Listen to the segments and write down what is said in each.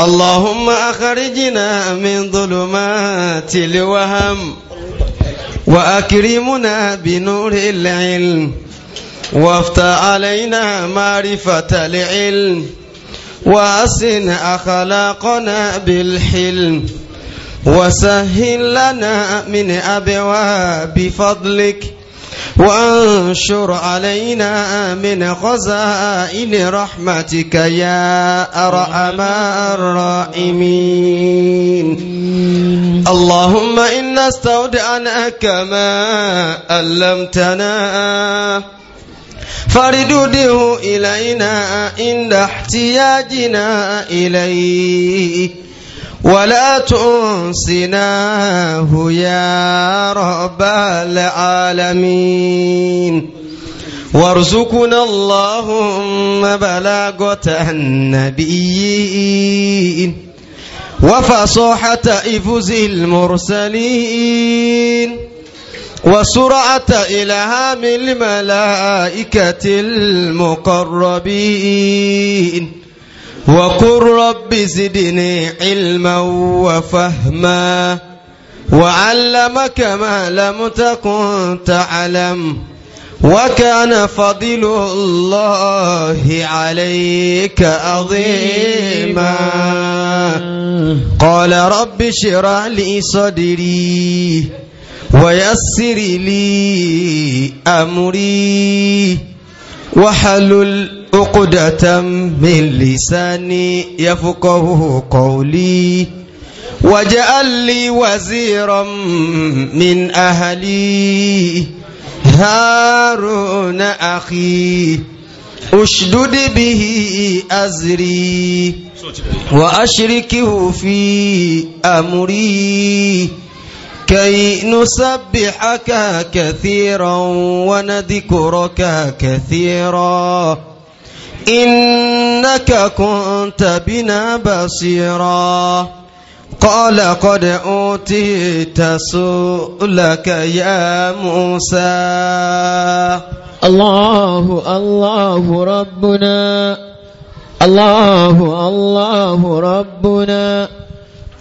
اللهم أخرجنا من ظلمات الوهم وأكرمنا بنور العلم وافتح علينا معرفة العلم وأسن أخلاقنا بالحلم وسهل لنا من أبواب فضلك وانشر علينا من خزائن رحمتك يا أرحم الراحمين اللهم إنا استودعناك ما علمتنا فردده إلينا عند احتياجنا إليه ولا تنسناه يا رب العالمين وارزقنا اللهم بلاغة النبيين وفصاحة إفوز المرسلين وسرعة إلهام الملائكة المقربين وقل رب زدني علما وفهما وعلمك ما لم تكن تعلم وكان فضل الله عليك عظيما قال رب اشرح لي صدري ويسر لي امري وحلل عقدة من لساني يفقه قولي واجعل لي وزيرا من أهلي هارون أخي أشدد به أزري وأشركه في أمري كي نسبحك كثيرا ونذكرك كثيرا إنك كنت بنا بصيرا قال قد أوتيت سؤلك يا موسى الله الله ربنا الله الله ربنا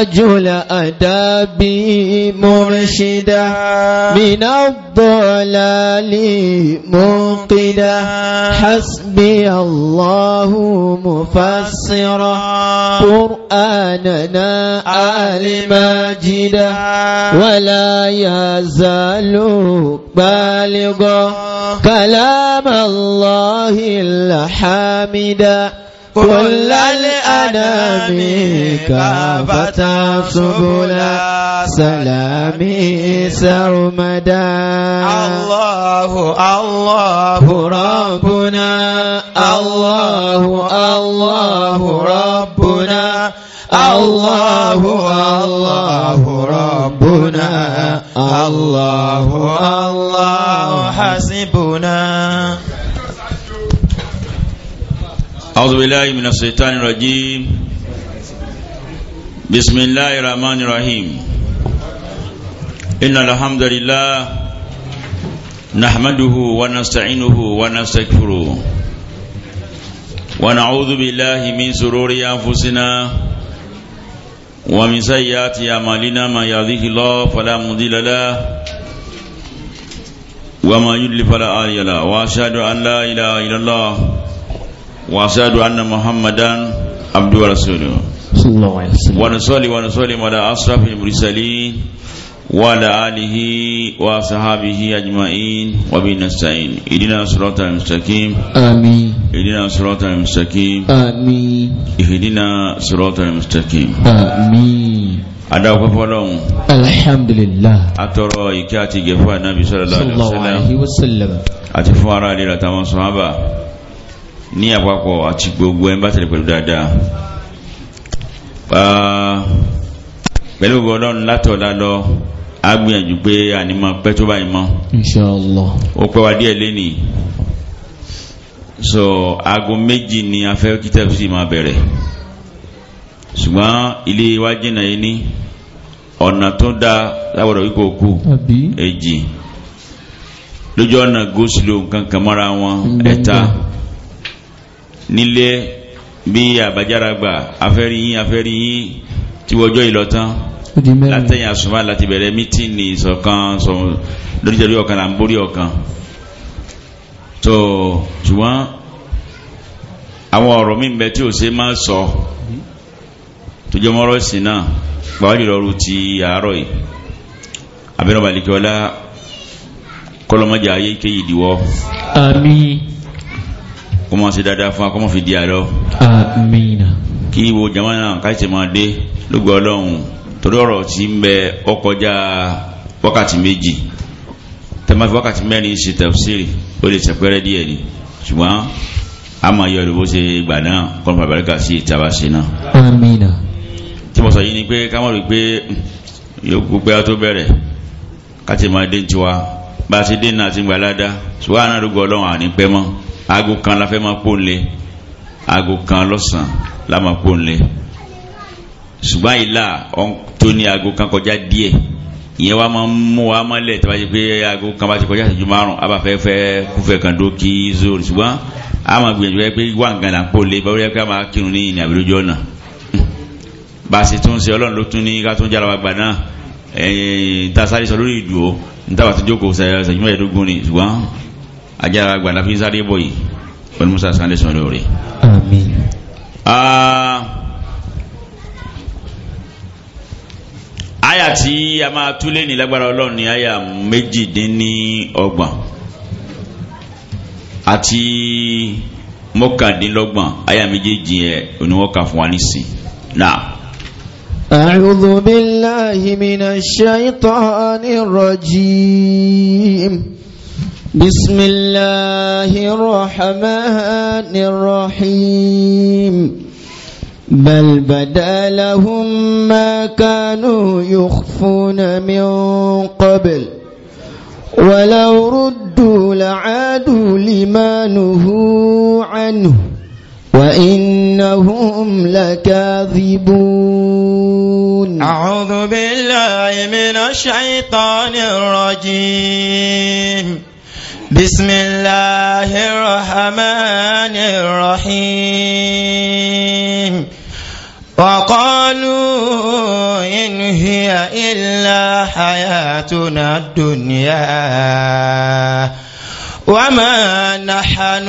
رجل أتى مرشدا من الضلال موقدا حسبي الله مفسرا قرآننا عالما جدا ولا يزال بالغا كلام الله الحامدا كل الأنام كافة سبل سلام سرمدا الله الله ربنا الله الله ربنا الله الله ربنا الله الله حسبنا أعوذ بالله من الشيطان الرجيم بسم الله الرحمن الرحيم إن الحمد لله نحمده ونستعينه ونستغفره ونعوذ بالله من سرور أنفسنا ومن سيئات أعمالنا ما يهده الله فلا مضل له وما يضلل فلا هادي له وأشهد أن لا إله إلا الله وأشهد أن محمدا عبد ورسوله صلى الله عليه وسلم ونصلي ونصلي على أشرف المرسلين وعلى آله وصحابه أجمعين وبنستعين إدنا صراط المستقيم آمين إدنا صراط المستقيم آمين إهدنا صراط المستقيم آمين ada apa fọ́lọ́run alhamdulillah Atau ikat àti gẹ̀fà náà sallallahu alaihi wasallam Atau fara di latar àtàwọn ní àpapọ̀ àti gbogbo ẹ̀ ń bá tẹ̀lé pẹ̀lú dáadáa ah, pẹ̀lú ọlọ́run látọ̀lá lọ á gbìyànjú pé ànímọ̀ pẹ́ tó báyìí mọ́ ó pẹ́ wá díẹ̀ lẹ́nì so aago méjì ni a fẹ́ kí tẹ̀sí máa bẹ̀rẹ̀ ṣùgbọ́n ilé wa jìnnà yìí ní ọ̀nà tó dá láwọ̀dọ̀ wípé òkú èjì lójú ọ̀nà gúúsù ló nǹkan kan mọ́ra wọn ẹ̀ta. Mm -hmm nílé bí àbájára gbà afẹ́rí yín afẹ́rí yín tí wọ́jọ́ yìí lọ tán látẹ̀yìn àsùnmá láti bẹ̀rẹ̀ mítìnì ìṣọ̀kan lóríjẹ̀rí ọ̀kan là ń borí ọ̀kan tó ṣùgbọ́n àwọn ọ̀rọ̀ mi bẹ tí ò ṣe máa sọ tó jẹ́ mọ́rọ́ sí náà gbàwájú lọ́rù ti àárọ̀ yìí abẹ́rẹ́ balikọ́lá kọlọmọjà ayé kéyìí diwọ́. àmín kó máa ṣe dáadáa fún wa kó máa fi di àlọ́. amiina. kí wo jama náà káyọ̀tì máa dé lóògbé ọlọ́run torí ọ̀rọ̀ tí ń bẹ ọkọjá wákàtí méjì tẹ́lẹ̀ fi wákàtí mẹ́rin ṣe tafsiri ó lè ṣẹ̀pẹ́rẹ́ díẹ̀ ni ṣùgbọ́n a máa yọ olùbó ṣe ìgbà náà kọ́nà bàbáríkà sí ìtaba ṣe náà. amiina. tí mo sọ yìí ni pé ká mọ̀ rí pé yóò gbogbo ẹ tó bẹ̀rẹ̀ ká máa dé tiwa bá a ṣe dé náà ti gbàládá ṣùgbọ́n àná rúgbọ́ ọlọ́run àní pẹ́ mọ́ aago kan la fẹ́ máa pò ń lé aago kan lọ́sàn la máa pò ń lé ṣùgbọ́n ìlà tó ní aago kan kọjá díẹ̀ ìyẹn wa máa ń mú wa mọ́lẹ̀ tí a bá ṣe pé aago kan bá ti kọjá ìṣẹ́jú márùn a bá fẹ́ fẹ́ kúfẹ́ kan dó kí zoro ṣùgbọ́n a máa gbìyànjú ẹ pé wà nǹkan là ń pò bá wọlé pé a máa kírun ní ìrìn àbílójú ọ̀nà bá a ṣe tún ṣe ọlọ́run ló tún ní ká tún jára wa gbà náà ìtasáré sọ lórí ìdùó nítawà tó jókòó sẹ́yìn mẹ́ẹ̀ẹ́dógún ni ṣùgbọ́n ajára fi ń sáré bọ̀ yìí olùmúsà sáré sọ lórí. a máa túlé ní lágbára ọlọ́run ní àyà méjìdínlọ́gbọ̀n àti mọ́kàndínlọ́gbọ̀n aya méjèèjì ẹ̀ oníwọ́ka fún wa nísìn náà. أعوذ بالله من الشيطان الرجيم بسم الله الرحمن الرحيم بل بدا لهم ما كانوا يخفون من قبل ولو ردوا لعادوا لما نهوا عنه وإنهم لكاذبون يعلمون أعوذ بالله من الشيطان الرجيم بسم الله الرحمن الرحيم وقالوا إن هي إلا حياتنا الدنيا وما نحن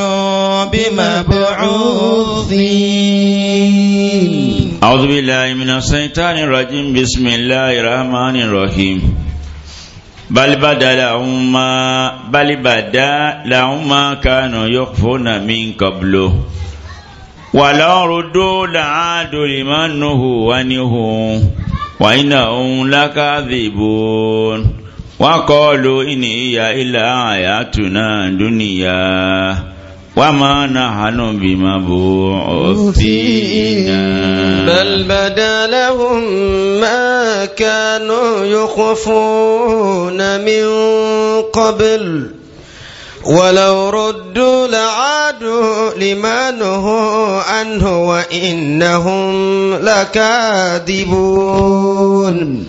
بمبعوثين أعوذ بالله من الشيطان الرجيم بسم الله الرحمن الرحيم بل بدا لهم ما بل بدا لهم ما كانوا يخفون من قبله ولو ردوا لعادوا لما نهوا عنه وإنهم لكاذبون وقالوا إن هي إلا حياتنا دنيا وما نحن بمبعوثين بل بدا لهم ما كانوا يخفون من قبل ولو ردوا لعادوا لما نهوا عنه وإنهم لكاذبون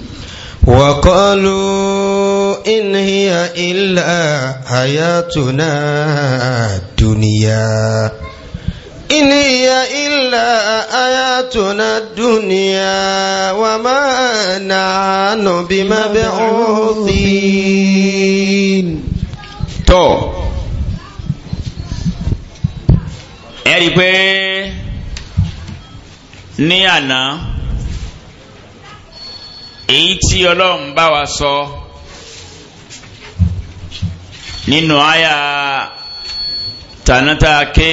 وقالوا إن هي إلا حياتنا الدنيا إن هي إلا حياتنا الدنيا وما نحن بمبعوثين tó ẹ rí i pé èyí tí ọlọ́run bá wa sọ nínú àyà tànátà ké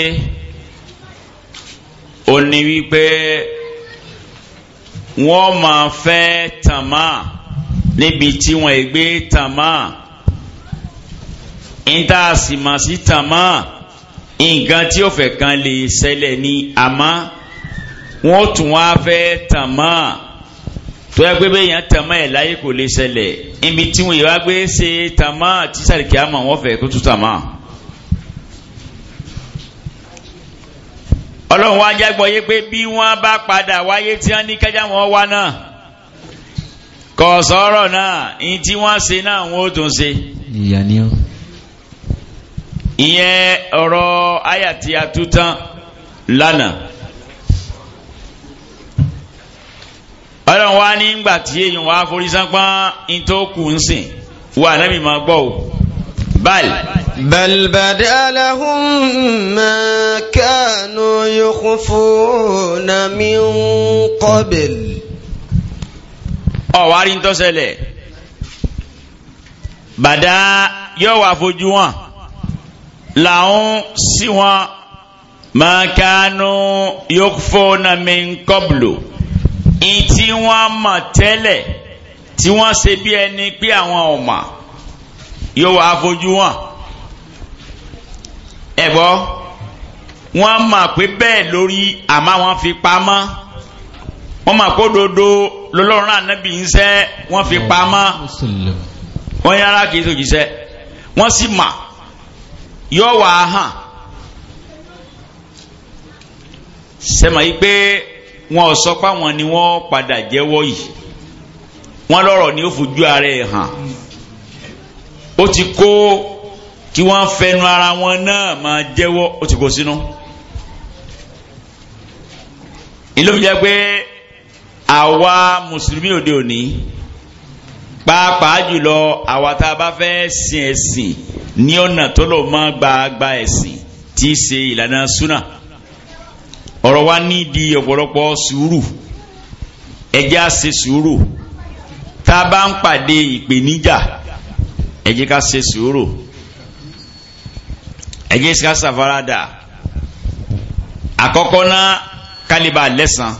ó ní wípé wọ́n máa fẹ́ tàmá níbi tí wọ́n gbé tàmá níta tàmá nǹkan tí ó fẹ́ kan lè ṣẹlẹ̀ ní àmọ́ wọ́n tún wá fẹ́ tàmá tó yẹ pé bẹ́ẹ̀ yẹn tàmá ẹ̀ láyé kò lè ṣẹlẹ̀ ibi tí wọ́n yẹ wá gbé ṣe tàmá tí sàrìkì àmọ́ wọ́n fẹ́ kó tún tàmá. ọlọ́run wá jágbọ́ yé pé bí wọ́n bá padà wáyé tí wọ́n ní kájà wọn wá náà kò sọ̀rọ̀ náà ní tí wọ́n ṣe náà wọ́n ó tún ṣe. ni ó. ìyẹn ọ̀rọ̀ àyà tí lánàá. ọlọ́run wá nígbà tí èèyàn wá forí sánpọ́n in tó kù ń sìn wà nábì máa gbọ́ o bal. bal bada lahum ma kanu yukhfuna min qabl. ọ̀wárí ń tọ́sẹ̀lẹ̀ bàdá yóò wá fojú wọn làwọn sí wọn ma kanu yukhfuna min qablu ìtí wọ́n mọ̀ tẹ́lẹ̀ tí wọ́n ṣe bí ẹni pé àwọn ọmọ yóò wá fojú wọn ẹbọ wọ́n mọ̀ pé bẹ́ẹ̀ lórí àmọ́ wọ́n fi pamọ́ wọ́n mọ̀ kó dodo lọ́lọ́run ànábì ń sẹ wọ́n fi pamọ́ wọ́n yára kì í tó jíṣẹ́ wọ́n sì mà yọ wàá hàn sẹ́mọ̀ yìí pé wọn ò sọ pé àwọn ni wọ́n padà jẹ́wọ́ yìí wọ́n lọ́rọ̀ ni ó fojú ara ẹ̀ hàn ó ti kó kí wọ́n fẹnu ara wọn náà máa jẹ́wọ́ ó ti kó sínú. ìlú mi jẹ́ pé àwa mùsùlùmí òde òní pàápàá jùlọ àwa tá a bá fẹ́ sin ẹ̀sìn ní ọ̀nà tó lọ́ mọ́ gbàgbà ẹ̀sìn tí í ṣe ìlànà súnà ọ̀rọ̀ wa ní di ọ̀pọ̀lọpọ̀ sùúrù ẹjẹ́ á ṣe sùúrù tá a bá ń pàdé ìpèníjà ẹjẹ́ ká ṣe sùúrù ẹjẹ́ ká ṣàfaradà àkọ́kọ́ náà kálíbà lẹ́sàn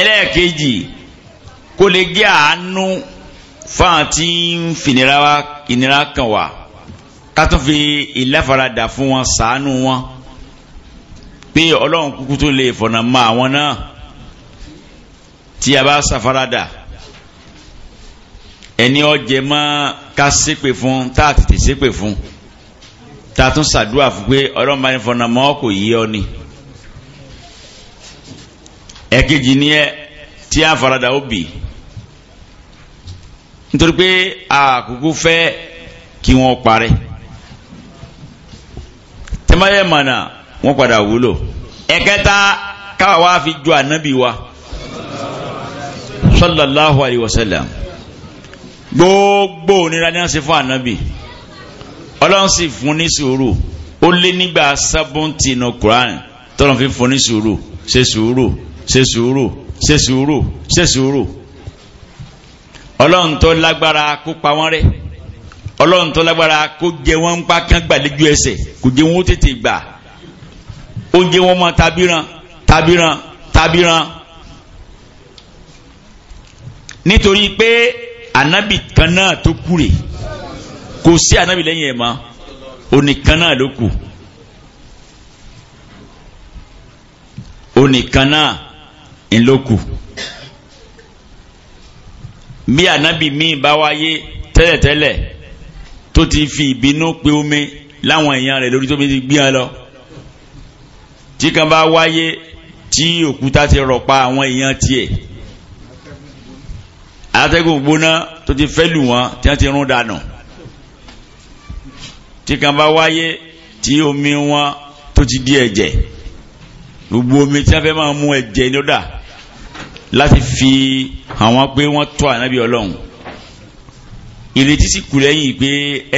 ẹlẹ́ẹ̀kejì kó lè jẹ́ àánú fáwọn tí ń fìnira kan wà ká tún fi ìlẹ́faradà fún wọn ṣàánú wọn pé ọlọ́run kúkú tó lè fọ̀nà mọ àwọn náà tí a bá ṣàfaradà ẹni ọjẹ mọ ká ṣépè fún tá a tètè ṣépè fún tá a tún ṣàdúrà fún pé ọlọ́run bá ní fọ̀nà mọ kò yí ọ ni ẹ̀kejì ni ẹ tí a faradà ó bì nítorí pé àkókò fẹ́ kí wọ́n parẹ́ tẹ́mọ́yẹ́ mọ̀nà wọ́n padà wúlò ẹ̀kẹta káwa wá fi ju ànábì wa sallallahu alayhi wa sallam gbogbo onira ni wọ́n ṣe fún ànábì ọlọ́run sì fún ní sùúrù ó lé nígbà sábọ́ǹtì nù Quran tọ́lọ́n fi fún ní sùúrù ṣe sùúrù ṣe sùúrù ṣe sùúrù ṣe sùúrù ọlọ́run tó lágbára kó pa wọ́n rẹ́ ọlọ́run tó lágbára kó jẹ wọ́n ń pa kán gbàlejò ẹsẹ̀ kò jẹ wọ́n tètè gbà oúnjẹ wọn mọ tabiran tabiran tabiran nítorí pé anabi kan náà tó kú rè kò sí anabi lẹ́yìn ẹ̀ mọ́ onìkan náà ló kù onìkan náà ń ló kù bí anabi míì bá wáyé tẹ́lẹ̀tẹ́lẹ̀ tó ti fi ìbínú pé omi láwọn èèyàn rẹ̀ lórí tó fi gbé wọn lọ tí kan bá wáyé tí òkúta ti rọ̀ pa àwọn èèyàn tiẹ̀ atẹ́gùn gbóná tó ti fẹ́ lù wọ́n tí wọ́n ti rún dànù tí kan bá wáyé tí omi wọn tó ti di ẹ̀jẹ̀ gbogbo omi tí wọ́n fẹ́ máa mú ẹ̀jẹ̀ ní ó láti fi àwọn pé wọ́n tó ànábì ọlọ́run ìrètí sì kù lẹ́yìn pé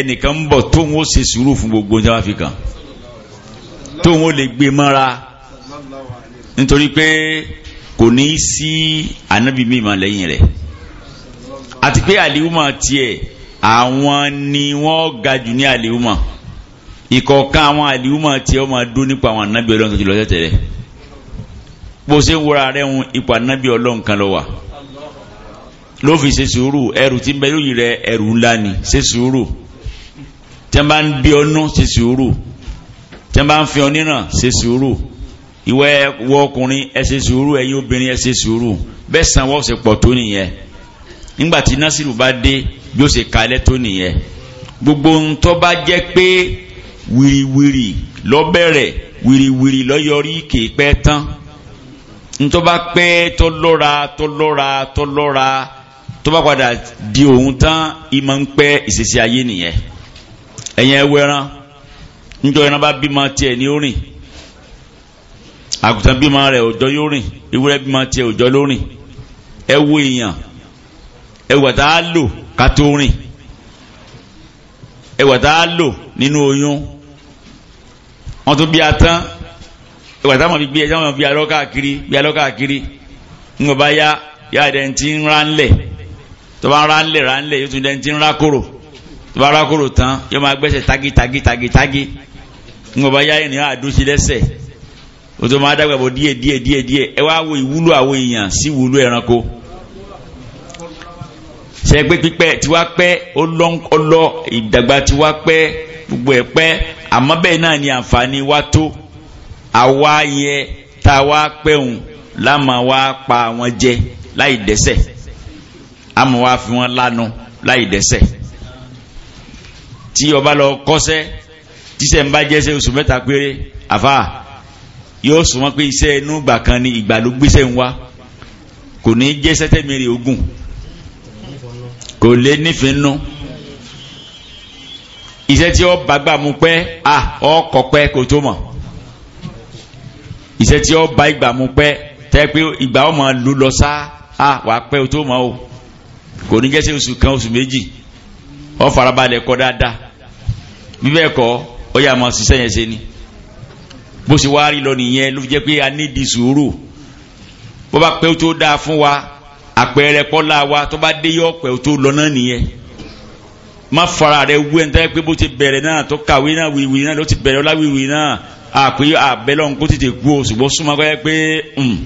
ẹnìkan ń bọ̀ tóun ó ṣe sùúrù fún gbogbo ní fi kàn tó wọn lè gbé mọ́ra nítorí pé kò ní í sí ànábì mímọ́ lẹ́yìn rẹ̀ àti pé àlìwùmọ̀ tiẹ̀ àwọn ni wọ́n ga jù ní àlìwùmọ̀ ìkọ̀ọ̀kan àwọn àlìwùmọ̀ tiẹ̀ wọ́n máa dún nípa àwọn ànábì ọlọ́run tó ti lọ tẹ̀tẹ̀ rẹ̀ bó ṣe ń wọra rẹ̀ ń ipò ànábì ọlọ́run kan lọ wà ló fi ṣe sùúrù ẹrù tí ń bẹ lóyìn rẹ ẹrù ńlá ni ṣe sùúrù tí wọ́n bá ń bí ọnú ṣe sùúrù tí wọ́n bá ń fi oníràn ṣe sùúrù ìwọ ẹwọ ọkùnrin ẹ ṣe sùúrù ẹ̀yin obìnrin ẹ ṣe sùúrù bẹ́ẹ̀ san wọ́n ṣe pọ̀ tó nìyẹn nígbà tí násìrù bá dé bí ó ṣe kalẹ̀ tó nìyẹn gbogbo ń tó bá jẹ́ pé wìrìwìrì lọ́bẹ̀rẹ̀ wìrìwìrì lọ́yọrí kì í pẹ́ tán ń tó bá pẹ́ tó lọ́ra tó lọ́ra tó lọ́ra tó bá padà di òun tán ìmọ̀ ń pẹ́ ìṣesí ayé nìyẹn ẹ̀yin ẹwẹ́ràn níjọ́ yẹn bá bímọ tiẹ̀ ní orìn àgùntàn bímọ rẹ̀ òjọ́ yóò rìn ewúrẹ́ bímọ tiẹ̀ òjọ́ ló rìn ẹ wo èèyàn ẹwà tá a lò ká tó rìn ẹwà tá a lò nínú oyún wọn tún bí a tán ẹwà tá a mọ̀ fi gbé ẹjọ́ wọn fi alọ́ káàkiri bí alọ́ káàkiri ń bá yá yá ẹ̀dẹ̀ ti ńlẹ̀ tó bá ń ńlẹ̀ ńlẹ̀ yóò tún ẹ̀dẹ̀ ti kóró tó bá ra kóró tán yóò máa gbẹ́sẹ̀ tági tági tági tági. tági ńgbọ̀n bá yá ẹni àdóṣe lẹ́sẹ̀ o tó máa dàgbà bọ̀ díẹ̀ díẹ̀ díẹ̀ díẹ̀ ẹ wá wo ìwúlò àwọn èèyàn sí ìwúlò ẹranko ṣe pé pípẹ́ tiwa pẹ́ ọlọ́ ìdàgbà tiwa pẹ́ gbogbo ẹ̀ pẹ́ àmọ́ náà ni àǹfààní wa tó àwa yẹ tá a wá pẹ́hùn láàmà wá pa àwọn jẹ láì dẹ́sẹ̀ àmọ́ wá fi wọ́n lánu láì dẹ́sẹ̀ tí ọba lọ kọ́sẹ́ tíṣẹ́ ń bá jẹ́sẹ́ oṣù mẹ́ta péré àfa yóò sọ wọn pé iṣẹ́ inú ìgbà kan ni ìgbà ló gbéṣẹ́ ń wá kò ní jẹ́sẹ́ tẹ́mìrì ogun kò lè nífẹ̀ẹ́ nù iṣẹ́ tí ó bàgbà mu pẹ́ à ọkọ̀ pẹ́ kò tó mọ̀ iṣẹ́ tí ó bá ìgbà mu pẹ́ tẹ́ pé ìgbà ọmọ ló lọ sá à wà pẹ́ o tó mọ̀ o kò ní jẹ́sẹ́ oṣù kan oṣù méjì ọ farabalẹ̀ kọ́ dáadáa bí kọ́ ó yà máa ṣiṣẹ́ yẹn ṣe ni bó ṣe wá rí lọ nìyẹn ló fi jẹ́ pé a ní di sùúrù bó bá pẹ́ tó dáa fún wa àpẹẹrẹ pọ́lá wa tó bá dé yọ pẹ́ tó lọ náà nìyẹn má fara rẹ wú ẹni tó pé bó ti bẹ̀rẹ̀ náà tó kàwé náà wìwì náà ló ti bẹ̀rẹ̀ ọlá wìwì náà àpé àbẹ́lọ́nkó tètè kú o ṣùgbọ́n súnmọ́ kọ́ yẹ pé hmm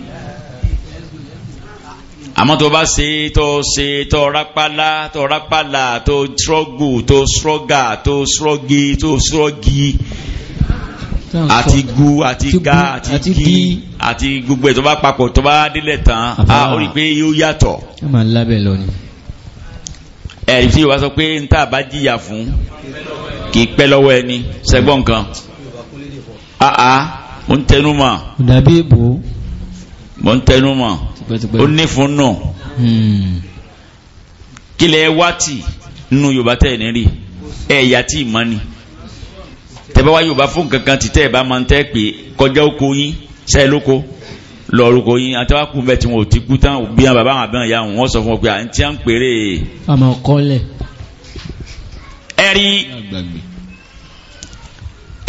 àmọ́ tó bá ṣe tó ṣe tó rápálá tó rápálá tó ṣrọ́gù tó ṣrọ́gà tó ṣrọ́gi tó ṣrọ́gi àti gu àti ga àti gi àti gbogbo ẹ̀ bá papọ̀ tó bá délẹ̀ tán a ó rí pé yóò yàtọ̀ ẹ̀rí tí wá sọ pé ń tà bá jìyà fún kì í pẹ́ lọ́wọ́ ẹni ṣẹgbọ́n kan àà ń tẹnu mọ́ mọ̀ ń tẹnu mọ̀ ó ní fún nù hmm. kílẹ̀ wátì nínú yorùbá tẹ̀ ní rí ẹ̀yà tí ì mọ́ ni tẹ́bá wá yorùbá fún kankan tí tẹ́ ẹ̀ bá máa ń tẹ́ pé kọjá oko yín sẹ́ẹ̀ lóko lọ́ọ̀rùkọ yín àtàwákù bẹ́ẹ̀ tí wọn ò ti kú tán bí wọn bàbá àwọn àbẹ̀yà wọn wọ́n sọ fún wọn pé à ń tí à ń pèrè. àmọ́ kọ́lẹ̀. ẹ̀rí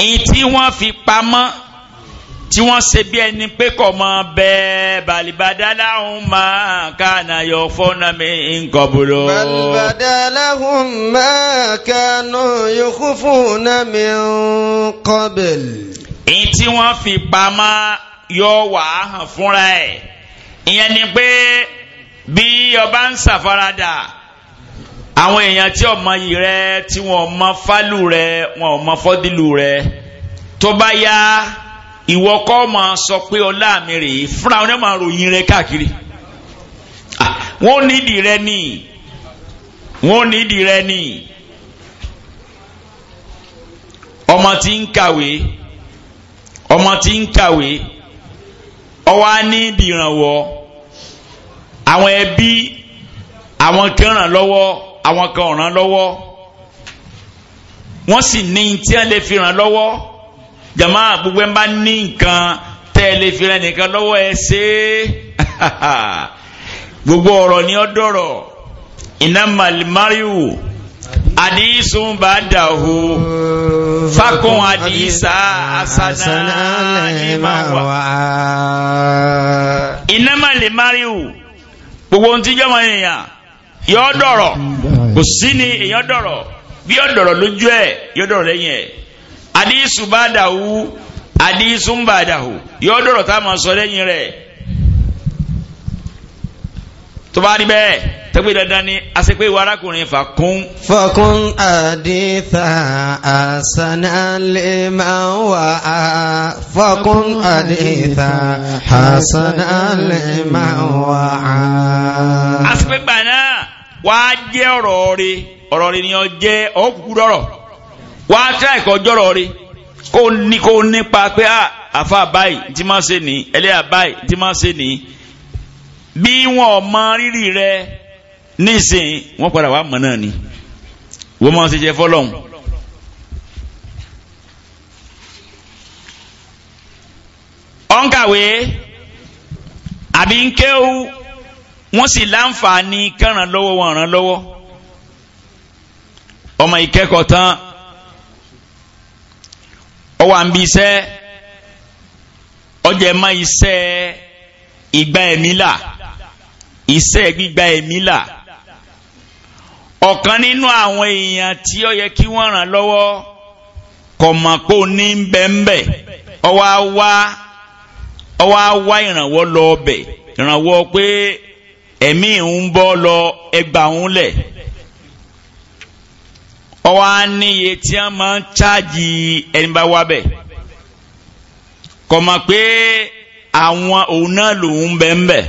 èyí tí wọ́n fi pamọ́ tí wọ́n ṣe bí ẹni pé kọ̀ mọ́ bẹ́ẹ̀ balibadala ń máa kànà yọ fọ́nà mi nǹkan bolo. balibadala ń máa kànà yọ fọ́nà mi nǹkan èyí tí wọ́n fi pamọ́ yọ wàá hàn fúnra ẹ̀ ìyẹn ni pé bí ọba ń ṣàfaradà àwọn èèyàn tí ọmọ yìí rẹ tí wọn ọmọ fálù rẹ wọn ọmọ fọdílù rẹ tó bá yá ìwọ kọ́ máa sọ pé ọlá mi rèé fúnra wọn máa ròyìn rẹ káàkiri ah, wọn nídìí rẹ ní wọn nídìí rẹ ní ọmọ tí ń kàwé ọmọ tí ń kàwé ọwọ́ á ní ìdìrànwọ́ àwọn ẹbí àwọn kan ràn lọ́wọ́ àwọn kan ràn lọ́wọ́ wọ́n sì ní tí wọ́n lè fi ràn lọ́wọ́ jama gbogbo ẹ bá ní nǹkan tẹ́lẹ̀ fìrẹ́ nìkan lọ́wọ́ ẹ ṣe é gbogbo ọ̀rọ̀ ni ọ dọ̀rọ̀ iná màlìmáríwò àdìsùn bá dàhù fákùn àdìsà àsànà ìmàwà iná màlìmáríwò gbogbo ohun tí jọmọ ènìyàn yọ dọ̀rọ̀ kò sí ni èèyàn dọ̀rọ̀ bí ọ lójú ẹ yọ dọ̀rọ̀ lẹ́yìn ẹ hadisu bá dàwú hadisu ń bá dàwú yóò dọ̀rọ̀ tá a máa sọ lẹ́yìn rẹ̀ tó bá rí bẹ́ẹ̀ tẹ́gbẹ́ dandan ni a ṣe pé ìwà arákùnrin fàkún. fàkún àdìsá àsánálẹ̀ máa wà á fàkún àdìsá àsánálẹ̀ máa wà á. a ṣe pé gbà wàá jẹ́ ọ̀rọ̀ rí ọ̀rọ̀ rí ni ọ jẹ́ ọ̀kúkú dọ̀rọ̀ wà á tíra ẹ̀kọ́ jọ̀rọ̀ rí kó ní kó nípa pé à ah, àfa báyìí tí máa ṣe nìyí ẹlẹ́yà báyìí tí máa ṣe nìyí bí wọn mọ rírì rẹ nísìnyí wọn padà wà mọ náà ni wọn máa ṣe jẹ fọlọ́hún. ọ̀nkàwé àbí ń kéwú wọ́n sì láǹfààní kẹ́ràn lọ́wọ́ wọn ràn lọ́wọ́ ọmọ ìkẹ́kọ̀ọ́ tán ọwọ́ àǹbí iṣẹ́ ọjọ́ ẹ̀ma iṣẹ́ ìgbà ẹ̀mí là iṣẹ́ gbígba ẹ̀mí là ọ̀kan nínú àwọn èèyàn tí ó yẹ kí wọ́n ràn lọ́wọ́ kọ̀mọ̀pọ̀ ní bẹ́ńbẹ́ ọwọ́ wá ọwọ́ wá ìrànwọ́ lọ ọbẹ̀ ìrànwọ́ pé ẹ̀mí ń lọ ọwọ́ á níye tí wọ́n máa ń chájì ẹni bá wá bẹ̀ kò mọ̀ pé àwọn òun náà lòun bẹ̀ ń bẹ̀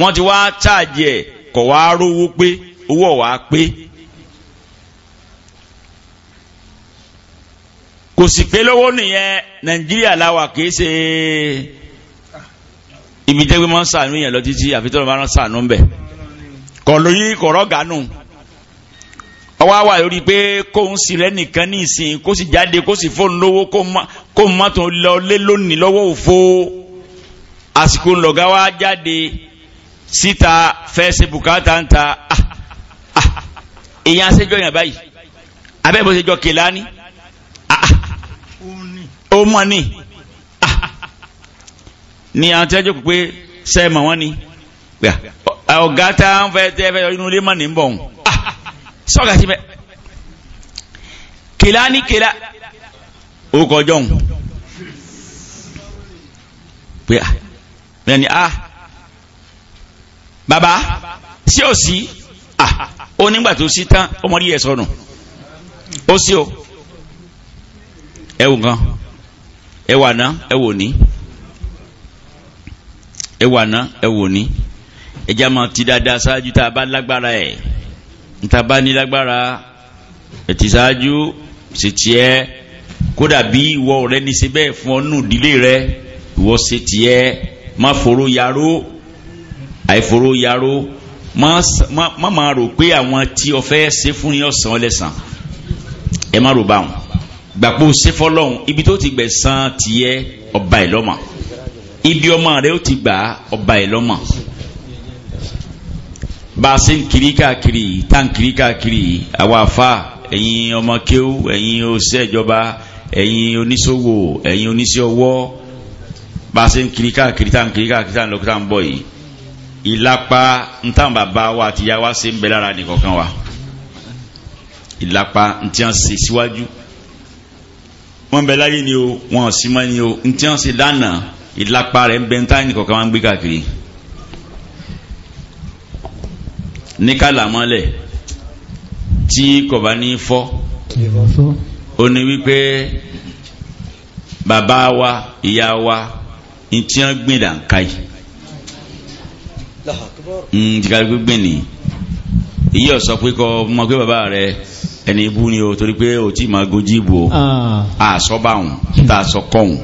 wọ́n ti wá chájì ẹ̀ kò wá rówó pé owó ọ̀wá pé kò sì pé lówó nìyẹn nàìjíríà làwà kìí ṣe ibi tẹ́gbẹ́ máa ń sànú yẹn lọ títí àfitọ́nà máa ń sànú ń bẹ̀ kọ̀ lóyún kọ̀rọ̀ gánú ọwọ́ àwà lórí pé kóun sì rẹ́ nìkan ní ìsìn kó sì jáde kó sì fóun lówó kó má tó lọ lé lónìí lọ́wọ́ òfo àsìkò ńlọ̀gá wa jáde síta fẹ́ ṣe ń ta èèyàn ah, ah, aṣẹ́jọ́ yàn báyìí abẹ́bọ̀ ṣẹjọ́ kìlá ni ah, ó mọ̀ ni ni àwọn tí wọ́n jókòó pé sẹ́ẹ̀mọ̀ wọ́n ni ọ̀gá tá à ń fẹ́ tẹ́ fẹ́ inú ilé mọ̀ ní bọ̀ ọ̀hún sọ́gà síbẹ̀ kìlá ní kìlá ó kọjọ́ òun pé à bẹ́ẹ̀ ni à ah, bàbá sí ò sí à ó nígbà tó sí tán ọmọdé yẹ sọnù ó sí o ẹ wò nǹkan ẹ wà ná ẹ wò ní ẹ wà máa ti dáadáa ṣáájú tá a bá lágbára ẹ ntaba nílágbára ẹ̀tì ṣáájú ṣe tiẹ́ kódà bí ìwọ rẹ ní ṣe bẹ́ẹ̀ fún ọ nù ìdílé rẹ ìwọ ṣe tiẹ́ má foro yaró àìforo yaró má má rò pé àwọn tí o fẹ́ ṣe fún yín ọ̀sán ọlẹ́sàn ẹ má rò báwọn gbàpọ̀ ṣe fọlọ́hún ibi tó ti gbẹ̀san tiẹ́ ọba ẹ̀ lọ́mọ ibi ọmọ rẹ ó ti gbà ọba ẹ̀ lọ́mọ bá a ṣe ń kiri káàkiri tá ń kiri káàkiri àwa àfa ẹ̀yin ọmọ kéwú ẹ̀yin oṣẹ́ ìjọba ẹ̀yin oníṣòwò ẹ̀yin oníṣẹ́ ọwọ́ bá a ṣe ń kiri káàkiri tá ń kiri káàkiri tá ń lọ tá ń bọ̀ yìí ìlapa ntàn bàbá wa àti ìyá wa ṣe ń bẹ lára nìkọ̀ọ̀kan wa ìlapa ntí wọn ṣe síwájú wọn bẹ láyé ni o wọn ò sí mọ́ ni o ntí wọn ṣe lánàá ìlapa rẹ̀ ń bẹ ntá nìkọ̀ọ̀kan wa ń gbé káàkiri. ní kàlàmọ́lẹ̀ tí kò bá ní fọ́ ó wa ìyá wa ní tí wọ́n gbìn dànká yìí jìkà hmm, gbígbìn ni èyí ọ̀ sọ pé kọ mọ pé bàbá rẹ ẹni ibú ni o torí pé o tí máa gojú ìbò àsọ́bàhùn ah. tá a sọ kọ́hùn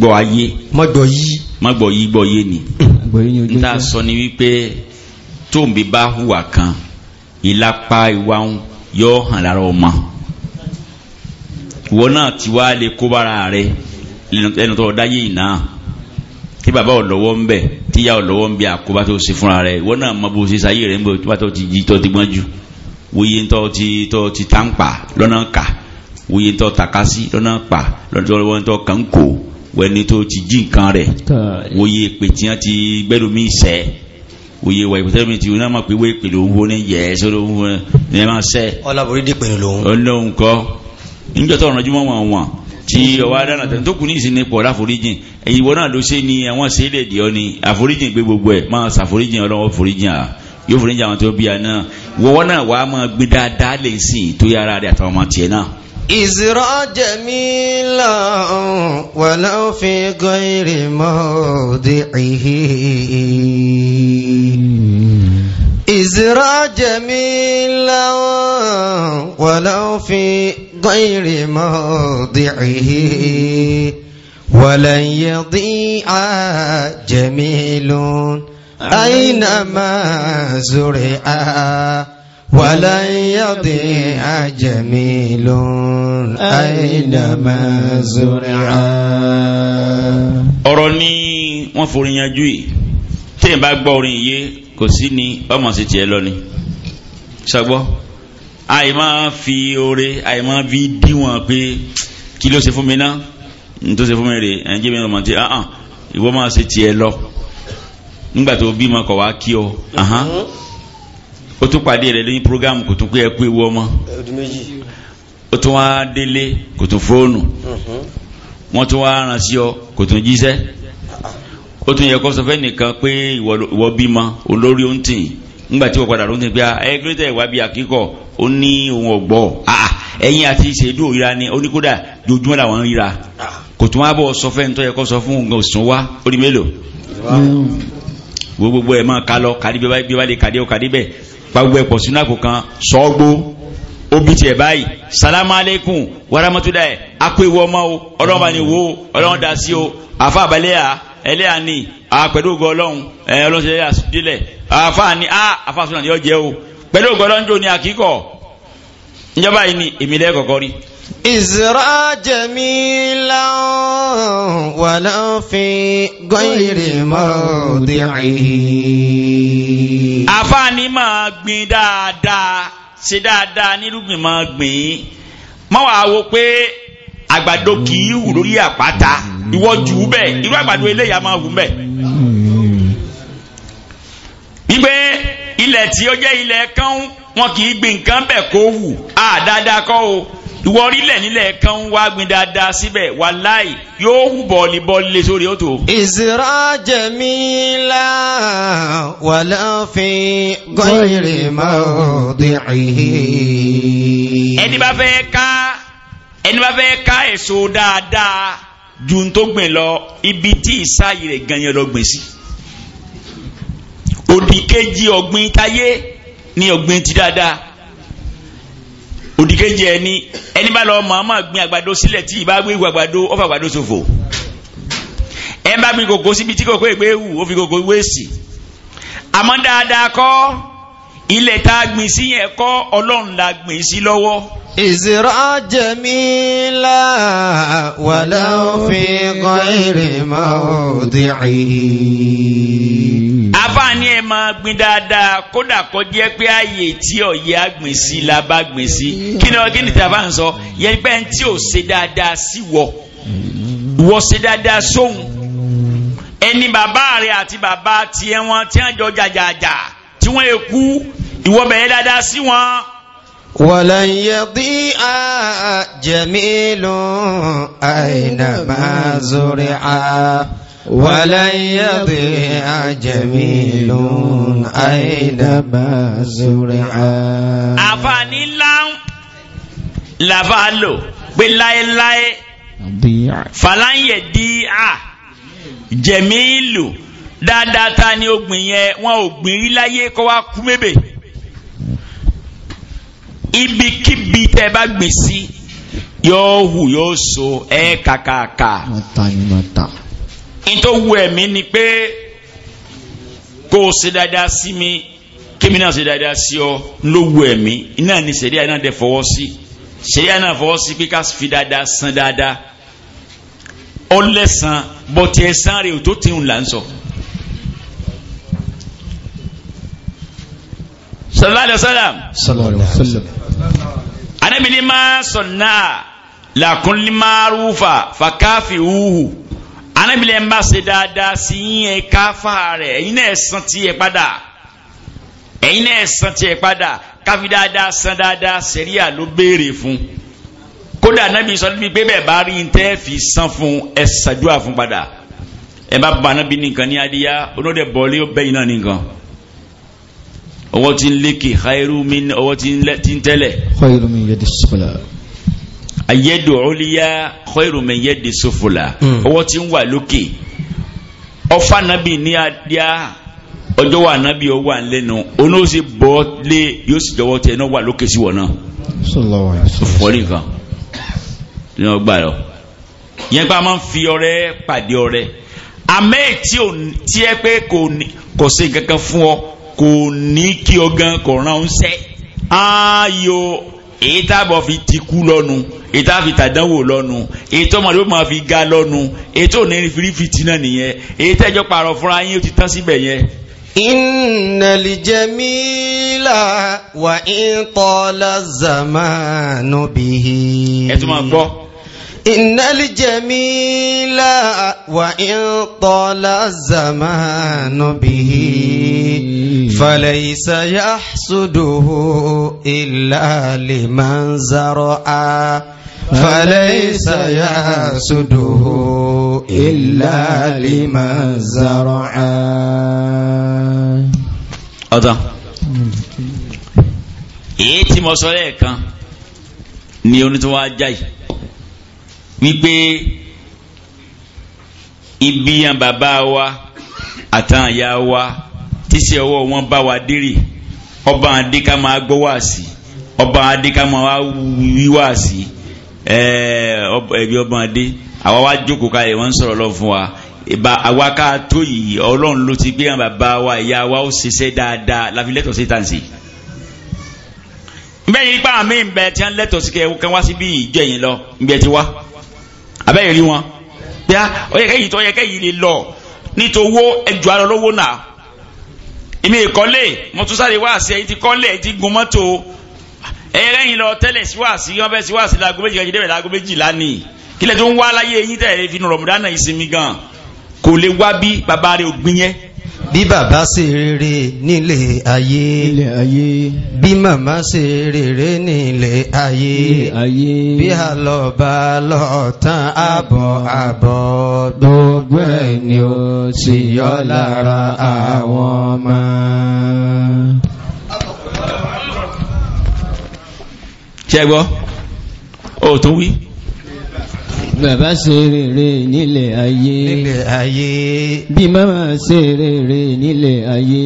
gbọ́ ayé mọ́gbọ̀ yí mọ́gbọ̀ yí ni n ta sọ tóun bí bá hùwà kan ìlápá ìwà ń yọ hàn lára ọmọ ìwọ náà ti wá lè kó bára rẹ lẹnu tó dáyé ìná tí bàbá ọlọ́wọ́ ń bẹ tíyá ọlọ́wọ́ ń bẹ àkóbá tó ṣe fúnra rẹ ìwọ náà mọ bó ṣe sáyé rẹ ń tó bá tó ti jí tó ti gbọ́n jù wòye tó ti tó ti tá pa lọ́nà kà wòye tó tàka sí lọ́nà pa lọ́nà tó kàn ń wẹni tó ti jí nǹkan rẹ wòye pé ti gbẹ́rù mí òye wà ìpòtẹ́ mi ti onáma pé wé pèlò ń wo ní yẹ sọ́dọ̀ ń wo ní ẹ máa sẹ́. ọláborí dì pèlò lòun. ọlọ́run kọ́ níjọ́ tó ọ̀rọ̀ jùmọ̀ wọn wọn tí ọwọ́ adáná tẹ̀ tó kù ní ìsinmi pọ̀ láforíjìn ìwọ náà ló ṣe ni àwọn ṣẹlẹ̀ dì ọ́ ni àforíjìn gbé gbogbo ẹ̀ máa ṣàforíjìn ọlọ́wọ́ foríjìn à yóò foríjìn àwọn tó bí i àná wọ́wọ́ náà إزرا جميلا ولو في غير موضعه إزرا جميلا ولو في غير موضعه ولن يضيع جميل أينما زرعا ولن يضيع جميل أينما زرعا ọ̀rọ̀ ni wọ́n forí yanjú yìí tí n bá gbọ́ orin yìí kò sí ni ọmọ sí tiẹ̀ lọ ni ṣàgbọ́ àì máa fi oore àì máa fi díwọ̀n pé kí ló ṣe fún mi náà n tó ṣe fún mi rè ẹ̀yìn jẹ́ mi ọmọ tí ìwọ máa ṣe tiẹ̀ lọ nígbà tó bí ma kọ̀ wá kí ọ. otu tún pàdé lóyún program kò tún pé ẹ kú ewu ọmọ ó tún wá délé kò tún fóònù mhm. wọ́n tún wá ràn sí ọ kò tún jíṣẹ́ ó tún yẹ kó ma fẹ́ nìkan pé ìwọ bímọ olórí ó tì nígbà tí wọ́n padà ló ń tì ah, ẹ kí ló tẹ̀ ah, ni ó ní kódà jojúmọ́ làwọn ríra ah. kò tún wá kó sọ fún ó ní mélòó máa ká gbogbo ẹ̀pọ̀ sínú àpò kan sọ́gbó obi tiẹ̀ báyìí salamu aleykum waramatula ẹ̀ akó ewu ọmọ o ọlọ́run bá ní wo ọlọ́run dá sí o àfa àbálẹ́yà ẹlẹ́yà ni pẹ̀lú ògo ọlọ́run ẹ̀ ọlọ́run ṣe délẹ̀ àfa ni a àfa sọ̀rọ̀ ni ọ jẹ́ o pẹ̀lú ògo ọlọ́run tó ní àkíkọ̀ ìjọba yìí ni èmi lẹ́ẹ̀kọ̀kọ́ rí إزرا جميلا ولو في غير موضعه àfààní máa gbìn dáadáa ṣe dáadáa nírúgbìn máa gbìn má wàá wo pé àgbàdo kì í hù lórí àpáta ìwọ jù ú bẹ́ẹ̀ irú àgbàdo eléyà máa hù bẹ́ẹ̀. wípé ilẹ̀ tí ó jẹ́ ilẹ̀ kan wọn kì í gbìn nǹkan bẹ́ẹ̀ kó hù á kọ́ o ìwọ orílẹ̀ nílẹ̀ kan ń wá gbin dáadáa síbẹ̀ wàláì yóò hù bọ́ọ̀lì bọ́ọ̀lì lé sórí òtò. ìsirà jẹ̀mílà wà láàfin gọ́ìrì mọ́ọ̀dì ẹni bá fẹ́ ká ẹni bá fẹ́ ká èso dáadáa ju tó gbìn lọ ibi tí ìsáyì rẹ̀ ganyan lọ gbìn sí òdì kejì ọ̀gbìn táyé ni ọ̀gbìn ti dáadáa òdìkejì ẹni ẹni bá lọ mọ̀ọ́mọ̀ gbin àgbàdo sílẹ̀ tí ìbá gbé àgbàdo ọ̀fà àgbàdo ṣòfò ẹ bá gbin kòkó síbi tí kòkó ìgbé wù ó fi kòkó ìwé sí dáadáa kọ́ ilẹ̀ tá a gbìn sí yẹn kọ́ ọlọ́run la gbìn sí lọ́wọ́. ìzìrọ̀ jẹ̀mílà wà láwọn fi kọ́ èrè máa ò dìrì àfààní ẹ máa gbin dáadáa kódà kó jẹ́ pé ààyè tí ọ̀yẹ́ àgbìn sí la bá gbìn sí kí ni kí ni tàbá ń sọ yẹn pé ẹni tí ò ṣe dáadáa sí wọ wọ ṣe dáadáa sóhun ẹni bàbá rẹ àti bàbá tiẹ̀ wọn tí wọ́n jọ jàjàjà tí wọ́n èkú ìwọ bẹ̀rẹ̀ dáadáa sí wọn. ولن يضيء جميل أينما زرعا ولن يضيع جميل أينما زرعا àfààní ńlá làbá lò pé láéláé fàlàyé جميل à jẹ̀míìlù dáadáa ta ni ogbìn yẹn wọn ò gbìn rí láyé kó wá kú mébè ibikíbi tẹ́ bá gbìn sí yóò hù yóò so ẹ kàkàkà nítorí wù ẹ̀mí ni pé kó o ṣe dáadáa sí mi kémi náà ṣe dáadáa sí ọ ló wù ẹ̀mí iná ni sẹ̀ríà náà dẹ̀ fọwọ́ sí sẹ̀ríà náà fọwọ́ sí pé ká fi dáadáa san dáadáa ọlẹ́sàn bọ̀tí ẹ̀sán rẹ̀ tó ti ń là ń sọ. sallallahu alaihi wasallam. sallallahu alaihi wasallam. anabini ma sọ̀nà lakunlimarufa fakafi uhu anábìlẹ̀ ń bá ṣe dáadáa sí yín ẹ káfà rẹ̀ ẹ̀yin náà san ti ẹ̀ padà ẹ̀yin náà san ti ẹ̀ padà káfí dáadáa san dáadáa sẹ̀ríà ló béèrè fún kódà anábì sọ níbi pé bẹ́ẹ̀ bá rí n tẹ́ fi san fún ẹ ṣàdúrà fún padà ẹ bá bọ̀ anábì nìkan ní adíyá olóde bọ̀ọ́lé bẹ́yìn náà nìkan ọwọ́ ti ń lékè khairu min ọwọ́ ti ń tẹ́lẹ̀. khairu min yẹ ayẹ́dò ọ̀líyá khairu min yẹ́dì sọ́fọ̀là ọwọ́ tí ń wà lókè ọfà nàbì ní adíá ọjọ́ wà nàbì ó wà lẹ́nu oní ó sì bọ́ lé yóò sì jọwọ́ tẹ náà wà lókè sí wọ̀ náà fọ́lì kan ní ọgbà lọ yẹn pé máa ń fi ọrẹ pàdé ọrẹ amẹ́ tí ẹ pé kò ṣe kankan fún ọ kò ní kí ọ gan kò rán ọ ń sẹ́ ayò èyí tá a bọ̀ fi ti kú lọ́nu èyí tá a fi tàdánwò lọ́nu èyí tó mọ̀ ló máa fi ga lọ́nu èyí tó ní rí fìtí náà nìyẹn èyí tẹ́jọ́ pààrọ̀ fúnra yín ó ti tán síbẹ̀ yẹn. Innal jamila wa in tala zamanu bihi. Ẹ tún máa gbọ́. إن الجميل وإن طال الزمان به فليس يحسده إلا لمن زرعا فليس يحسده إلا لمن زرعا أضع èyí tí mo sọ lẹ́ẹ̀kan ni onítọ́wọ́ ajá yìí wípé ibi yan bàbá wa àtàn àyà wa tíṣẹ́ ọwọ́ wọn bá wa dérè ọba adé ká máa gbọ́ wá sí ọba adé ká máa wí wá sí ẹbí ọba adé àwa wá jókòó kalẹ̀ wọ́n ń sọ̀rọ̀ lọ fún wa ìbá àwa ká tó yìí ọlọ́run ló ti gbé yan bàbá wa ìyá wa ó ṣiṣẹ́ dáadáa láfi lẹ́tọ̀ọ́ sí tàǹsì bẹ́ẹ̀ ni ipa mi ń tí wọ́n lẹ́tọ̀ọ́ sí kẹ́ kan wá síbi ìjọ yìí lọ ń ti wá abẹ́yẹ̀ rí wọn bíá ọ̀yẹ̀kẹ́ yìí tó ọ̀yẹ̀kẹ́ yìí lè lọ nítorí owó ẹjọ́ ara lówó náà èmi ìkọ́lé mo tún sáré wá sí ẹyin ti kọ́lé ẹyin ti gun mọ́tò ẹyẹ lẹ́yìn lọ tẹ́lẹ̀ síwáàsí wọn fẹ́ síwáàsí láago méjì kẹjì débẹ̀ láago méjì lánìí kílẹ̀ tó ń wá láyé eyín tẹ̀ fi nù rọ̀mùdánà ìsinmi gan kò lè wá bí bàbá ògbìn yẹn bí bàbá ṣe rere nílé ayé bí màmá ṣe rere nílé ayé bí àlọ́ba lọ́ọ̀tán àbọ̀ àbọ̀ gbogbo ẹ̀ ni ó sì yọ lára àwọn ọmọ ṣẹ́gbọ́ ó tún wí bàbá ṣe rere nílẹ̀ ayé nílẹ̀ ayé bí màmá ṣe rere nílẹ̀ ayé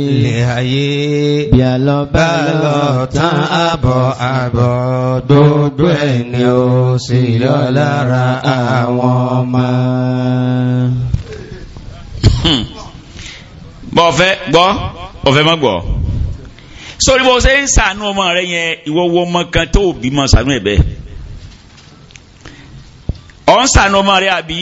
bí a lọ tán àbọ̀ àbọ̀ gbogbo ẹ̀ ni ó sì yọ lára àwọn ọmọ hmm. bọ́ ọ̀fẹ́ gbọ́ ọ̀fẹ́ má gbọ́ sórí bó ṣe ń sànú ọmọ rẹ yẹn ìwọ́wọ́ ọmọ kan tó bí mọ́ sànú ẹ̀ bẹ́ẹ̀ ọ̀n sànù ọmọ rẹ àbí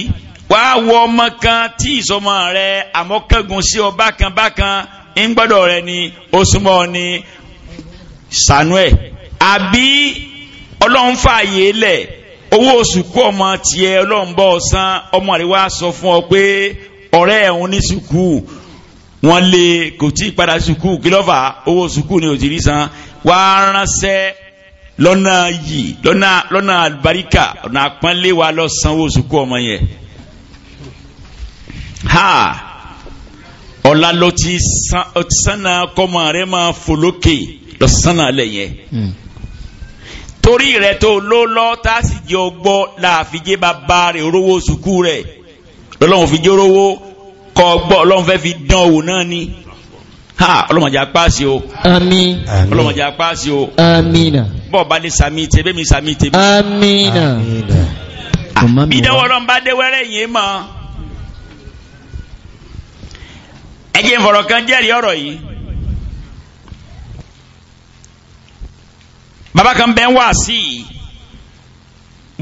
wàá wọ ọmọ kan tí ìsọmọ rẹ àmọ́kẹ́gun sí ọ bákan bákan ń gbọ́dọ̀ rẹ ni ó súnmọ́ ni sànù ẹ̀ àbí ọlọ́run fààyè lẹ̀ owó oṣù kú ọmọ tiẹ̀ ọlọ́run bọ́ ọ̀sán ọmọ rẹ wá sọ fún ọ pé ọ̀rẹ́ ẹ̀hún ní sùkúù wọ́n lé kò tí ì padà sùkúù kí owó sùkúù ni ò rí san wàá ránṣẹ́ lọ́nà yìí lọ́nà lọ́nà àlùbáríkà ọ̀nà àpọ́nlé wa lọ sanwó sùkú ọmọ yẹn ha ọ̀la ló ti sànà kọ́mọ rẹ máa fò lókè lọ sànà lẹ̀ yẹn hmm. torí rẹ tó ló lọ tá a sì jẹ ọgbọ́ láàfijé bàbá rẹ rówó sùkú rẹ lọ́lọ́run fi jẹ́ rówó kọ́ ọgbọ́ ọlọ́run fẹ́ fi dán owó náà ni ha ọlọ́mọdé apáàsì o. àmín. ọlọ́mọdé apáàsì o. àmín. bọ́ọ̀ bá lè sami tẹ bẹ́ẹ̀ mi sami tẹ mi. àmín. ìdánwò ọlọ́run bá dé wẹ́rẹ́ yìí mọ́. ẹ jẹ́ ìfọ̀rọ̀ kan jẹ́rìí ọ̀rọ̀ yìí. bàbá kan bẹ́ẹ̀ ń wá sí i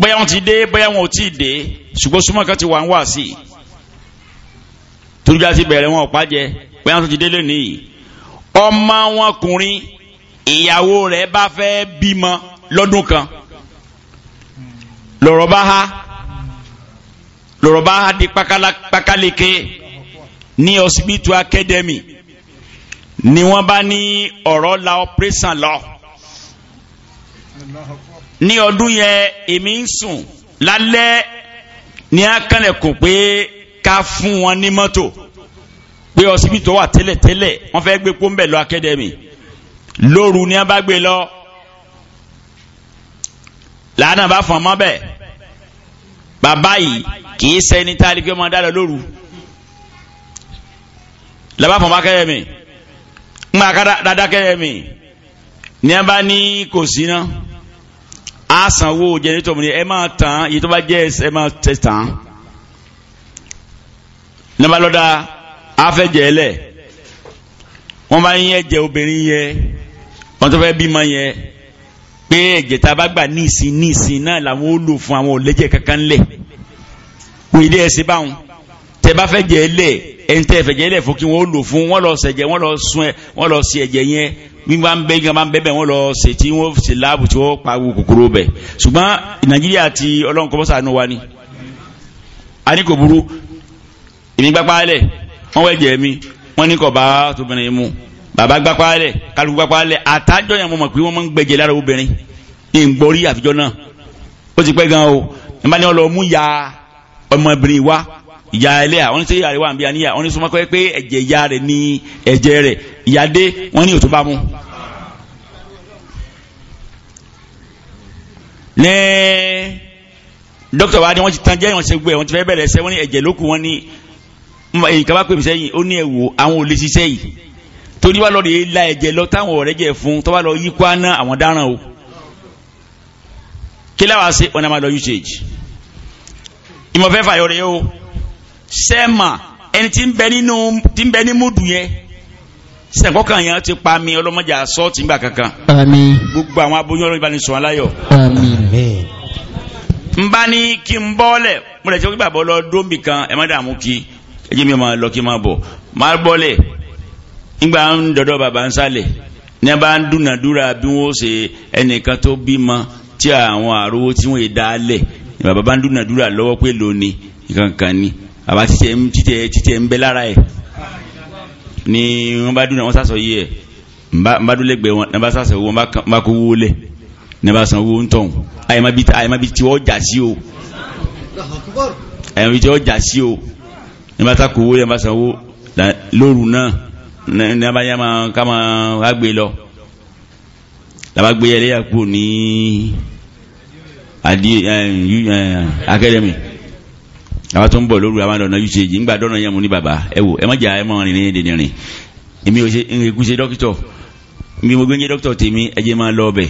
bóyá wọn ti dé bóyá wọn ò tí ì dé ṣùgbọ́n súnmọ́ kan ti wà ń wá sí i. turujá ti bẹ̀rẹ̀ wọn ò pa jẹ́ pé àwọn tó ti délé nìyí ọmọ wọn kùnrin ìyàwó rẹ̀ bá fẹ́ bímọ lọ́dún kan lọ́rọ̀ bá ha lọ́rọ̀ bá ha di pákáleke ní ọsibítù akẹ́dẹ́mì ni wọ́n bá ní ọ̀rọ̀ la ọpẹ́sàn lọ ní ọdún yẹn èmi ń sùn lálẹ́ ní akẹ́lẹ̀kùn pé ká fún wọn ní mọ́tò pé ọsibítọ̀ wà tẹ́lẹ̀tẹ́lẹ̀ wọ́n fẹ́ gbé pọ́ńbẹ̀ lọ akẹ́dẹ́mì lóru ni a bá gbé lọ làánà bá fọ̀n mọ́ bẹ́ẹ̀ bàbá yìí kì í sẹ́ni tá a lè fi ọmọ dá lọ lóru labafọ̀n bá akẹ́dẹ́mì dáadáa akẹ́dẹ́mì ní a ní kò sí náà a sanwó jẹnitọ̀ mi ẹ máa tán yìí tó bá jẹ́ ẹ máa tẹ̀ tán ní a bá lọ́dà afẹ́jẹ́ ẹlẹ̀ wọ́n bá yẹn jẹ obìnrin yẹ wọ́n tó fẹ́ bímọ yẹ pé ẹ̀jẹ̀ tá a bá gbà níìsín níìsín náà làwọn ó lò fún àwọn òlẹ́jẹ̀ kankan lẹ̀ wọ́n ilé ẹ̀sìn báwọn tẹ bá fẹ́ jẹ ẹlẹ̀ ẹni tẹ́ fẹ́ jẹ ẹlẹ̀ fún kí wọ́n lò fún wọ́n lọ sẹ̀jẹ̀ wọ́n lọ sun ẹ̀ wọ́n lọ sí ẹ̀jẹ̀ yẹn wíwá ń bẹ́ gan máa ń bẹ́ bẹ́ẹ̀ wọ́n lọ ṣe tí wọ́n ṣe láàbù tí wọ́n pa wo kòkòrò bẹ̀ ṣùgbọ́n Nàìjíríà ti ọlọ́run kọ́mọ́sà nù wa ni a ní kò burú èmi gbápá lẹ̀ wọ́n wẹ̀jẹ̀ mi wọ́n ní kọ̀ bá tóbìnrin mu bàbá gbapá lẹ̀ kálukú gbapá lẹ̀ àtàjọ yẹn mo mọ̀ pé wọ́n máa ń gbẹ̀jẹ̀ lára obìnrin ìgbórí àfijọ́ náà ó ti pẹ́ gan o nígbà ní ọlọ́ mú ya ọmọbìnrin wa ìyá ẹlẹ́yà wọ́n ní sẹ́yìn àríwá àbí àníyà wọ́n ní sọmọ́ pé ẹ̀jẹ̀ ìyá rẹ̀ ní ẹ̀jẹ̀ rẹ̀ ìyáde wọ́n ní òtún bá mú. ní dókítà wa ni wọ́n ti tan jẹ́ ìwọ̀n wọ́n ti fẹ́ bẹ̀rẹ̀ ṣẹ́ wọ́n ní ẹ̀jẹ̀ lókù wọ́n ní nǹkan bá pè mí sẹ́yìn ó ní ẹ wò àwọn ò lè ṣiṣẹ́ yìí torí wà lọ́ọ̀rì la ẹ̀jẹ̀ lọ táwọn ọ̀rẹ́ jẹ fún tó bá lọ yí kwana àwọn dáràn o kí láwa ṣe wọn náà máa lọ usage ìmọ̀fẹ́ fàyọ̀ rẹ̀ o sẹ́ẹ̀mà ẹni tí ń bẹ ní múdù yẹn sẹ́ǹkọ́ kan yẹn ti pa mi ọlọ́mọdé àṣọ tí ń gbà kankan gbogbo àwọn aboyún ọlọ́mọdé bá ní sùn aláyọ̀ n bá ní kí n bọ́ lẹ̀ mo lè ṣe ẹjẹ́ mi máa lọ kí n máa bọ̀ máa bọ́lẹ̀ nígbà ń dọ̀dọ̀ bàbá ń sálẹ̀ ní a bá ń dúnàdúrà bí wọ́n ṣe ẹnìkan tó bímọ tí àwọn àrówó tí wọ́n dá lẹ̀ bàbá bá ń dúnàdúrà lọ́wọ́ pé lónìí ìkankan ni bàbá títẹ̀ títẹ̀ títẹ̀ ń bẹ lára ẹ̀ ni wọ́n bá dúnà wọ́n sàṣọ yìí ẹ̀ ń bá dúnlẹ̀gbẹ̀ wọn ní bá sàṣọ wọn bá kó wó lẹ̀ ní bá san owó ń tọ̀hún àyèmábi tí wọ́n jà sí o àyèmábi tí wọ́n jà sí o ní bá tako owó yẹn bá sanwó lóru náà ní abáyá máa ká máa gbé lọ làbá gbé ẹlẹ́yà kúrò ní adi akademi àwọn tó ń bọ̀ lóru àwọn àdọ̀nà usage ńgbà dọ́nà yẹn mú ní bàbá ẹ wò ẹ má jà ẹ má rìn ní dèdè rìn èmi ò ṣe ń kú ṣe dókítọ̀ mi mo gbé ń jẹ́ dókítọ̀ tèmi ẹ jẹ́ máa lọ ọbẹ̀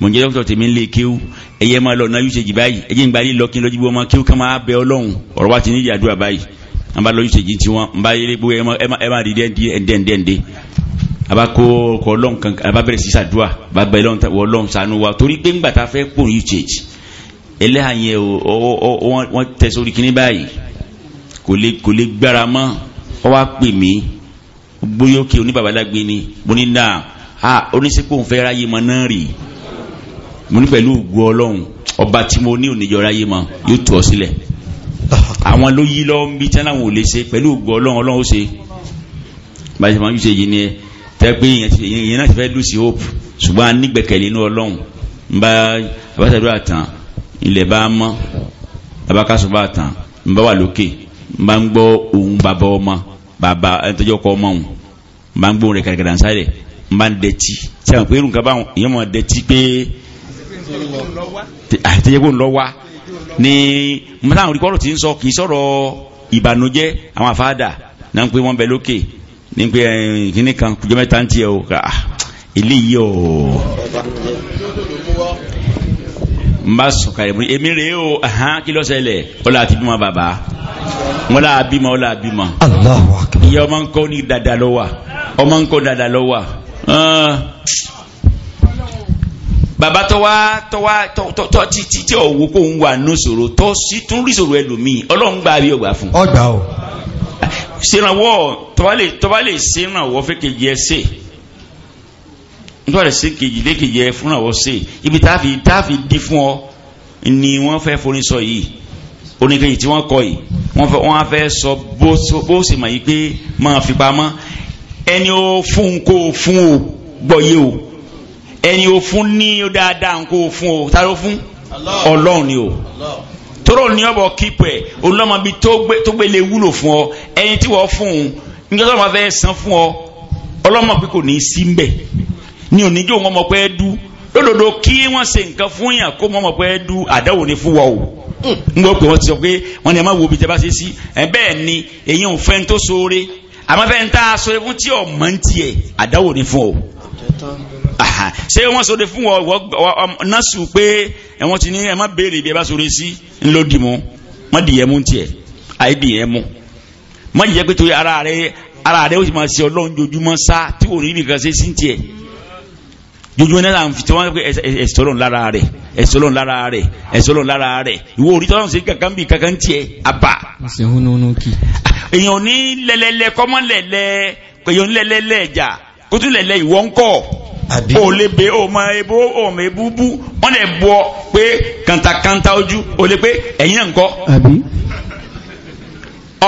mo ń jẹ́ dókítọ̀ tèmi ń lè kéwú ẹ jẹ́ máa lọ ọ̀nà usage báyìí ẹ jẹ́ ń gbalí lọ kí n lọ́jú bí wọ́n máa kéwú ká máa bẹ ọlọ́run ọ̀rọ̀ wa ti ní ìyàdúrà báyìí n b'a lóyún sèjì tí wọn n b'a yẹlẹ bó ẹ má di dẹ́ndẹ́ndẹ́ndẹ́ a b'a kó kọ lọ́n kan a b'a bẹ̀rẹ̀ sisan dùn a b'a bẹ̀ lọ́n ta wọ́n lọ́n sanu wa torí pé ńgbà tá a fẹ́ kó yìí sèjì ẹlẹ́hà yẹn o o o o sórí kíní báyìí kò lè kò lè gbára mọ́ o wá pè mí bóyá òkè o ni mo ní náà a oníṣẹ́pọ̀ ń fẹ́ ráyé mọ́ náà rì mo ní pẹ̀lú ògùn ọlọ́run ọba tí mo ní òníjọ́ ráyé mọ́ yóò tù ọ sílẹ̀ àwọn ló yí lọ bí tí wọn ò lè ṣe pẹ̀lú ògbó ọlọ́run ọlọ́run ó ṣe báyìí sọmọ ṣe yìí ni ẹ tẹ pé ìyẹn náà ti fẹ́ lùsì hope ṣùgbọ́n a nígbẹ̀kẹ̀lé inú ọlọ́run ń bá abáṣẹ́dúrà tán ilẹ̀ bá mọ́ abákásùnbà tán ń bá wà lókè ń bá ń gbọ́ ohun bàbá ọmọ bàbá ẹ̀ńtọ́jọ́ kọ́ ọmọ òun ń bá ń gbóhùn rẹ̀ kàdàkàdà ń sáré ń bá ń dẹtí sẹ́wọ̀n pé irun kan báwọn ìyẹn mọ̀ dẹtí pé àtẹ́jẹ́ kó ń lọ wá ni mọ́tà àwọn olùkọ́rọ̀ ti ń sọ kì í sọrọ ìbànújẹ́ àwọn àfáàdà na ń pè wọ́n bẹ lókè eh, ní pé kan o ká ah, o n bá èmi rèé o kí ó là ti bímọ bàbá wọn là bímọ ó là bímọ ìyá ọmọ ń kọ́ ní dada bàbá tọ́wá tọ́wá tọ́ tí tí tí ọ̀wọ́ kò ń wà ní ìṣòro tọ́ sí tún rí ìṣòro ẹlòmíì ọlọ́run gba àbí ọgbà fún. ọgbà o. ṣèrànwọ́ tọ́wálè tọ́wálè ṣèrànwọ́ fẹ́ kejì ẹ ṣe nítorí ṣe kejì dé kejì ẹ fúnrànwọ́ ṣe ibi táàfi táàfi dín fún ọ ni wọ́n fẹ́ forí sọ yìí oníkejì tí wọ́n kọ yìí wọ́n fẹ́ wọ́n fẹ́ sọ bó ṣe mọ̀ yìí pé máa fi ẹni ó fún kó fún ó gbọ́yé o ẹni o fún ní dáadáa nǹkó o fún o ta ló fún ọlọ́run ni o tóró ni ọ̀bọ̀ kíp ẹ̀ olùlọ́mọbi tó gbélé wúlò fún ọ ẹni tí wọ́n fún un nígbà tó máa fẹ́ san fún ọ ọlọ́mọ pé kò ní í sí ń ni ò ní jó wọn mọ pé ẹ dú lódodo kí wọ́n ṣe nǹkan fún yàn kó mọ́ mọ pé ẹ dú àdáwò ni fún wa o n gbọ́ pé wọ́n ti sọ pé wọ́n ní ẹ má wo ibi bá ṣe sí ẹ bẹ́ẹ̀ ni èyí ò fẹ́ ń tó sóore àmọ́ fẹ́ ń tá a sọ fún tí ọ̀ mọ́ ń tiẹ̀ àdáwò ni fún ọ ṣé wọ́n sọdẹ fún ọ násù pé ẹ̀wọ̀n ti ní ẹ má béèrè ibi ẹ bá sọdẹ sí ńlọdì mú má dìyẹ mú tiẹ̀ àìdìyẹ mú má jẹ́ pé torí ara rẹ ara rẹ ó sì máa ṣe ọlọ́run jojúmọ́ sá tí wò ní nìkan ṣe sí tiẹ̀ jojúmọ́ náà fi tí wọ́n pé ẹ̀sọ́ ọlọ́run lára rẹ̀ ẹ̀sọ́ ọlọ́run lára rẹ̀ ẹ̀sọ́ ọlọ́run lára rẹ̀ ìwọ orí tọ́lọ́run ṣe kankan bí kankan tiẹ̀ àbà. èèyàn ní lẹ́lẹ́lẹ́ kọ́mọ́lẹ́lẹ́ èèyàn ní lẹ́lẹ́lẹ́ ẹ̀jà kótólẹ̀lẹ̀ ìwọ ń kọ́ o lè be o ma ebo o ma ebubu wọ́n lè bọ́ pé kàntàkàntà ojú o lè pé ẹ̀yìn náà ń kọ́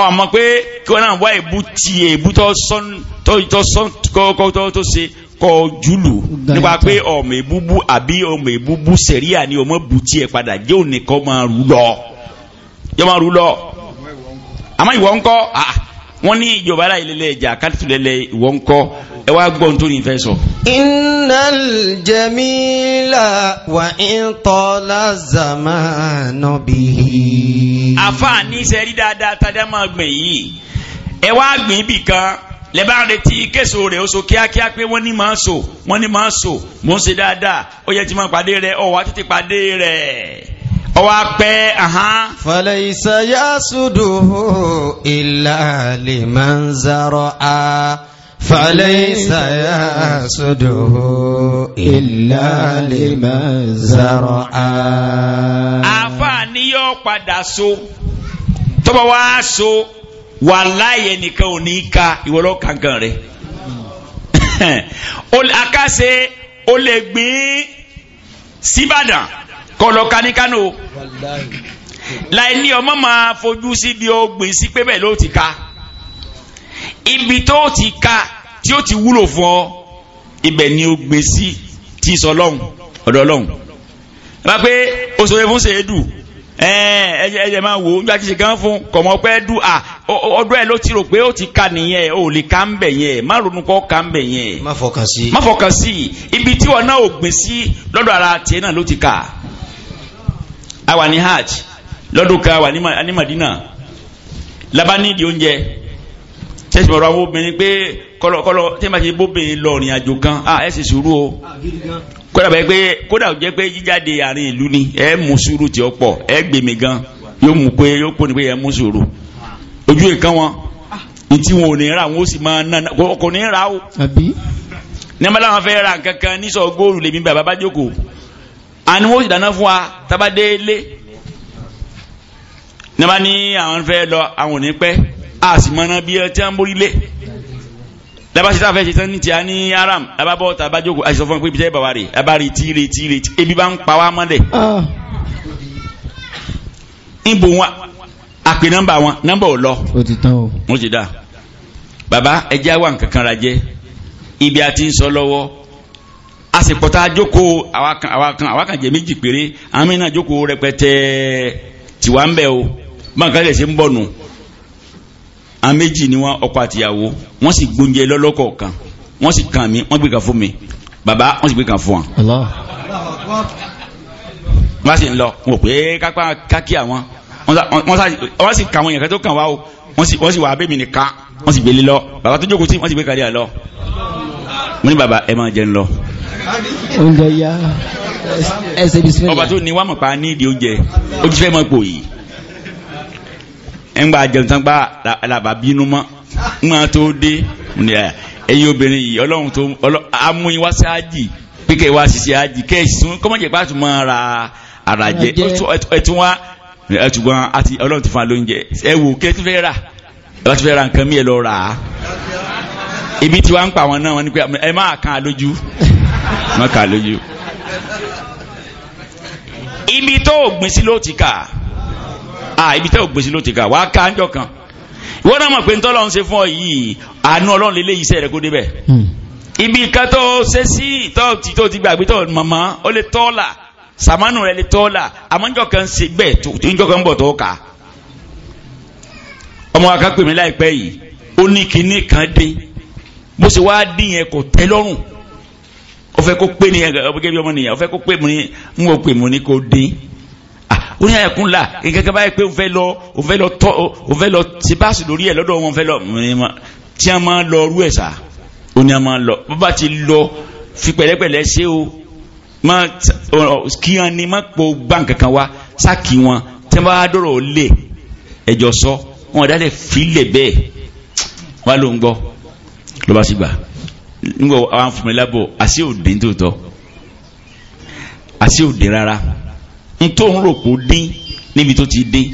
ọmọ pé kí wọ́n náà wá èbú ti èbú tó sọ́n tó sọ́n kọ́kọ́ tó ṣe kọ júlù nípa pé ọmọ èbúbú àbí ọmọ èbúbú sẹ̀ríà ni ọmọ bù tiẹ̀ padà jẹ́ òní kọ́ máa rú lọ yọ máa rú lọ àmọ́ ìwọ ń kọ́ wọ́n ní ìjọba ara ilẹ̀ ẹja kátìtìlẹ̀lẹ̀ ìwọ ń kọ́ ẹ gbọ́n tó ní ìfẹ́ sọ. innal jamila wà ń tọ́lá zamanu bihi. àfa ní sẹ́rí dáadáa tàdá máa gbìn yìí ẹ wá gbìn ibì kan lẹ́bà retí késo rẹ̀ oṣù kíákíá pé wọ́n ní máa so wọ́n ní máa so mò ṣe dáadáa ó yẹ ti máa pàdé rẹ̀ ọ̀ tètè pàdé rẹ̀ ọwọ́ apẹ́ àhán. fàlẹ́yìísá yá sùdùhù ìlà lè máa ń zárọ̀ a fàlẹ́yìísá yá sùdùhù ìlà lè máa ń zárọ̀ a. àfà ni yóò padà so tó wá so wà láyé nìkan ò ní ka ìwọlọ́ kankan rẹ̀ akáṣe ó lè gbìn síbàdàn. kọlọ ka ní kánò láì ní ọmọ máa fojú sí bí ó gbìn sí pé bẹ́ẹ̀ ló ti ka ibi tó ti ka tí ó ti wúlò fún ọ ibẹ̀ ni ó gbìn sí tí sọ lọ́hùn ọ̀dọ̀ lọ́hùn bá pé o sọ fún ṣèédù ẹ̀ẹ́dẹ̀ ẹ̀ẹ́dẹ̀ máa wò ó nígbà tí ṣe gan fún kọ̀mọ́ pẹ́ dù à ọdún ẹ̀ ló ti rò pé ó ti ka nìyẹn o lè ka ń bẹ̀ yẹn má ronú kọ́ ka ń bẹ̀ yẹn má fọkàn sí i ibi tí wọn náà ò gbìn sí lọ́dọ̀ ara tiẹ̀ náà ló ti a wà ní hajj lọ́dún kan a Madina labani di oúnjẹ sẹ́sì mọ̀rọ̀ àwọn obìnrin pé kọ́lọ́kọ́lọ́ tí ma ti bóbìnrin lọ ìrìn àjò kan a ah, ẹ̀ sì sùúrù o ah, kódà bẹ́ẹ̀ pé kódà jẹ́ pé jíjáde àárín ìlú ni ẹ̀ mú sùúrù tí ó pọ̀ ẹ̀ gbèmí gan yóò mú pé yóò pọ̀ ní pé ẹ̀ mú sùúrù ojú ìkan wọn ah. ìtí wọn ò ní ra wọn ó sì máa nana kò ní ra o. ní abala wọn fẹ́ ra kankan ní sọ góòlù lèmi bàbá bá jókòó àni wọ́n dana dáná fún wa tábàdé lé nígbà ní àwọn fẹ́ lọ àwọn ò ní pẹ́ a sì mọ náà bí ẹ tí wọ́n borí lé lábà sí sáfẹ́ ṣetán ní tíya ní aram lábà bọ́ tàbá jókòó àṣìṣọ́ fún pé ibi tẹ́ bàbá rè lábà rí tí ebi bá ń pa wá mọ́lẹ̀ ah. níbo wọn àpè nọ́mbà wọn nọ́mbà ò lọ ó ti tán o ó ti dá bàbá ẹjẹ́ àwọn kankan rajẹ́ ibi àti ń sọ lọ́wọ́ a sì pọ̀ tá a jókòó àwa kan àwa tiwa ń bẹ̀ o báńkà lè ṣe ń bọ̀ nù ni wọ́n ọkọ àtìyàwó wọ́n sì gbóúnjẹ lọ́lọ́kọ̀ kan wọ́n sì kàn mí wọ́n gbé kan fún mi bàbá wọ́n sì gbé kan fún wọn. wọ́n sì ń lọ wọ́n pé àwọn wọ́n sì kà yẹn kẹ́tọ́ kàn wá o wọ́n sì wà abẹ́ mi nìkan wọ́n sì gbélé lọ bàbá tó jókòó sí wọ́n sì gbé kárí à lọ. mo ní bàbá ẹ máa jẹun lọ oúnjẹ yá ẹsẹ̀ ibi sílẹ̀. ọba tó ní wàá mọ̀ pa ní ìdí oúnjẹ ó ti fẹ́ mọ̀ pò yìí ẹ̀ǹgbà jẹ̀ǹtàǹgbà làbà bínú mọ́ ńgbà tó dé ẹ̀yin obìnrin yìí ọlọ́run tó amúyin wá sí ájì pé kẹ́ ẹ wá ṣiṣẹ́ ájì kẹ́ ẹ sún kọ́mọ̀jẹ̀ bá tún máa ẹtún wá ẹtùgbọ́n àti ọlọ́run ti fún wa lóúnjẹ ẹ wò kẹ́ tún fẹ́ rà ẹ bá tún fẹ́ ra nǹkan mi ẹ lọ rà ibi tí wàá ń pa àwọn náà wọn ni pé ẹ máa kan àlójú wọ́n kà lójú ibi tó gbìn sí ló ti kà ah ibi tó gbìn sí ló ti kà wàá ká ńjọ kan ìwọ náà mọ̀ pé ń tọ́lọ́run ṣe fún ọ yìí àánú ọlọ́run lè léyìí iṣẹ́ rẹ kó débẹ̀ hmm. ibi kan tó ṣe sí tó ti gbàgbé tó mọ̀mọ́ ó lè tọ́ là sàmánù rẹ lè tọ́ là àmọ́njọ́ kan ṣe gbẹ̀ tó ńjọ́ kan bọ̀ tó kà ọmọ akápèmí láìpẹ́ yìí ó ní kinní kan dé bó ṣe wá dín yẹn kò tẹ́ lọ́rùn fẹ́ kó pé ní ọgẹ́ bí ọmọ nìyà ó fẹ́ kó pé mu ní n ò pè mu ní kó dín ó ní àyẹ̀kún là gẹ́gẹ́ báyìí pé ó fẹ́ lọ ó fẹ́ lọ tọ́ ó lọ ti báàsì lórí ẹ̀ lọ́dọ̀ wọn fẹ́ lọ tí a máa lọ rú ẹ̀ sá ó a máa lọ bó ti lọ fi pẹ̀lẹ́pẹ̀lẹ́ ṣe o ma kí wọn ni má po gbá nkankan wa sáàkì wọn tí wọn bá dọ̀rọ̀ lé ẹjọ́ sọ wọn dálẹ̀ fi lè bẹ́ẹ̀ wọn ló ń gbọ́ ló bá gbà nígbà àwọn fún mi lábọ̀ àṣé òde tó tọ́ àṣé òde rárá n tó ń rò kó dín níbi tó ti dín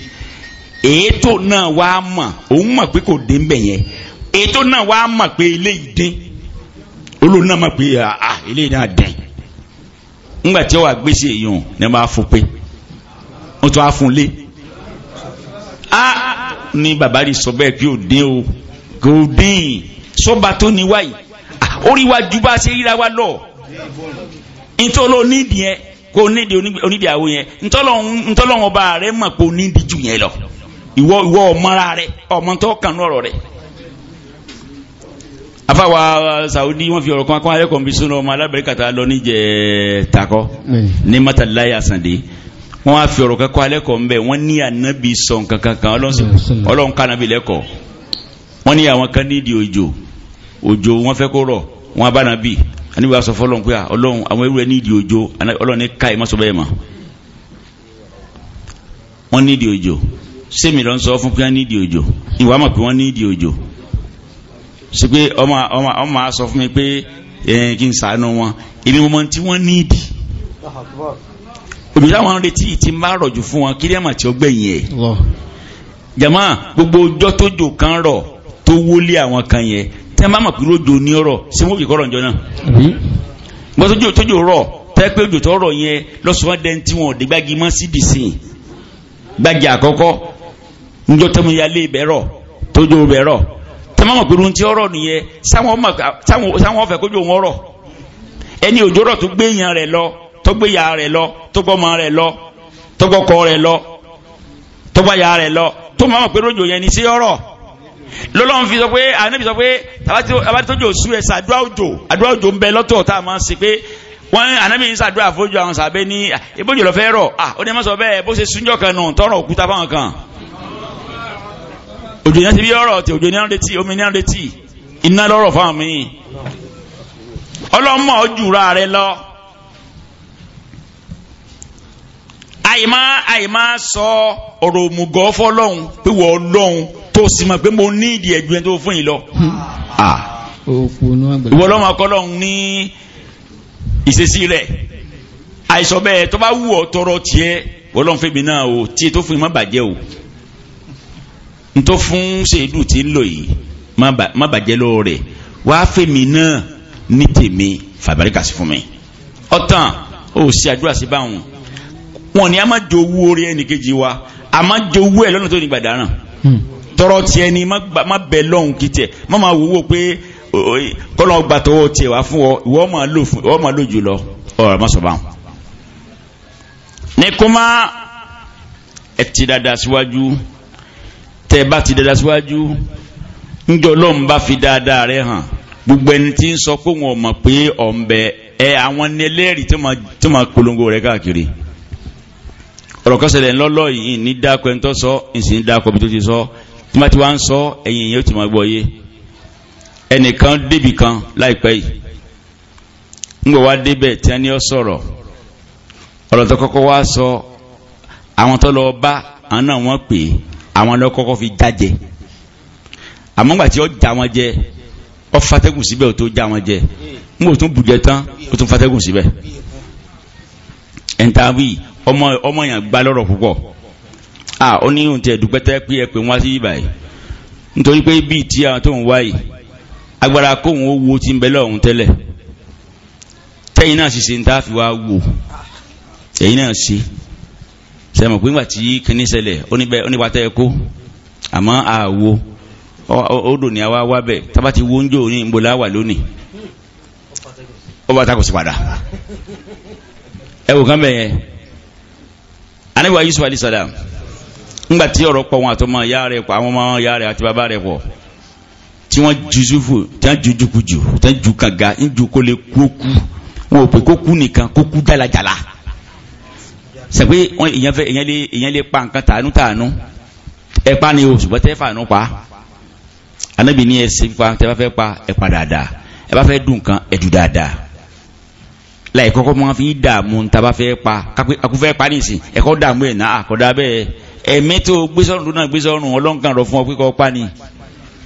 ètò náà wá mọ̀ òun mọ̀ pé kò dín bẹ̀ yẹn ètò náà wá mọ̀ pé ilé yìí dín olóhùn náà mọ̀ pé àà ilé yìí náà dín ńgbà tí ó wà gbèsè yìí ni wọ́n á fún pé wọ́n tún á fún lé a ní bàbá sọ bẹ́ẹ̀ kí ó dín o kò dín sọ́ba tó ní wáyìí Ah, orí wa ju bá a ṣe ríra wa lọ ntọ́lọ́ nídìí yẹn kó nídìí onídìí àwo yẹn ntọ́lọ́ ọba rẹ mọ̀ pé onídìí jù yẹn lọ ìwọ ìwọ ọmọra rẹ ọmọ tó kàn lọ́rọ̀ rẹ afawa uh, saudi wọn fi ọ̀rọ̀ kan akọwalẹ kọmbi sunu ọmọ alábẹrẹkata lọ níjẹ takọ ní matalayi asande wọn fi ọ̀rọ̀ kan akọwalẹ kọmbẹ wọn ní anabi sọn kankan kan ọlọsìn ọlọsìn wọn ní àwọn kan nídìí òjò òjò wọn fẹ́ kó rọ̀ wọn bá nàbí àníbi wàá sọ fọlọ́n pé ah, ọlọ́run àwọn ewúrẹ́ ní ìdí òjò ọlọ́run ní ká ẹ̀ má sọ bẹ́ẹ̀ mọ́ wọn ní ìdí òjò sẹ́mi lọ́n sọ fún pé wọ́n ní ìdí òjò ìwà mọ̀ pé wọ́n ní ìdí òjò sí pé ọmọ ọmọ fún mi pé kí n sàánú wọn èmi mo tí wọ́n ní òbí táwọn retí ti ń bá rọ̀jù fún wọn kí lẹ́mà tí ó gbẹ̀yìn ẹ̀ jama gbogbo ọjọ́ tó jò kan rọ̀ tó wọlé àwọn kan yẹn tẹ́ máa mọ̀ pé lójó ní ọ̀rọ̀ ṣé wọ́n kì í kọ́ ọ̀rọ̀ ǹjọ́ náà. gbọ́n tójú tójú rọ̀ tẹ́ pé òjò tọ́rọ̀ yẹn lọ́sọ̀rọ̀ dẹ́n tí wọ́n dé gbági mọ́ sí dìsì gbági àkọ́kọ́ ǹjọ́ tẹ́ mo ya lé ibẹ̀ rọ̀ tójú ibẹ̀ rọ̀ tẹ́ máa mọ̀ pé lóhun tí ọ̀rọ̀ nìyẹn sáwọn fẹ́ kójú wọn rọ̀ ẹni òjò rọ̀ tó gbé yan rẹ̀ lọ tó gbé ya rẹ̀ lọ tó gbọ́mọ lọ́lọ́run fi sọ pé ànábì sọ pé abátójò sú ẹ̀ sàdúrà òjò àdúrà òjò ń bẹ lọ́tọ̀ tá a máa ń ṣe pé wọ́n ànábì ń sàdúrà àfojú àwọn sàbẹ́ ní ìbójò lọ́fẹ́ rọ̀ à ó ní ẹ má sọ bẹ́ẹ̀ bó ṣe súnjọ́ kan nù tọrọ òkúta fáwọn kan òjò yẹn ti bí ọ̀rọ̀ tí òjò yẹn retí omi yẹn retí iná lọ́rọ̀ fáwọn míì ọlọ́mọ ojú ra rẹ lọ àìmá àìmá sọ ọ̀rọ̀ òmùgọ̀ fọlọ́hún pé wọ́n lọ́hún tó sì mọ̀ pé mo ní ìdí ẹ̀jú ẹni tó fún yìí lọ. ìwọ lọ́mọ akọ́lọ́hún ní ìṣesí rẹ̀ àìsọ bẹ́ẹ̀ tó bá wù ọ́ tọrọ tiẹ̀ wọ́n lọ́n fẹ́mi náà o tí tó fún yìí má bàjẹ́ o n tó fún ṣèlú tí ń lò yìí má bàjẹ́ lọ́wọ́ rẹ̀ wàá fẹ́mi náà ní tèmi fàbáríkà sí fún mi ọ̀tàn ó ṣe àdúrà sí báwọn wọn ni a ma jowú orí ẹnìkejì wa a ma jowú ẹ lọ́nà tó ní gbàdáràn hmm. tọrọ tiẹ ni má bẹ lọ́hùn kí tiẹ má ma wò wò pé kọ́nà gbàtọ́wọ́ tiẹ wá fún ọ ìwọ ma lò fún ìwọ ma lò jù lọ ọ̀rọ̀ ma sọ bá wọn. ní kúmá ẹ ti dada síwájú tẹ bá ti dada síwájú njọ lọ́n bá fi dáadáa rẹ hàn gbogbo ẹni tí ń sọ pé wọn mọ̀ pé ọ̀ ẹ àwọn ẹlẹ́rìí tó máa polongo rẹ káàkiri ọ̀rọ̀ kan ṣẹlẹ̀ ńlọ́lọ́ yìí ní dákọ̀ ẹni tó sọ ìsìn dákọ̀ bí tó ti sọ tí wọ́n ti wá ń sọ ẹ̀yìn yẹn ó ti máa gbọ́ yé ẹnìkan débì kan láìpẹ́ yìí ńgbọ̀ wá débẹ̀ tí a ní ọ sọ̀rọ̀ ọ̀rọ̀ tó ọmọ ọmọ yẹn gbá lọ́rọ̀ púpọ̀ à ó ní ohun tí ẹ dúpẹ́ tẹ́ pé ẹ pé wọ́n sí ìbàyí nítorí pé bíi tí àwọn tó ń wáyì agbára kóhun ó wo ti ń bẹ lọ́hùn tẹ́lẹ̀ tẹ́yìn náà sì ṣe ń tá a fi wá wò ẹ̀yìn náà ṣe sẹ́mọ̀ pé ńgbà tí kìíní ṣẹlẹ̀ onípa tẹ́ kó àmọ́ àwo odò ní àwa wá bẹ̀ tábà ti wo ń jò ní ìbò láwà lónìí ó bá takò sí padà ẹ wò kán bẹ̀ yẹn anabi wa yusuf alayhi salam ngba tí ọ̀rọ̀ pọ̀ wọn àti ọmọ ya rẹ̀ pọ̀ àwọn ọmọ ya rẹ̀ àti bàbá rẹ̀ pọ̀ tí wọ́n jusufu tí wọ́n jujukuju tí wọ́n ju kànga ń ju kó lè kú kú wọn ò pè kó nìkan kó kú jalajala wọn èèyàn fẹ́ èèyàn lè èèyàn lè pa nǹkan tàánú tàánú ẹ pa ni o ṣùgbọ́n tẹ́ fà nù pa anabi ni ẹ ṣe pa tẹ́ bá fẹ́ pa ẹ pa dáadáa ẹ bá fẹ́ dùn kan ẹ dù dáadáa láì kọ́kọ́ máa fi dààmú ntaba fẹ́ pa akúfẹ́ pa nìsín ẹ̀kọ́ dààmú ẹ̀ náà àkọ́dá bẹ́ẹ̀ ẹ̀mí tó gbé sọ́run lónà gbé sọ́run fún ọ pé kọ́ ni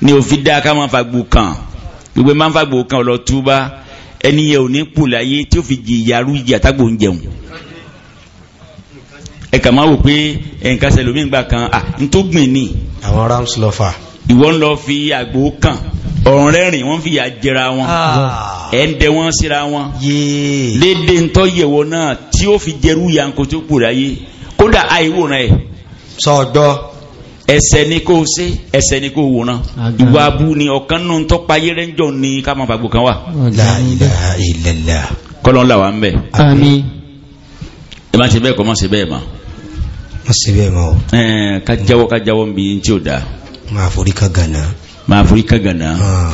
ni òfin dá ká máa fagbó kan gbogbo máa fagbó kan ọ̀lọ́ túbá ẹni yẹ ò ní kù láyé tí ó fi jìyà rú ìyà tágbó ń jẹun ẹ̀ka e máa wò pé ẹ̀ǹkasẹ̀ e lómi gbà kan à ń tó gbìn ni. àwọn rams ìwọ ń lọ fi àgbò kàn ọ̀rùn rẹ́rìn wọ́n fìyà jẹra wọn ah. ẹ̀ ń dẹ wọ́n síra wọn léde ńtọ́ yẹ̀wọ̀ náà tí ó fi jẹrú yanko tó kù láyé kódà àìwòrán ẹ̀ sọ̀gbọ́ ẹsẹ̀ ni kò ṣe ẹsẹ̀ ni kò wòrán ìwà abú ni ọ̀kan nù tó payé rẹ́ńjọ ni ká máa bàgbò kan wà. kọ́lọ́ ńlá wa ń bẹ̀. àmín. ẹ má ṣe bẹ́ẹ̀ kọ́ má ṣe bẹ́ẹ̀ mọ́. má ṣe bẹ́ẹ̀ mọ́. ẹ ká jáwọ́ ká jáwọ́ ń bi yín tí ò dáa máa forí kan gana. máa forí kan gànà ah.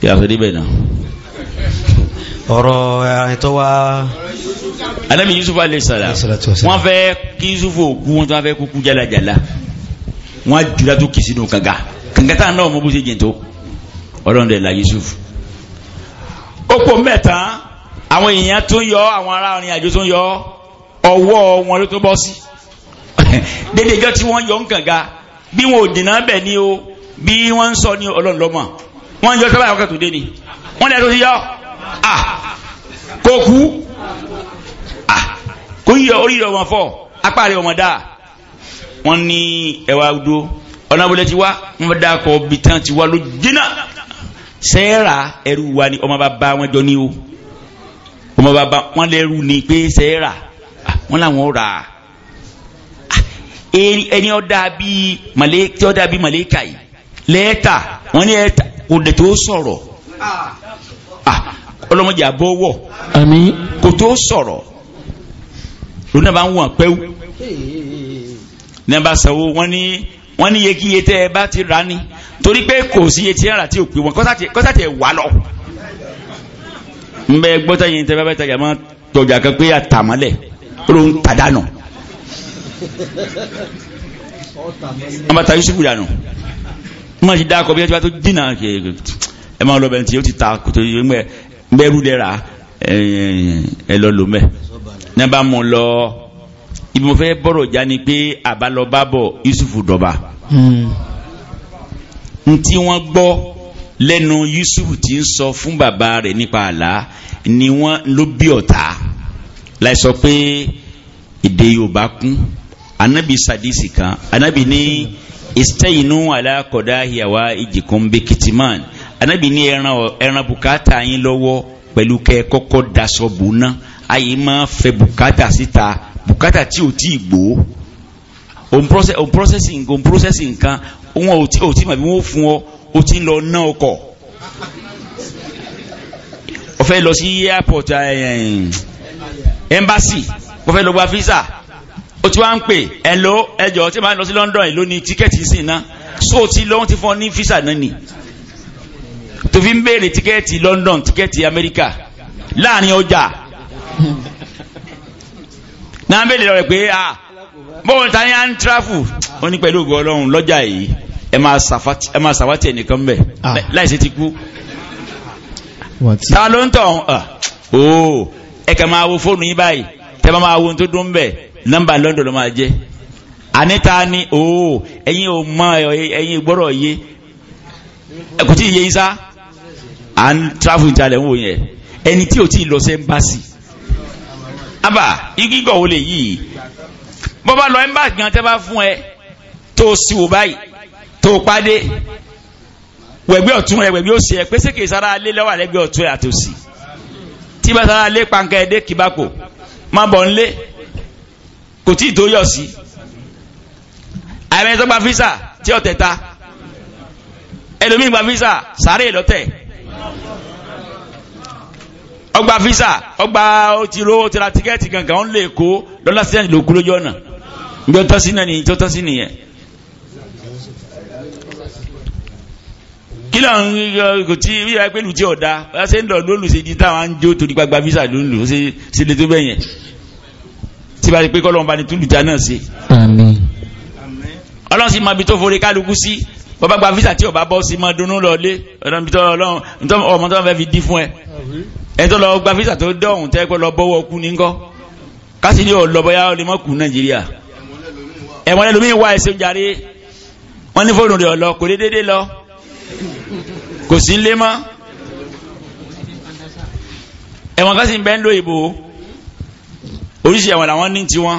kí a fẹ́ débẹ̀ náà wa alẹ́mi eh, yusuf alẹ́sàlá wọ́n fẹ́ kí yusuf òkú wọn tó wọ́n fẹ́ kúkú jálajàla wọ́n jùlá tó kìí sínú kànga kànga tá náà mọ́ bó ṣe jẹ̀ntó ọlọ́run dẹ̀ la yusuf ó pò mẹ́ta àwọn èèyàn tó ń yọ àwọn ará arìn àjò tó ń yọ ọwọ́ wọn ló tó bọ́ sí dédé tí wọ́n yọ ń kànga bí wọn ò dènà bẹ̀ ni o bí wọ́n ń sọ ní ọlọ́run lọ́mọ wọ́n ń yọ sábà ọkọ̀ tó dé ni wọ́n lẹ́nu ti yọ à kò kú à kò yíyọ orí rẹ̀ ọmọ fọ́ apá rẹ̀ ọmọ dáa wọ́n ní ẹwà dó ọ̀nà abúlé ti wá wọ́n dá kọ́ bí tán ti wá ló jìnnà sẹ́ẹ̀rà ẹrú wa ni ọmọ bàbá wọn jọ ní o ọmọ bàbá wọn lẹ́rú ni pé sẹ́ẹ̀rà wọ́n làwọn rà á. ẹni ọ̀dà bíi màlẹ́kà ọ̀dà bíi màlẹ́kà yìí lẹ́ẹ̀ta wọ́n ní ẹ̀ta kò dẹ̀ tó sọ̀rọ̀ ah, kò tó sọrọ. lónà bá ń wọ̀n pẹ́wú ní a bá sanwó wọn ni wọ́n ní iye ẹ bá ti rà ní torí pé kò sí iye tí tí ò pé wọn wà lọ. bẹ gbọ́tà bá tajà tọjà kan pé ó ló ń wọ́n bá ta yusufu dànù wọ́n máa ti dá akọ bí wọ́n ti bá tó dínà ẹ máa lọ bẹ̀rẹ̀ tí yóò ti ta kòtò yìí mẹ́ mẹ́rù dẹ́ra ẹ lọ lò mẹ́ ní bá mú lọ ibi mo fẹ́ bọ̀rọ̀ já ni pé àbálọba bọ̀ yusufu dọ̀ba hmm. ntí wọ́n gbọ́ lẹ́nu yusuf ti ń sọ fún bàbá rẹ̀ nípa àlá ni wọ́n ló bí ọ̀tá láì sọ pé èdè yorùbá kún anabi sadisi kan anabi ní istayinu ala qadahi hawaijikum bikitiman anabi ní ẹran ẹran bùkátà yín lọ́wọ́ pẹ̀lú kẹ́ kọ́kọ́ daṣọ bò ná ayé máa fẹ́ bùkátà síta bùkátà tí ò tí ì gbó òun processing òun processing kan òun ò tí ò tí màbí wọn ò ọ ó ti lọ ná ọkọ̀ ó lọ sí airport eh, eh, embassy ó fẹ́ lọ gba visa ó ti wá ń pè ẹ̀lò ẹjọ́ tí máa lọ sí London ìlú ni tíkẹ́ẹ̀tì sí iná so ti lọ́wọ́n ti fún ọ ní físà náà nì tó fi ń béèrè tíkẹ́ẹ̀tì London tíkẹ́ẹ̀tì Amẹ́ríkà láàrin ọjà náà béèrè lọ rẹ̀ pé a bóun ta ni à ń tráfù ó ní pẹ̀lú ògùn Ọlọ́run lọ́jà yìí ẹ máa sàwátì ẹnìkan bẹ̀ láìsí ti kú ta ló ń tọ̀ ọ́ ẹ̀ka máa wo fóònù yín báyìí tẹ́ bá máa wo ohun tó dún bẹ́ẹ̀ nọ́mbà london ló máa jẹ́ anita ni ooo ẹ̀yin ò mọ ẹ̀yin gbọ́rọ̀ yé kò tí yé yín à ń travel ìtàlẹ̀ ń wò yẹn ẹni tí ò tí ì lọ sí ẹ́mbásì abà igígọ̀ wo lè yìí bọ́ bá lọ ẹ́mbásì gan tẹ́ bá fún ẹ tó o sì wò báyìí tó o pàdé wẹ̀gbẹ́ ọ̀tún rẹ wẹ̀gbẹ́ òsì ẹ pé sékè sára alẹ́ lọ́wọ́ àlẹ́gbẹ́ ọ̀tún ẹ àtòsí tí bá sára alẹ́ pàǹkà ẹ̀dẹ́ kìbákò má bọ̀ ńlé kò tí ì tó yọ̀ sí àìmọ́ ẹ̀tọ́ gba físà tí ọ̀tẹ̀ ta ẹlòmíì gba físà sáré lọ́tẹ̀ ọgbà físà ọgbà òtìró òtìrà tíkẹ́ẹ̀tì gangan ó lè kó lọ́lá sí ẹ̀yìn lókú lójú ọ̀nà ìjọ tọ́ sí náà nìyí tó tọ́ sí nìyẹn. kí lóun kò tí bí wàá pé lùtí ọ̀dà bá ṣe ń lọ lóòlù ṣe di táwọn á ń jó torí gbagba físà lóòlù ṣe tó bẹ́yẹn tí bá rí pé kọ́lọ́n bá ní túlùjá náà sí. àmín. ọlọ́run sì máa bi tó forí kálukú sí bàbá gba visa tí ọba bọ́ sí máa dunnú lọ lé ọlọ́run bí tọ́lọ́run ọmọ tó fẹ́ fi dín fún ẹ. ẹ tó lọ gba visa tó dọ̀hún tẹ́ pé lọ bọ́wọ́ kú ní ńkọ́ kásì ní ọ̀lọ́ bọ́yá ọlẹ́ mọ́ kú nàìjíríà. ẹ̀wọ̀n ẹlòmíín wá ẹsẹ̀ jàre wọ́n ní fóònù rẹ̀ ọ̀lọ́ kò dé déédéé lọ kò sí lé mọ́ ẹ̀wọ̀n kásì ń bẹ́ ń lo ìbò oríṣi ẹ̀wọ̀n làwọn ní tiwọn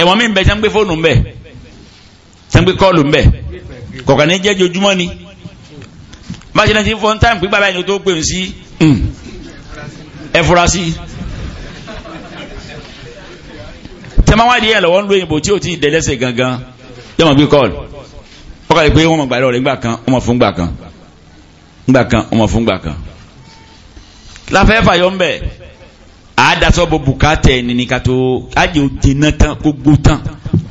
ẹ̀wọ̀n mi ń bẹ sẹ́ńgbé fóònù ń bẹ sẹ́ńgbé kọ́ọ̀lù ń bẹ kọ̀ọ̀kan ní jẹ́ jojúmọ́ ni bá ṣe náà ti fọ́n táìmù pípa báyìí ni ó tó pè ń sí ẹ fura sí tẹ́mọ́wádìí ń lo òyìnbó tí ò tí ì gangan yóò mọ̀ gbé kọ́ọ̀lù ó kọ́ ẹ pé wọ́n mọ̀ gbà lọ́rẹ̀ ńgbà kan wọ́n mọ̀ fún gbà kan ńgbà kan wọ́n mọ̀ fún gbà kan láfẹ́ fàyọ́ ń bẹ̀ àádásọ́ bó bùkátà ẹni ní ká tó ájò jẹná tán gbogbo tán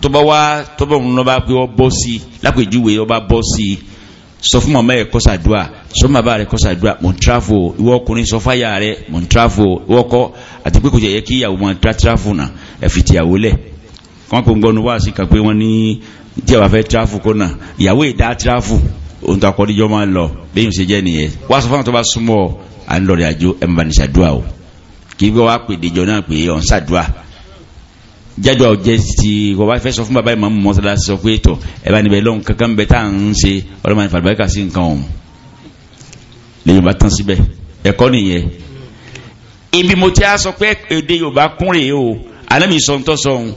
tó bá wá tó bá wọn bá pé ọ bọ́ sí i lápèjúwe ọ bá bọ́ sí i sọ fún màmá ẹ kó ṣàdúà sọ fún bàbá rẹ kó ṣàdúà mò ń tráfò ìwọ ọkùnrin sọ fáyà rẹ mò ń tráfò ìwọ ọkọ àti pé kò jẹ yẹ kí ìyàwó máa tra tráfò náà ẹ fi tìyàwó lẹ wọn kò ń gbọnu wá sí kan pé ní tí a bá fẹ́ tráfò náà ìyàwó ìdá tráfò ohun tó akọ́díjọ́ máa ń lọ bẹ́ẹ̀ yóò ṣe jẹ́ nìyẹn wá sọ fún àwọn tó bá súnmọ́ à ń lọ rẹ̀ àjò ẹ̀ ń bá ní o kì í bọ́ wá pè déjọ náà pé ọ̀n ṣàdúrà jáde àwọn jẹ ti wọ́n bá fẹ́ sọ fún bàbá ìmọ̀ mọ́sálásí sọ pé tọ̀ ẹ bá níbẹ̀ lọ́hùn kankan bẹ tá à ń ṣe ọlọ́mọ ní fàlùbáríkà sí nǹkan ọ̀hún lèyìn bá tán síbẹ̀ ẹ̀kọ́ nìyẹn ibi mo ti á sọ pé èdè Yorùbá kún rèé o anámi sọ ń tọ́ sọ òun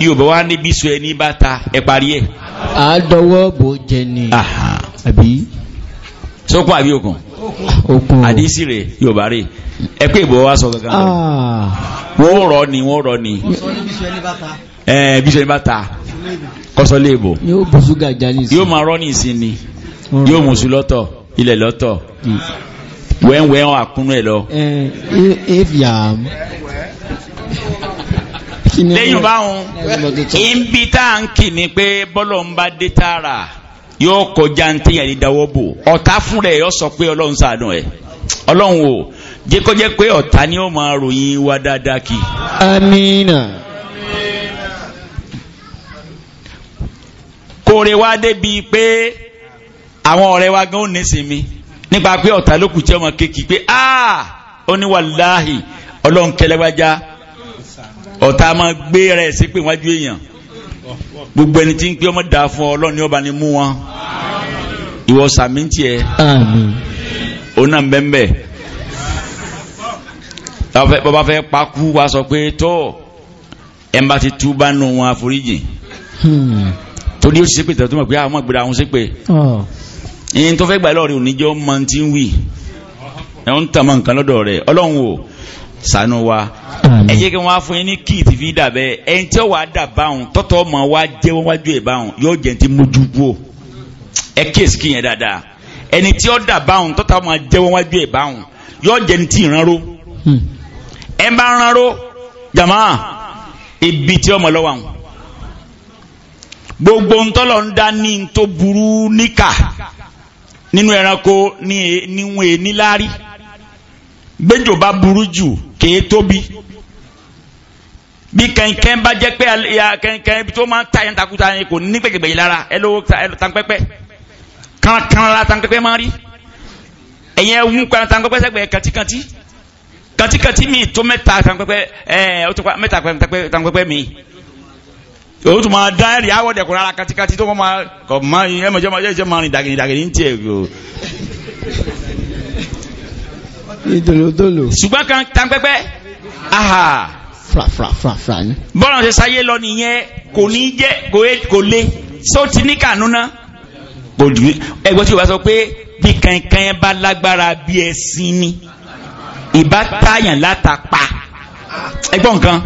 Yorùbá wa níbi sọ ẹni bá ta ẹ parí ẹ. àádọ́wọ́ bò jẹ ni àbí. sókun àbí okun àdísì rè Yorùbá rè ẹ pé ìbò wa sọ gangan ah. wọ́n rọ ni wọ́n rọ ni bí sọ ní bá ta kọ́sọ́ lé ìbò yóò bù ṣúgà jálì sí yóò máa rọ́ ní ìsinmi hmm. yóò mú sí lọ́tọ̀ ilẹ̀ lọ́tọ̀ hmm. wẹ́ńwẹ́ wọn àkúnú ẹ̀ lọ. lẹ́yìn báwọn ibi tá à ń kì ní pé bọ́lọ̀ ń bá dé tààrà yóò kọjá ní téèyàn lè dáwọ́ bò ọ̀tá fúnra ẹ̀ yóò sọ pé ọlọ́run ṣàánú ẹ̀ ọlọ́run o jẹ́ kó jẹ́ pé ọ̀tá ni ó máa ròyìn wa dáadáa kì. amina. kóore wa débi pé àwọn ọ̀rẹ́ wa gan ó nísinmi nípa pé ọ̀tá ló kù tí ọmọ kéèkì pé aaa ó ní wàláhì ọlọ́run kẹlẹ́gbájá ọ̀tá máa gbé rẹ̀ sí pé wájú èèyàn gbogbo ẹni tí ń pé ọmọ dà fún ọlọ́run ní ọba ni mú wọn ìwọ sàmìntì ẹ. àmín. ó ń bẹ́ẹ̀ bọ́bá fẹ́ pakú wa sọ pé tọ́ ẹ̀ ń bá ti tú bá nù wọn àforíjì hmm. torí ó ti ṣépè tẹ̀tọ́ mọ̀ pé àwọn ọmọ ìgbéra àwọn ṣépè ìyẹn tó fẹ́ gbà lọ́ọ̀rẹ́ oníjọ́ máa ti ń wì ẹ̀ ń nǹkan lọ́dọ̀ rẹ̀ ọlọ́run o ṣàánú wa ẹ jẹ́ kí wọ́n á fún yín ní kíì tí fi dà bẹ́ẹ̀ ẹni tí ó wàá dà báwọn tọ́tọ́ ọmọ wa jẹ́ wọ́n wájú ẹ̀ báwọn yóò jẹ́ ti mójú kú ẹ kíyèsí kí yẹn dáadáa ẹni tí ó dà báwọn tọ́tọ́ ọmọ jẹ́ wọ́n wájú ẹ̀ báwọn yóò jẹ́ ti ìrànró hmm ẹ bá ń ránró jàmá ibi tí ọmọ lọ́wọ́ àwọn gbogbo ntọ́lọ̀ ń dá ní tó burú níkà nínú ẹranko níwọ̀n e, níláárí e gbẹ́jọ bá burú jù kéé tóbi bí kẹ̀kẹ́ bá jẹ́ pé kẹ̀kẹ́ ibi tó máa ń ta takuta yẹn kò ní pẹ̀kẹ̀pẹ̀ yìí lára ẹ lówó tanpẹ́pẹ́ kankan la tanpẹ́pẹ́ máa rí ẹ̀yẹ ń pa tanpẹ́pẹ́ sẹ́gbẹ̀ẹ́ kàtíkàtí katikati mi tó mẹ́ta tanpẹ́pẹ́ ẹ̀ ó tó mẹ́ta tanpẹ́pẹ́ mi o tún máa dá ẹ̀rí awọ́ dẹ̀kun rárá katikati tó máa kọ̀ máa ẹ mọ̀ jẹ́ máa jẹ́ máa rìn dàgìrì dàgìrì ń tiẹ̀ o. ìdòlódòlò. kan tanpẹ́pẹ́ aha. fra fra fra fra ni. bọ́lá ṣe sáyé lọ nìyẹn kò ní jẹ́ kò lé só ti ní kànú náà kò dùn ẹgbẹ́ o bá sọ pé bí kankan bá lágbára bí ẹṣin ni ìbá táyàn látàpá ẹgbọ́n nǹkan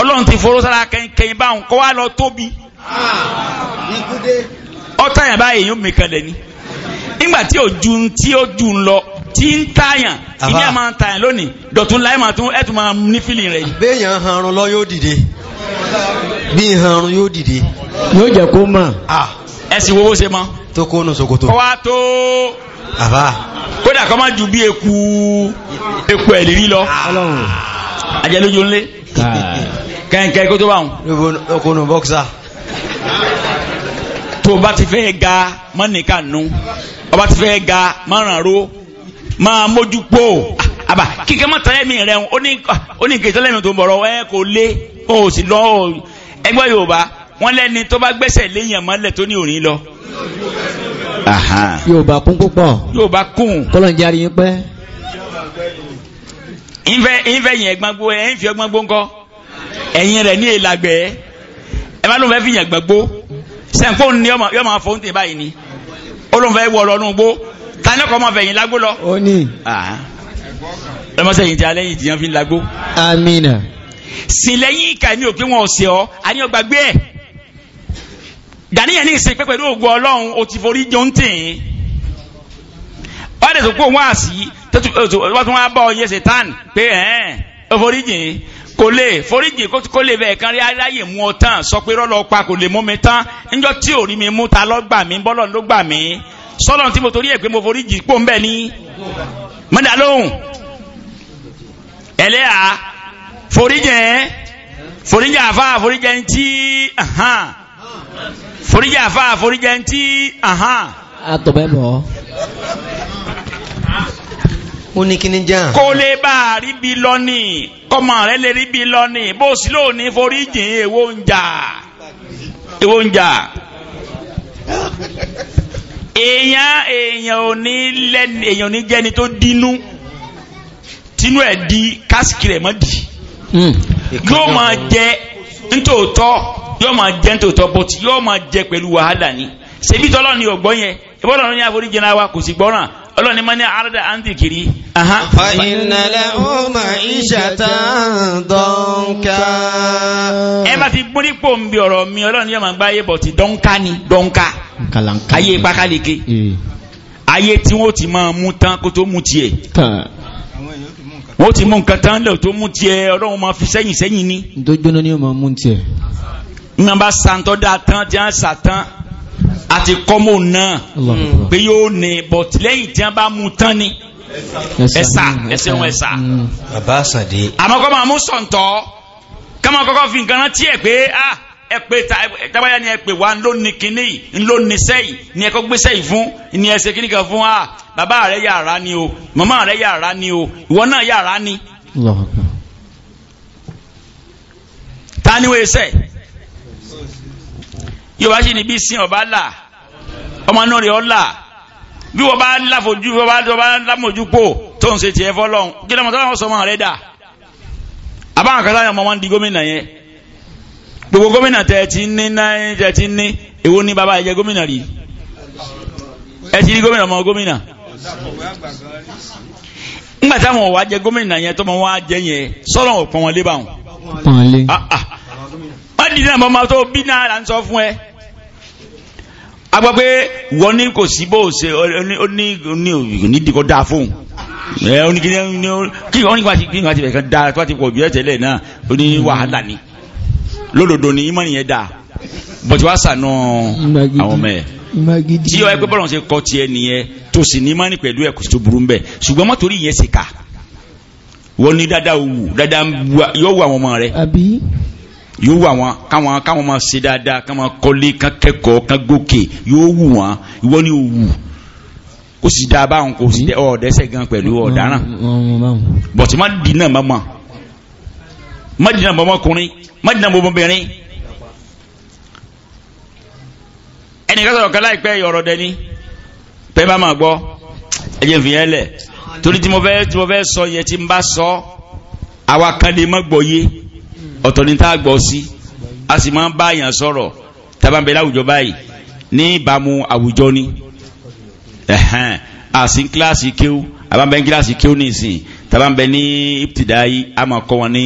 ọlọ́run ti foró sára kẹyìn báwọn kọ́ wá lọ tóbi ọ̀táyàn báyìí yóò mìkan lẹ́ni nígbà tí ojú tí ó jù ń lọ tí ń táyàn ìní àmà ń táyàn lónìí dọ̀tún láì máa tún ẹ̀tún máa ní fílì rẹ̀ yìí. béèyàn hanrun lọ yóò dìde bí hanrun yóò dìde. yóò jẹ kó mọ. ẹ sì wo bó ṣe mọ. tó kó nu ṣòkòtò. kó wá tó. kódà kọ́ máa ju bí eku eku ẹ̀ lérí lọ ajẹ́lójú ńlé kẹ́ńkẹ́ kó tó bá wọn. okunu tó bá ti fẹ́ ga mọ́nìkan nù bá ti fẹ́ ga mọ́rànró máa mójú pò àbá kíkẹ́ mọ́ tẹ́lẹ̀ mi rẹ̀ ó ní tẹ́lẹ̀ mi tó ń bọ̀rọ̀ ẹ kò lé kò lọ ẹgbẹ́ Yorùbá wọn lẹ́ni tó bá gbẹ́sẹ̀ léyìn tó ní òní lọ yóò bá kún púpọ̀ yóò bá kún kọ́lọ̀ ń járí yín pẹ́. ìfẹ́ ìfẹ́ yẹn gbàgbó ẹ̀ ń fi ọgbọ́n gbó ńkọ́ ẹ̀yìn rẹ̀ ní èlàgbẹ́ ẹ bá lóun fẹ́ fi yàn gbàgbó sẹ́ńkó ni yọ máa fọ́ ń báyìí ni ó lóun fẹ́ wọ lọ́nu gbó tani ọkọ̀ ọmọ fẹ̀yìn lágbó lọ. ó ní. lọ́mọ́sẹ̀yìn tí alẹ́ yìí tìyàn fi ń lágbó. amina. sìn lẹ́yìn ìkà ni òpin wọn ò ọ Dani, ní ìsìn pé pẹ̀lú ògùn ọlọ́run o ti forí jọ ń tìǹ wọ́n dẹ̀ tó kó wọ́n àsì wọ́n tún wá bá ọ yẹ ṣètàn pé ẹ̀ẹ́n o forí jìn kò lè forí jìn kó lè bẹ̀ẹ̀ kan rí aráyè mú ọ tán sọ pé rọ́lọ́ pa kò lè mú mi tán níjọ́ tí ò rí mi mú ta lọ́gbà mi bọ́lọ̀ ló gbà mí sọ́lọ̀ tí mo torí ẹ̀ pé mo forí jìn pò ń bẹ̀ ní mọ́dà lóhùn ẹlẹ́à forí jìn forí jìn àfa forí jìn tí foríjà àfa àforíjà ń tí àhán. àtọ̀bẹ́ bọ̀. ó ní kíní jà. kó lè bá a rí bi lọ́nì kọ́mọ rẹ̀ lè rí bi lọ́nì bó o sì lóòní foríjìn èwo ń jà èwo ń jà. èèyàn èèyàn ò ní lẹ́nu èèyàn ò ní jẹ́ni tó dínú tínú ẹ̀ di kásìkì rẹ̀ mọ́ di. Hmm. yóò máa jẹ nítòótọ́ yóò máa jẹ́ ní tòótọ́ bọ́tì yóò máa jẹ pẹ̀lú wàhálà ni ṣebí tọ́lọ́ ni ọ̀gbọ́n yẹn ìbọ̀dọ̀ ní àforí jẹ́ náà kò sì gbọ́ràn ọlọ́run ni máa ní àrádà àǹtì kiri. fa inna lahu ma'ishatan dọ́nká. ẹ bá ti gbóni pò ń bi ọ̀rọ̀ mi ọlọ́run yóò máa gbá ayé bọ̀tì dọ́nká ni dọ́nká ayé pákáleke eh. ayé tí wọ́n ti máa mú tán kó tó mú tiẹ̀ wọ́n ti mú nǹkan tán lẹ́wọ̀ tó mú tiẹ̀ ọlọ́run máa fi sẹ́yìn sẹ́yìn ni. dójóná ni ó máa mú tiẹ̀ nígbà bá da dá tán mm. tí wọ́n sà tán àti kọ́mọ náà pé yóò ní bọ̀tìlẹ́yìn tí wọ́n bá mú tán ni ẹ̀sà ẹ̀sẹ̀ wọn ẹ̀sà. Mm. bàbá àṣàdé. àmọ́ kọ́ máa mú sọ̀ǹtọ́ kọ́mọ kọ́kọ́ fi nǹkan rántí ẹ̀ pé ah ẹ pé tabaya ni ẹ pé wa ńlọ ní kinní ńlọ ní sẹ́yìn ni ẹ kọ́ gbé sẹ́yìn fún ni ẹ ṣe kinní kan fún wa ah, bàbá rẹ yàrá ni o màmá rẹ yàrá ni o ìwọ náà yàrá ni. ta ni wọ́n ṣe yorùbá sì ní bí sin ọba là ọmọ náà rẹ̀ ọ́ là bí wọ́n bá láfojú wọ́n bá wọ́n bá lámojú pò tó ń ṣe tiẹ̀ fọlọ́n kí lọ́mọ tó láwọn sọ ọmọ rẹ̀ dà àbáwọn kan láwọn ọmọ wọn di gómìnà yẹn gbogbo gómìnà tẹ ti ní náà tẹ ti ní èwo ní bàbá ẹ̀jẹ̀ gómìnà rí ẹ ti rí gómìnà ọmọ gómìnà ńgbà táwọn ọ̀wá jẹ gómìnà yẹn tọmọ wọn á jẹ yẹn sọ́nà ọ̀pọ̀ wọn lé báwọn. pọ̀nlé. a ah, ah. náà mọ́ máa tó bí náà là ń sọ fún ẹ a gbọ́ pé wọ́n ní kò sí bó ṣe ó ní ní ìdíkọ̀ dáa fóun ẹ ó ní kí wọ́n ní wá ti bẹ̀ kan dáa tó ti pọ̀ bí ẹ tẹ́lẹ̀ náà ó ní wàhálà ni lódodo ni ìmọ̀ nìyẹn dáa bọ̀tí wá sànú àwọn ọmọ ẹ̀ tí ọ ẹgbẹ́ bọ́lọ̀ ṣe kọ́ tiẹ̀ nìyẹn tó sì ní mọ́ni pẹ̀lú ẹ̀ kò sì tó burú bẹ́ẹ̀ ṣùgbọ́n mọ́tò rí ìyẹn sì kà wọ́n ní dáadáa wù dáadáa yóò wù àwọn ọmọ rẹ̀ yóò wù àwọn káwọn káwọn máa ṣe dáadáa káwọn kọ́lé kán kẹ́kọ̀ọ́ kán gòkè yóò wù wọn ìwọ ni ò wù kò sì dáa báwọn kò sì ọ̀ọ́dẹ́sẹ̀ gan pẹ̀lú ọ̀daràn bọ̀tí má dì náà má mọ̀ má dì náà mọ́ ọmọkùnrin má dì náà mọ́ ọmọbìnrin ẹnì kan sọ̀rọ̀ kan láìpẹ́ ọ̀rọ̀ dẹni pẹ́ bá máa gbọ́ ẹ̀jẹ̀ fi yẹn lẹ̀ torí tí mo fẹ́ tí mo fẹ́ sọ yẹ tí n bá sọ àwa kan lè má gbọ́ yé ọ̀tọ̀ ní tá a gbọ́ sí a sì máa ń bá àyàn sọ̀rọ̀ tábà láwùjọ báyìí ní ìbámu àwùjọ ni àsìn kíláàsì kéwú àbámbẹ ní kíláàsì kéwú nìsín tábà ń bẹ ní ibtidayi a máa kọ́ wọn ní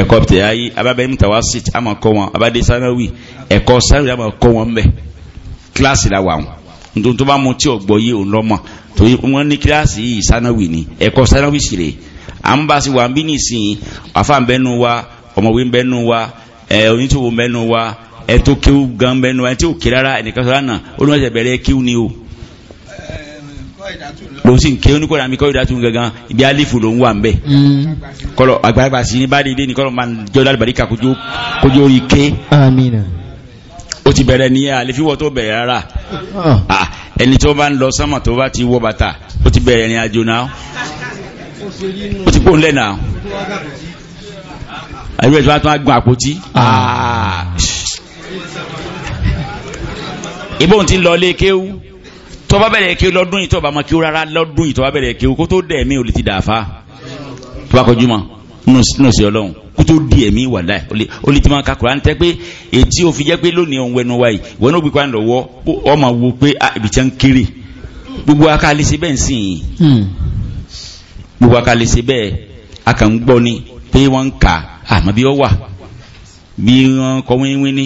ẹ̀kọ́ ibtidayi àbámbẹ ní mutawasit a máa kọ́ wọn àbádé sanawi ẹ̀kọ́ sanawi a máa kọ́ wọn bẹ kíláàsì la wà wọn nítorí tó bá mu tí ò gbọ́ yé òun lọ́mọ torí wọ́n ní kíláàsì yìí sanawi ni ẹ̀kọ́ sanawi sì rèé à ń bá sí wa ń bí nìsín àfa ń bẹ́nu wa ọmọwé ń bẹ́nu wa ẹ eh, onítòwò ń bẹ́nu wa ẹ tó kéwù gan ń bẹ́nu wa ẹ tí ò ké rárá ẹnìkan sọ̀rọ̀ àná olùmọ̀ọ́sẹ̀ bẹ̀rẹ̀ kéwù ni o. lòun sì ń kéwù ní kọ́ra mi kọ́ ìdátù gangan ibi alifu ló ń wà ń bẹ̀. kọ́lọ̀ àgbàlagbà sí ní báyìí dé ní kọ́lọ̀ máa ń jọ lálùbáríkà kójú orí ké. àmín. ti bẹ̀rẹ̀ ní àlefiwọ́ tó bẹ̀rẹ̀ rárá ẹni ah. ah, tó bá ń lọ sánmà tó bá ti wọ bàtà ó ti bẹ̀rẹ̀ ní àjò náà ó ti kó ń lẹ́nà ẹgbẹ́ ìjọba tó wá gun àpótí ìbọn ah. ti ń lọ lé kéwú tó bá bẹ̀rẹ̀ kéwú lọ́dún yìí tó bá mọ kéwú rárá lọ́dún yìí tó bá bẹ̀rẹ̀ kéwú kó tó dẹ̀ mí ò lè ti dàáfà tó bá kọjú mọ́ nínú sí ọlọ́run kó tó di ẹ̀mí wà láì ó lè ti máa ka Kùránì tẹ́ pé ètí ò fi jẹ́ pé lónìí òun wẹnu wa yìí wọn ò gbé Kùránì lọ́wọ́ ọmọ wo pé ah, ibi tí wọ́n ń kéré gbogbo akáàlẹ́sẹ̀ bẹ́ẹ̀ ń sìn yìí hmm gbogbo akalẹ̀ ṣe bẹ́ẹ̀ a kàn ń gbọ́ ni pé wọ́n ń kà àmọ́ bí ó wà bí wọ́n kọ́ wíwí ni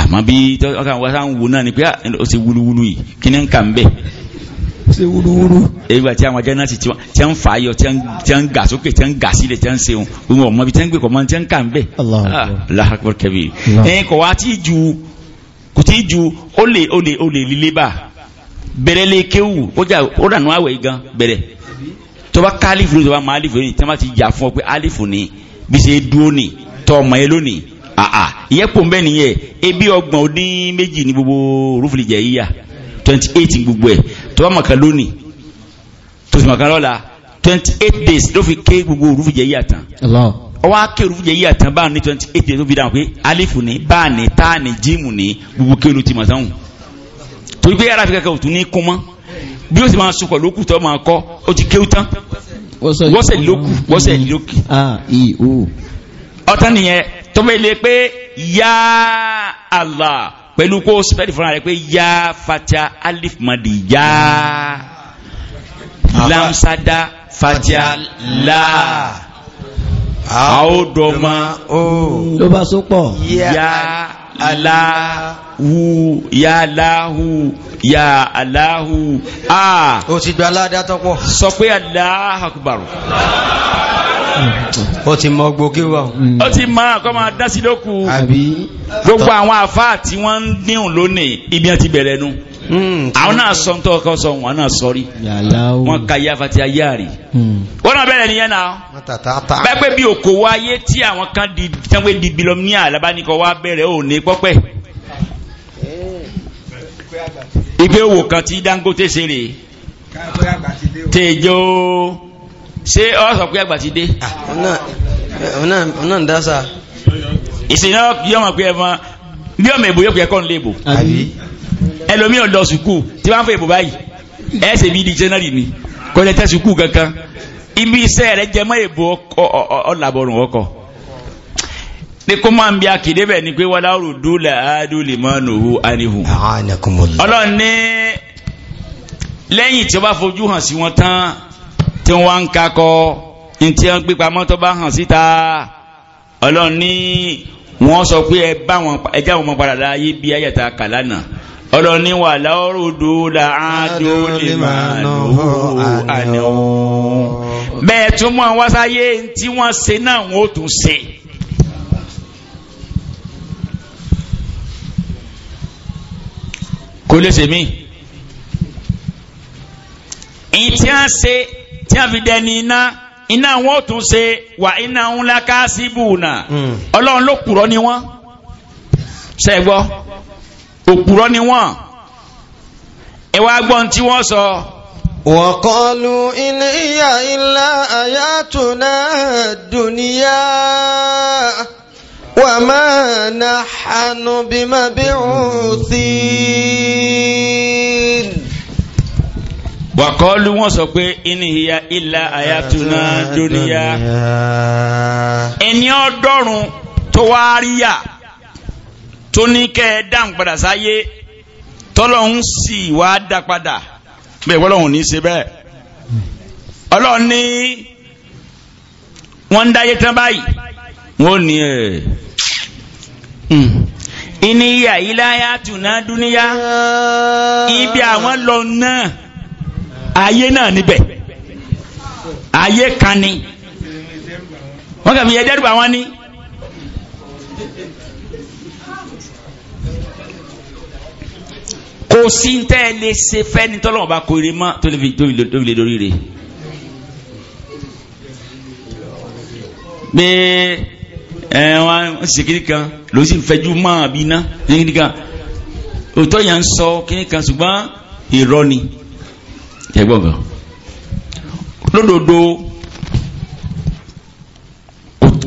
àmọ́ bí ọkàn wọ́n sáà ń wò náà ni pé ah, ó ṣe wúluwúlu yìí kí ni ń kà ń bẹ̀. ó ṣe wúluwúlu. èyíwá tí àwọn ajá náà ti tí wọ́n fà á yọ tí wọ́n gà sókè tí wọ́n gà sílẹ̀ tí wọ́n ṣe òun òun bí tí wọ́n gbé kọ́ mọ́ tí wọ́n kà ń bẹ̀. Ah, Allahu Akbar ẹ ju kò ju ó lè ó lè ó lè lílé bá bẹ̀rẹ̀ lè kéwù tọba kálífù ló tọba mọ alifu lónìí tí wọn ti jà fún ọ pé alifu ni bí dúró ni tọ ọmọ yẹn lónìí àà ìyẹn pò ń bẹ nìyẹn ebi ọgbọ̀n ọdún méjì ní gbogbo rúfìlì jẹ yíyà twenty eight gbogbo ẹ tọba mọ̀kan lónìí tòsí mọ̀kan lọ́la twenty eight days ló fi ké gbogbo rúfìlì jẹ yíyà tán ọwọ́ aké rúfìlì jẹ yíyà tán báà ní twenty eight days ló fi dáhùn pé alifu ni báà ní táà ní jíìmù ní gbogbo kéwòn ti mọ̀ sáwọn torí pé yàrá fi kẹ́kẹ́ òtún ní kún mọ́ bí ó sì máa sọkọ̀ lókù tó máa kọ́ ó ti kéwú tán wọ́sẹ̀ lókù wọ́sẹ̀ lókù. ọ̀tán nìyẹn tó bẹ́ẹ̀ lé pé ya Allah pẹ̀lú kó sẹ́tẹ́lì fúnra rẹ̀ pé ya fatia alif madi ya lamsada fatia la àódọ́mà ó ló bá so pọ̀ ya. ya aláhu ya aláhu ya aláhu a ah. o ti gba aládá tọ́pọ̀ sọ pé Allahu o ti mọ gbogbo wa o ti ma kọ́ ma dá sí lókù gbogbo àwọn àfáà tí wọ́n ń dín lónìí ibi ẹ bẹ̀rẹ̀ nu àwọn mm, náà sọ tó kọ́ sọ wọn náà sọ rí wọn ka ya fati ayá rí mm. wọn náà bẹ̀rẹ̀ nìyẹn náà bẹ́ẹ̀ pé bí okòwò ayé tí àwọn kan di sanwó di bilọ́míà labanikọ wa bẹ̀rẹ̀ ò ní pọ́pẹ́ ìgbé òwò kan tí Dangote ṣe rè tèjó ṣé ọ sọ pé àgbà ti dé. ọ̀nà ah, ń sa. ìsìn náà yọ̀mọ̀ pé ẹ̀fọn bí ọmọ ìbò ẹ̀kọ́ ń léèbò ẹlòmí ọ̀dọ̀ sùkúù tí wọ́n fẹ́ ìbò báyìí ẹ̀ẹ́sẹ̀ bí di jẹ́nẹ́rì ni kò lè tẹ́ sùkúù kankan ibi iṣẹ́ rẹ̀ jẹ́ mọ́ ìbò ọ̀làbọ̀rùn ọkọ̀ ní kó máa ń bí akéde bẹ̀ ni pé wọ́n láwùrù dúlẹ̀ àádúlẹ̀ mọ́ nòwú anihu ọlọ́run ní lẹ́yìn tí wọ́n bá fojú hàn sí wọn tán tí wọ́n ń kakọ ntí wọ́n gbé pamọ́ tó bá hàn síta ọlọ́run ní wọ́n sọ pé ẹ bá wọn ẹ já wọn mọ́ padà láyé bí ayẹ̀ta kàlánà ọlọ́ni wà láọ́rùdú láàádó lè máa lò àníwò bẹ́ẹ̀ tún mọ́ wá sáyé tí wọ́n ṣe náà wọ́n ó tún ṣe kó lè ṣe mí in tí a ṣe tí a fi dẹni iná iná wọn tún ṣe wà iná ńlá káásíbù náà hmm. ọlọ́run ló kùrọ́ ni wọ́n ṣẹ́gbọ́ òpùrọ́ ni wọ́n ẹ wá gbọ́n tí wọ́n sọ. وقالوا إن هي إلا آياتنا الدنيا وما نحن بمبعوثين wàkọ́lù wọ́n sọ pé ìníhìyà ilà àyàtúná dúníyà ẹni ọdọ́run tó wá ríyà tó ní kẹ́ ẹ dáhùn padà sáyé tọ́lọ́hún sì wá dá padà bẹ́ẹ̀ wọ́lọ́hún ní í ṣe bẹ́ẹ̀ ọlọ́run ní wọ́n ń dáyé tán báyìí wọ́n ní ẹ̀ ìníyà iláyà tùnà dúníyà ibi àwọn lọ náà ayé náà níbẹ̀ ayé kan ni wọ́n kàn fi yẹ dẹ́rù wọn ní. kò sí ń tẹ́ ẹ lè ṣe fẹ́ ní tọ́lọ́wọ́n bá kó ire mọ́ tó lè lè lórí rẹ̀. pé ẹ wọn ṣèkìrì kan ló sì ń fẹjú mọ́ àbí iná ṣèkìrì kan òótọ́ yà ń sọ kìnìún kan ṣùgbọ́n irọ́ ni ẹgbọ́n kan lódodo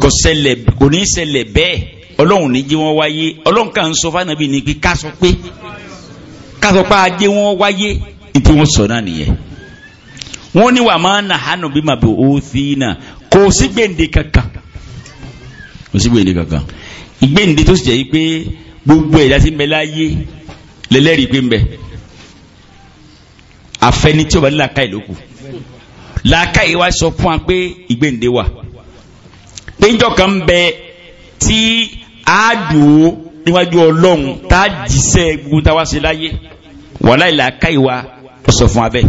kò ṣẹlẹ̀ kò ní ṣẹlẹ̀ bẹ́ẹ̀ ọlọ́run ní jí wọ́n wáyé ọlọ́run kan sọ fún ànábì ní pé ká sọ pé kásọpá ajé wọn wáyé tí wọ́n sọ náà nìyẹn wọ́n ní wàá máa nà hánà bí màbí òsì náà kò sí gbèǹde kankan kò sí gbèǹde kankan ìgbèǹde tó sì jẹ́ yìí pé gbogbo ẹ̀dá tí ń bẹ lẹ́lẹ́rìí pé ń bẹ àfẹni tí o bá ní làákàyè ló kù wa sọ fún wa pé ìgbèǹde wà péjọ kan bẹ tí a dùn ó níwájú ọlọ́run tá a jíṣẹ́ gbogbo tá a wá ṣe láyé wàhálà ìlà káìwá sọ fún abẹ́.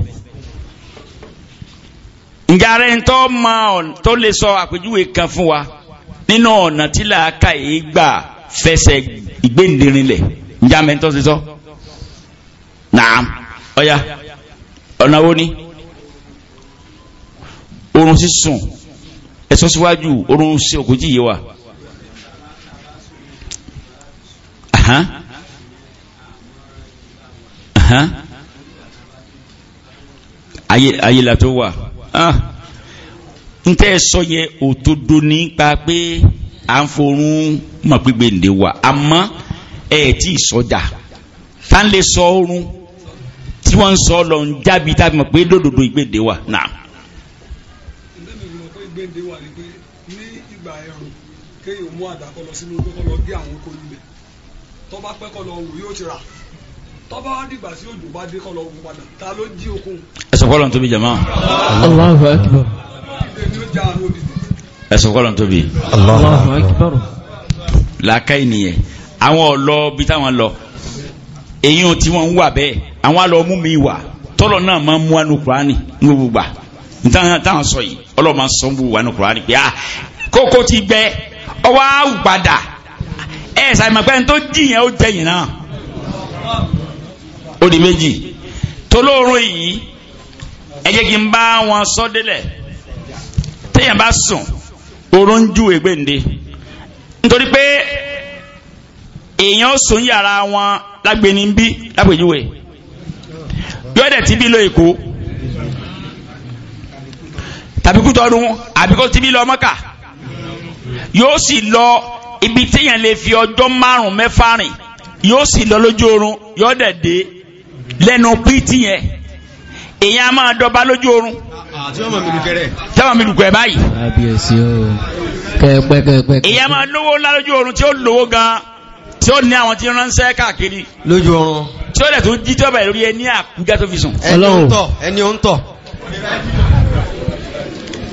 ǹjẹ́ ara ẹni tó máa tó lè sọ àpèjúwe kan fún wa nínú ọ̀nà tí làákà yìí gbà fẹsẹ̀ ìgbéǹderinlẹ̀ ǹjẹ́ àmì tó ṣe sọ. nàám ọ̀ya ọ̀nà wo ni oorun sísùn ẹ̀sọ́ síwájú oorun sí òkú jìyẹ wa. aha aha ayéla tó wà ah. n tẹ́ sọ yẹ òtódó nípa pé à ń forún mọ̀ pípé ǹdè wà àmọ́ ẹ̀ tí ì sọjà tá ń lè sọ oorun tí wọ́n ń sọ lọ ń jábí tábí mọ̀ pé lódodo ìgbéǹde wà wà ni ní ìgbà ẹ̀rùn kéèyàn mú àdá lọ sínú kọ lọ gé àwọn okòó nílẹ̀ tó bá pẹ́ wù yóò ti rà tó dìgbà sí òjò bá dé kọ́ wù padà ta ló jí okun. ẹsùn kọ́ ń tóbi jama. Allah Akbar. ẹsùn kọ́ ló ń tóbi. Allahu Akbar. làákà ènìyàn àwọn ọ̀lọ́ bí táwọn lọ èyí tí wọ́n ń wà bẹ́ẹ̀ àwọn àlọ́ mú mi wà tọ́lọ̀ náà máa ń mú ànú kùránì ń gbogbo gbà táwọn sọ yìí ọlọ́ọ̀ máa ń sọ ń gbogbo ànú kùránì pé ah, kókó ti gbẹ ọwọ́ àwùpadà ẹ ṣàìmọ̀pẹ́ tó jìyàn ó jẹyìn náà ó di méjì tolóorun yìí ẹ jẹ́ kí n bá wọn sọ délẹ̀ téèyàn bá sùn oorun ju ègbéǹde nítorí pé èèyàn sùn yàrá wọn lágbèní bí lápèjúwe yọ̀ọ́dẹ̀ tí bí lọ èkó tàbí kútọ́ọ̀dún àbíkó tí bí lọ mọ́kà yóò sì lọ ibi téèyàn lè fi ọjọ́ márùn-ún mẹ́fà rìn yóò sì lọ lójú oorun yóò dẹ̀ dé lẹ́nu pítì yẹn èyàn a máa dọba lójú oorun tí wọ́n mi lùkẹ́ báyìí èyàn máa lówó ńlá lójú oorun tí ó lówó gan tí ó ní àwọn tí ránṣẹ́ káàkiri lójú oorun tí ó dẹ̀ tó jí tí ó bẹ̀rẹ̀ lórí ẹni àkújá tó fi sùn ẹni ó ń tọ̀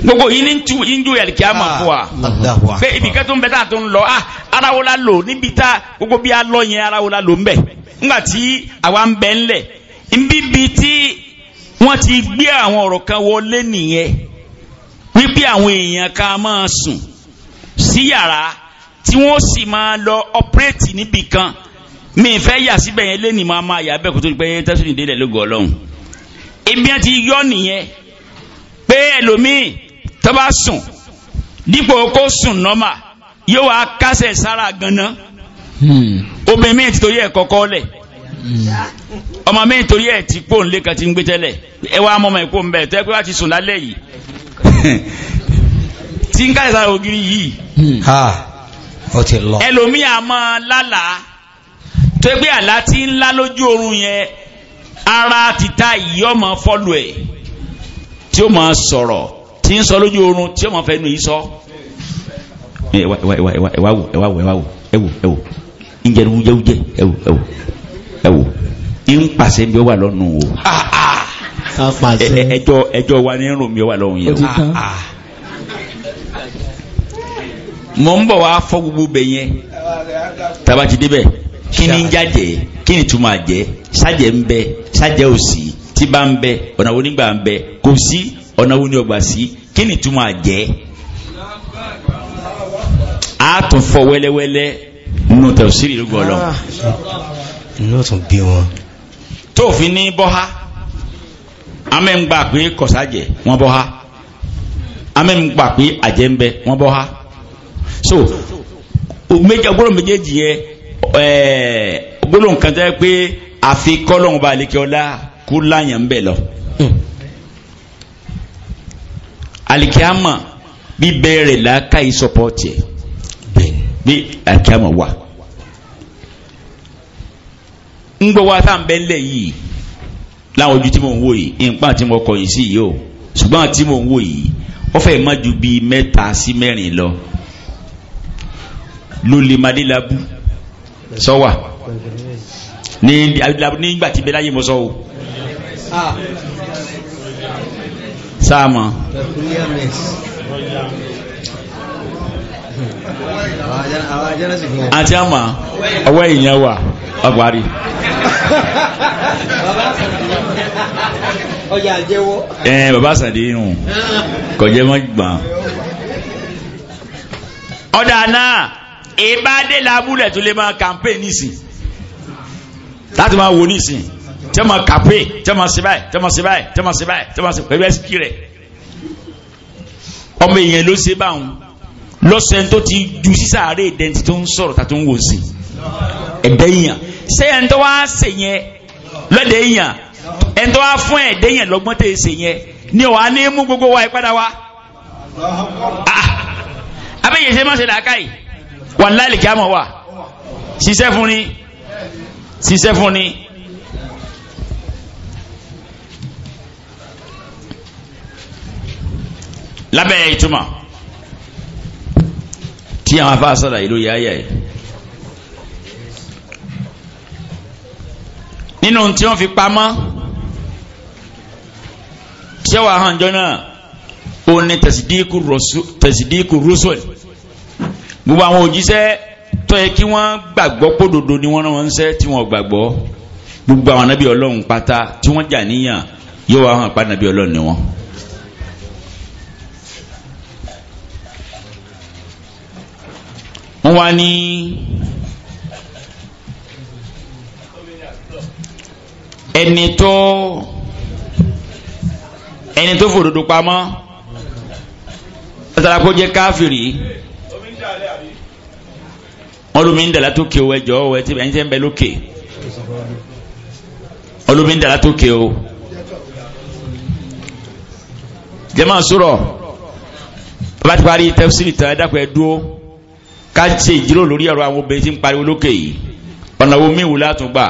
gbogbo yìí ní tu yìí ń ju yàrìkíá mà ah, fún wa bẹ́ẹ̀ ibi kẹ́tọ́ ń bẹ tá a tó ń lọ a ah, ara wo la lò níbi tá gbogbo bí a lọ yẹn ara wo la lò ń bẹ ńgbà tí àwa ń bẹ ńlẹ̀ nbíbi tí wọ́n ti gbé àwọn ọ̀rọ̀ kan wọlé nìyẹn wípé àwọn èèyàn kan máa sùn sí yàrá tí wọ́n sì máa lọ ọ̀pẹ́rẹ́tì níbì kan mi fẹ́ yà síbẹ̀ yẹn lẹ́nìí máa máa yà bẹ́ẹ̀ kó tó di pé tẹ́sán ìdílé lógo ọlọ́run ebi àti yọ nìyẹn pé ẹlòmíì tó bá sùn dípò kó sùn nọ́mà yóò wá kásẹ̀ sára ganan hmm. obìnrin mi ti torí ẹ̀ kọ́kọ́ lẹ̀ hmm. ọmọ mi torí ẹ̀ ti kó nílé kan ti ń gbé tẹ́lẹ̀ ẹ wá mọ́ ọmọ ẹ̀kọ́ ń bẹ̀ tẹ́ pé wá ti sùn lálẹ́ yìí tí ń kásẹ̀ sára ògiri yìí hmm. ẹlòmíà máa lálàá tó gbé àlá tí ń lá lójú oorun yẹn ara ti ta ọmọ fọlù ẹ̀ tí ó sọ̀rọ̀ tí ń sọ lójú oorun tí ọmọ fẹ́ nu yìí sọ. ẹ wá wò ẹ wá wò ẹ wò ẹ wò ẹ wò ń jẹ wújẹwújẹ ẹ wò ẹ wò ẹ wò ń pàṣẹ bí ó wà wa ní rùn mi ó wà lọ́hùn yẹn o mo ń bọ̀ wá fọ́ gbogbo bẹ̀ yẹn tabati débẹ̀ kí ni ń jàjẹ́ kí ni túmọ̀ àjẹ́ sájẹ́ ń bẹ sájẹ́ òsì tí bá ń bẹ ọ̀nà onígbà ń bẹ kò sí ọ̀nà wo ni ọgbà sí kí ni túmọ̀ àjẹ́ a tún fọ wẹ́lẹ́wẹ́lẹ́ nínú tẹ̀síìrì lógún ọlọ́ ah, inú tún bí wọn. tó fi ní bọ́há amẹ́ngbà pé kọ̀sájẹ̀ wọ́n bọ́há amẹ́ngbà pé àjẹ́ ń bẹ wọ́n bọ́há so méjì ọgbọ́n méjèèjì yẹ ọgbọ́n nǹkan tẹ́ pé àfikọ́ lọ́wọ́ bá àlékè ọlá kú láyàn ń bẹ lọ. alikiyama bíbẹ̀ rẹ̀ làákà yìí sọpọ́ọ̀tì ẹ̀ bí alikiyama wà. wa tá à ń bẹ́ ńlẹ̀ yìí láwọn ojú tí mò ń wò yìí nǹkan tí mo kọ yìí sí yìí o ṣùgbọ́n tí mò ń wò yìí ó fẹ́ má ju bíi mẹ́ta sí mẹ́rin lọ lólè madélábù sọ́wà ní nígbà tí bẹ́láyé mo sọ o ah sáàmọ̀ àti àmà ọwọ́ ìyẹn wà ọgbàrí ẹ̀ bàbá sàdé nù kọjẹ́ mọ́ gbà ọ̀dà náà ìbádé làbúlẹ̀ tó lè máa kàmpé nìsìn láti máa wò nìsìn tí wọ́n máa kàpé tí wọ́n máa ṣe báyìí tí wọ́n máa ṣe báyìí tí wọ́n máa ṣe báyìí tí wọ́n máa ṣe pẹ̀lú ẹ̀sìkì rẹ̀ ọmọ èèyàn ló ṣe báwọn lọ́sẹ̀ tó ti ju sísàárè ìdẹ́ntì tó ń sọ̀rọ̀ tàbí tó ń wò sí ẹ̀dẹ́ èèyàn sẹ́yìn tó wá ṣe yẹn lọ́dẹ̀ èèyàn ẹ̀ń tó wá fún ẹ̀dẹ́ èèyàn lọ́gbọ́n tẹ̀ ṣe yẹn ni wàá ní mú gbogbo wa ìpadà wa ah! abẹ́yẹ ṣe máa ṣe làákàyè wà láìlì kí á mọ̀ wà ṣiṣẹ́ fún ni ṣiṣẹ́ fún ni. lábẹ́ ìtumọ̀ tí àwọn afá sọ̀rọ̀ ìlú yáyà yìí nínú tí wọ́n fi pamọ́ tí wọ́n hàn jọ náà ó ní tẹ̀sídíkù rúṣọ̀lì gbogbo àwọn òjíṣẹ́ tó yẹ kí wọ́n gbàgbọ́ pódòdó ni wọ́n rán wọn ṣẹ́ tí wọ́n gbàgbọ́ gbogbo àwọn anábì ọlọ́run pátá tí wọ́n jà níyàn yóò wá hàn pa anábì ọlọ́run ni wọ́n. wọ́n wá ní ẹni tó ẹni tó fòdòdó pamọ́ látara kó jẹ́ káfìrí wọ́n tó ké o ẹjọ́ o ẹtí ẹni tẹ́ ń bẹ lókè wọ́n tó ké o jẹ́mọ̀ sọ̀rọ̀ bàbá ti parí tẹ́fsìrì tán ẹ dákun ẹ dúró ká ṣe ìjíròrò lórí ọ̀rọ̀ àwọn obìnrin tí ń pariwo lókè yìí ọ̀nà wo míì wò látún gbà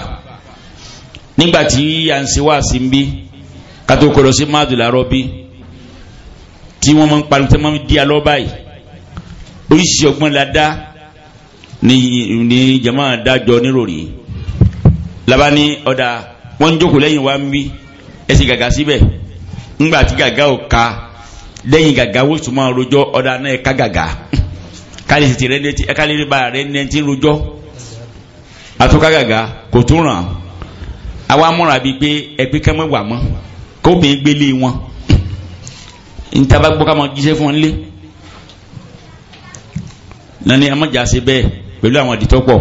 nígbà tí à ń ṣe wá sí ń bí ká tó kọ̀rọ̀ sí máàdù làárọ̀ bí tí wọ́n máa ń pariwo tí wọ́n máa ń di alọ́ báyìí oríṣiríṣi ọgbọ́n la dá ní ní jama dájọ nírọ̀rí laba ní ọ̀dà wọ́n ń jókòó lẹ́yìn wa ń bí ẹ̀sìn gàgà síbẹ̀ ńgbà gàgà ò ka lẹ́yìn gàgà wọ́n tún máa rojọ́ ọ̀dà náà ẹ̀ka gàgà kálí sì ti rẹ létí kálí rí ba rẹ ní ti rojọ́ atúkàgàgà kò tún ràn àwa múra bíi pé ẹgbẹ́ kẹ́mọ́ wà mọ́ kó gbélé wọn ntaba gbọ́ jíṣẹ́ fún ọ́n lé nani amájàse bẹ́ẹ̀ pẹ̀lú àwọn àdìtọ́pọ̀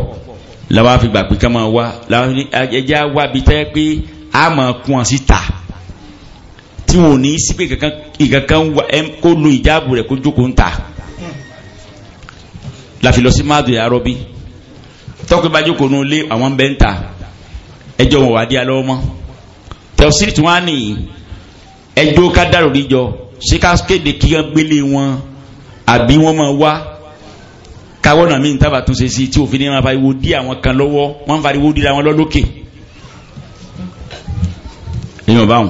làwọn afi gbà pé ká máa wá làwọn ẹja wá bi tẹ́ pé a máa kún ọ síta tí wọn ò ní sí pé ìkankan wà kó lu ìjáàbù rẹ̀ kó jókòó ń ta láfi lọ sí máàdùn yàrá bí tọ́kọ̀ bá jókòó nu lé àwọn bẹ́ẹ̀ ń ta ẹjọ́ wọn wà á di alọ́ mọ́ tẹ̀síìrì tí wọ́n á nìyí ẹjọ́ ká dàrú níjọ ṣé ká kéde kí wọ́n gbélé wọn àbí wọ́n máa wá káwọn náà míì tábà tún sí tí òfin ní wọn fariwo dí àwọn kan lọ́wọ́ wọn fariwo dí àwọn lọ́lọ́kè èèyàn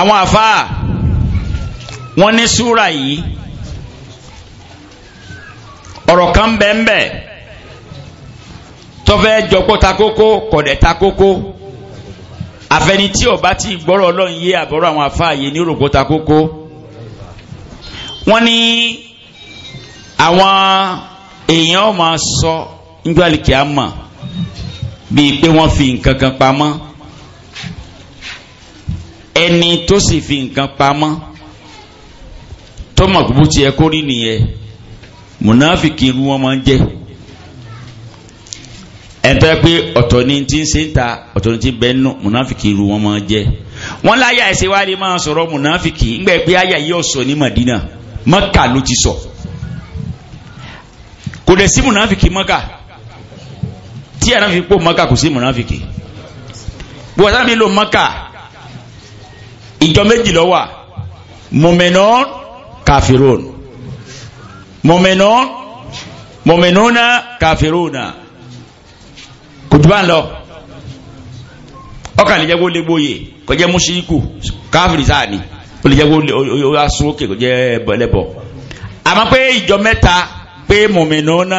àwọn àfáà wọ́n ní súra yìí ọ̀rọ̀ kan bẹ́ẹ̀nbẹ́ tọ́fẹ́ jọpọ̀ takókó kọ̀dẹ̀ takókó àfẹni tí ọba ti gbọ́rọ̀ ọlọ́run yé àbọ̀rọ̀ àwọn àfáà yìí ní òròpó takókó wọ́n ní àwọn èèyàn máa sọ nígbàlìkì àmà bíi pé wọ́n fi nǹkan kan pamọ́ ẹni tó sì fi nǹkan pamọ́ tó mọ̀ kó kó rí nìyẹn mùnáfìkì irú wọn máa ń jẹ́ ẹ̀ntọ́ yẹ pé ọ̀tọ̀ ni ti ń sèǹta ọ̀tọ̀ ni ti ń bẹ́ẹ̀ nù mùnáfìkì irú wọn máa ń jẹ́ wọn láyà ẹsẹ̀ wa lè máa sọ̀rọ̀ mùnáfìkì ńgbà pé àyà yìí ọ̀sọ̀ ní Madina Mọ́kà ló ti sọ kò dẹ̀ sí mùnáfìkì Mọ́kà tí àná fi pò Mọ́kà kò sí mùnáfìkì bùwọ́sá mi lò Mọ́kà ìjọ méjì ló wà mọ̀mẹ́nọ́ kàfíròn mọ̀mẹ́nọ́ mọ̀mẹ́nọ́nà kàfírònà kò tó bá ń lọ ọkàn lè jẹ́ kó lé gbóyè kò jẹ́ mùsíríkù káfíìrì sáà ni ó lè jẹ́ kó yá sún àmọ́ pé ìjọ mẹ́ta pé mọ̀mẹ́nọ́nà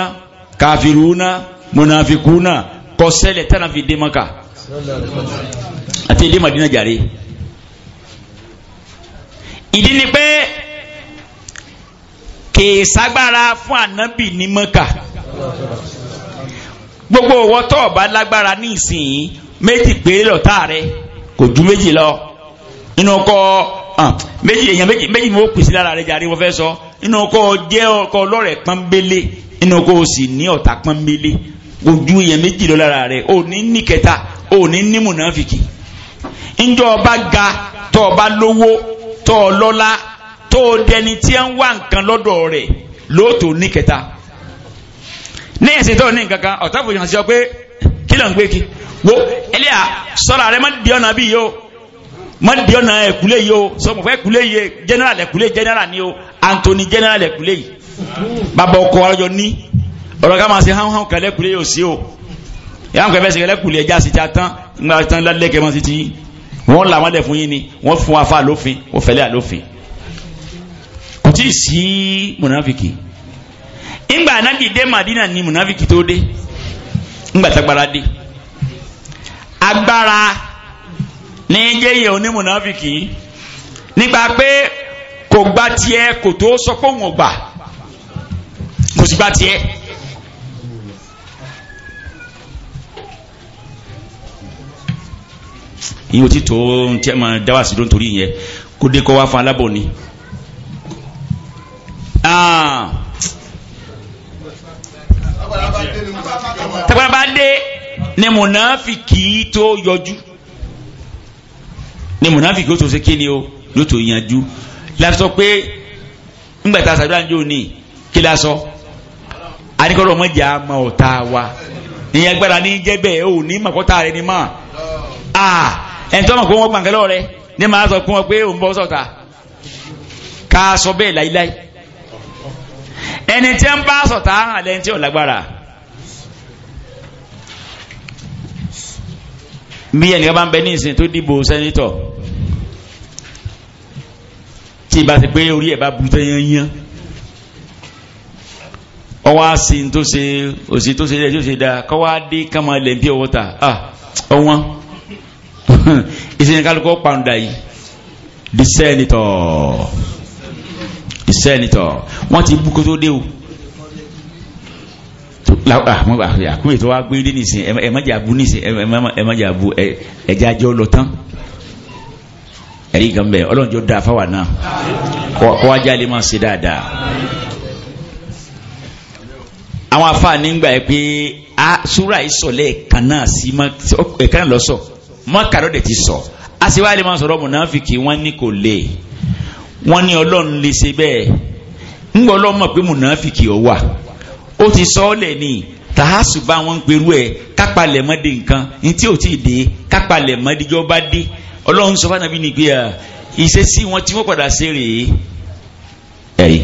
kàfírònà mọ̀nàfikúnà kọ́sẹ́lẹ̀ tánàfi dé mọ́ka àti ilé màdínà jàre ìdí ni pé kèéságbára fún ànábì ní mọ́kà gbogbo owó tó o bá lágbára ní ìsìn méjì péré lọ́tà rẹ kò ju méjì lọ inú ọkọ méjì èèyàn méjì méjì ni wọ́n pèsè lára rẹ jàre wọ́n fẹ́ sọ inú ọkọ jẹ́ ọkọ ọlọ́rẹ̀ pọ́nbélé inú ọkọ òsì ní ọ̀tá pọ́nbélé kò ju èèyàn méjì lọ lára rẹ ò ní ní kẹta ò ní ní múnáfìkì ọba ga tọ́ ọba lówó tó lọ́lá tó dẹni tí ń wá nǹkan lọ́dọ̀ rẹ̀ lóòótọ́ ní kẹta ní ẹ̀sìn tó ní nǹkan kan ọ̀tá fòyàn sí ọ pé kí ló ń gbé kí wo ẹlẹ́yà sọ́ra rẹ má di ọ̀nà bí yìí o má di ọ̀nà ẹ̀kúlé yìí o sọmọ̀fẹ́ ẹ̀kúlé yìí general ẹ̀kúlé general ni o Anthony general ẹ̀kúlé yìí bàbá ọkọ̀ ọlọ́jọ́ ní ọ̀rọ̀ ká máa ṣe hán hán kẹlẹ́kúlé yìí ò sí o ìyá nǹkan fẹ́ ṣe yìí wọ́n la wọ́n lẹ̀ fún yín ni wọ́n fún afá lófin wọ́n fẹ́lẹ́ àlófin kò tí ì sí mùnàfìkì ńgbà anábì dé Madina ni mùnàfìkì tó dé ńgbà tagbara dé agbára ní jẹ́yẹ̀ onímùnàfìkì nípa pé kò gba tiẹ̀ kò tó sọ pé òun ò gbà kò sì gba tiẹ̀. ìyẹn ò ti tó ń tí a máa dá wà sí ló ń torí yẹn kó dé kọ́ wá fún alábọ̀ ni. Ah. tàbí bá dé ni mùnàfìkì tó yọjú ni mùnàfìkì ó tó ṣe kí ni o ló tó yanjú láti sọ pé ńgbà tá a sàdúrà ń jò ní kí la sọ àníkọ́rọ̀ ọmọ ìjà máa ọ̀tá wa ìyẹn agbára ní jẹ́ bẹ́ẹ̀ ò ní màkọ́tà rẹ ni ma, ah. á ẹni tó mọ̀ pé wọ́n gbàǹkẹ́ lọ́wọ́ rẹ ní màá sọ fún ọ pé òun bọ́ sọ̀tà ká sọ bẹ́ẹ̀ láíláí ẹni tí ń bá sọ̀tà hàn lẹ́yìn tí ò lágbára. bí ẹnìkan bá ń bẹ ní ìsìn tó dìbò sẹ́nitọ̀ tí ìbá ti pé orí ẹ̀ bá bu tẹ́yányán ọwọ́ àsìn tó ṣe òsì tó ṣe lẹ́yìn tó ṣe dáa kọ́wá dé kámọ́ lẹ́yìn ọwọ́ ta ọ̀wọ́n. Ah, ìsìnkálukọ́ pàǹdà yìí the senator the senator wọ́n ti bú kó tó dé o àkúnyè ah, tó wá gbé dé nìsín ẹ má jà bú nìsín ẹ má jà bú ẹjẹ ajé ọ lọ tán ẹ̀rí kan bẹ́ẹ̀ ọlọ́njọ́ da fáwa náà kọ́ ajá lè máa ṣe dáadáa àwọn afáà nígbà yẹn pé a súra ìsọ̀lẹ̀ kan náà sí ma ẹ̀ka náà lọ́sọ̀ọ́ mọ́kàró dẹ̀ ti sọ aṣèwádìí máa sọ̀rọ̀ mùnàfíkì wọ́n ní kò lè wọ́n ní ọlọ́run lè ṣe bẹ́ẹ̀ ńgbọ́ ọlọ́run mọ̀ pé mùnàfíkì ọ wà ó ti sọ ọ́ lẹ̀ ní tàhásù bá wọn ń perú ẹ̀ kápalẹ̀ mọ́dé nǹkan ní tí ò tí ì dé kápalẹ̀ mọ́déjọ́ bá dé ọlọ́run sọ fánàbí ni pé ìṣesí wọn tí wọ́n padà ṣe rèé ẹ̀rí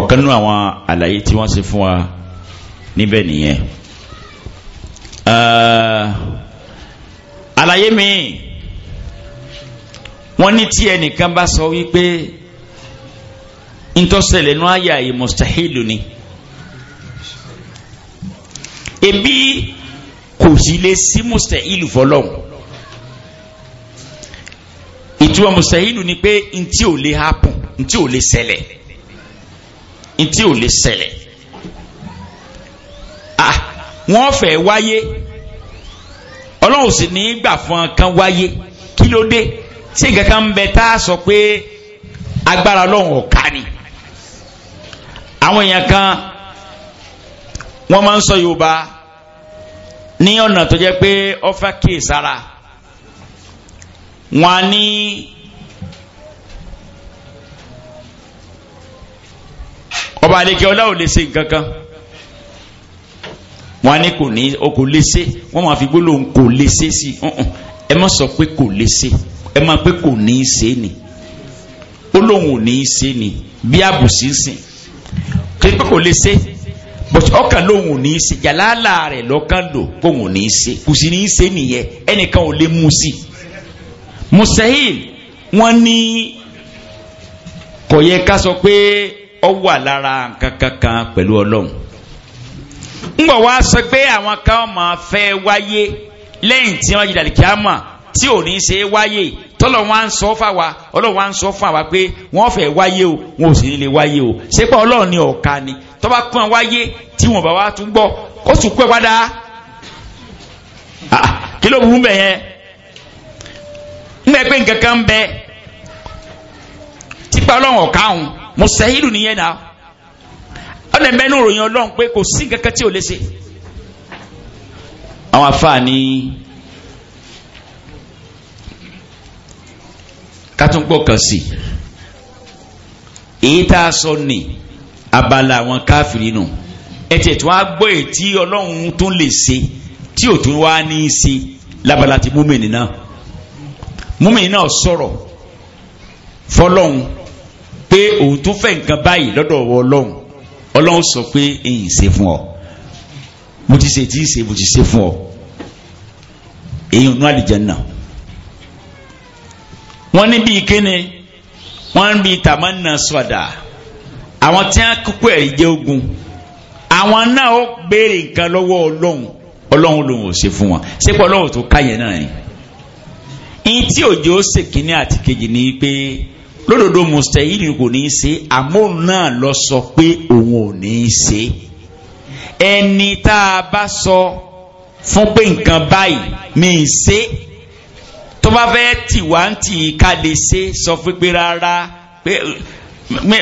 ọ̀kan nínú àwọn àlàyé tí wọ́n ṣe fún wa níbẹ̀ nìyẹn. Uh, àlàyé mi wọ́n ní tí ẹnìkan bá sọ wípé ntọ́sẹ̀lẹ̀ nù ayé àyè mustahilu ni ebi kò sí lè sí mustahilu fọlọ́hún ìtumọ̀ mustahilu ni pé ntí ò lè happen ntí ò lè ṣẹlẹ̀ ntí ò lè ṣẹlẹ̀ ah wọ́n fẹ́ wáyé ọlọ́run sì ní gbà fún kan wáyé kí ló dé tí nǹkan kan ń bẹ tá a sọ pé agbára ọlọ́run ọ̀ka ni àwọn èèyàn kan wọ́n máa ń sọ yorùbá ní ọ̀nà tó jẹ́ pé ọfà kìí wọn á ní. ọba àlekẹ́ ọlá lè ṣe nǹkan kan wọn á kò ní o kò léṣe wọn máa fi gbólóhùn kò léṣe sí ẹ má sọ pé kò léṣe ẹ má pé kò ní í ṣe ni olóhùn ò ní í ṣe ni bí àbùsí sìn kí pé kò léṣe bọ̀tí ọkàn lóhùn ò ní í ṣe jàlálà rẹ̀ lọ́kàn lò kóhùn ò ní í ṣe kò sì ní í ṣe nìyẹn ẹnìkan ò lè mú un sí musahil wọn ní kò yẹ ká sọ pé ọ wà lára nǹkan kankan pẹ̀lú ọlọ́run ńgbọ̀ wá sọ pé àwọn kan máa fẹ́ wáyé lẹ́yìn tí wọ́n yí dàlí kíámà tí ò ní ṣe é wáyé tọ́lọ̀ wá ń sọ fà wá ọlọ́run wá ń sọ fà wá pé wọ́n fẹ́ wáyé o wọn ò sì ní lè wáyé o ṣé pé ọlọ́run ni ọ̀ka ni tó bá kún wáyé tí wọn bá wá tún gbọ́ kó sùn pẹ́ wá dáa kí ló burú bẹ̀ yẹn ńgbẹ́ pé nǹkan kan bẹ tipa ọlọ́run ọ̀ka òun mùsàhílù nìyẹn náà ọ̀nà mẹ́nu ròyìn ọlọ́run pé kò sí kankan tí ò lè ṣe. àwọn afáàní kátúngbọ̀ kan sí èyí tá a sọ ní abala àwọn káfìrí nù ẹ̀tẹ̀ tó a gbọ́ èyí tí ọlọ́run tún lè ṣe tí ò tún wá ní í ṣe lábala ti múmìnì náà múmìnì náà sọ̀rọ̀ fọlọ́run pé òun tún fẹ́ nǹkan báyìí lọ́dọ̀ ọlọ́run ọlọ́run sọ pé èyí ṣe fún ọ mo ti ṣe tí ṣe mo ti ṣe fún ọ èyí nù àlìjẹ́nà wọ́n ní bíi kíni wọ́n ní bíi tàmánà sọ̀dà àwọn tí wọ́n kúkú ẹ̀rí jẹ́ ogun àwọn náà ó béèrè nǹkan lọ́wọ́ ọlọ́run ọlọ́run lòun ò ṣe fún wọn sépò ọlọ́run tó káyẹ̀ náà ni ìyìn òjò ṣèkínní àti kejì ni pé lódodo mùsítẹ́yìn kò ní í ṣe àmọ́ náà lọ sọ pé òun ò ní í ṣe ẹni tá a bá sọ fún pé nǹkan báyìí mi ń ṣe tó bá fẹ́ tì wá ń tì í ká lè ṣe sọ pé rárá pé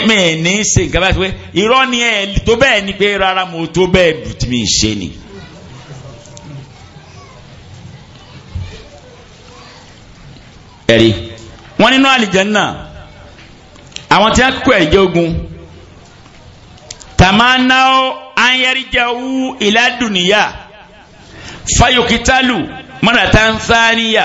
mi ní í ṣe nǹkan báyìí pé irọ́ ni ẹ tó bẹ́ẹ̀ ni pé rárá mo tó bẹ́ẹ̀ dù tí mi ń ṣe ni. ẹ̀rí wọ́n nínú àlìjẹ́ náà àwọn tí wọ́n kó ẹ̀jẹ̀ ogun tamanao anyarijawu iladuniya fayokitalu maratan thaniya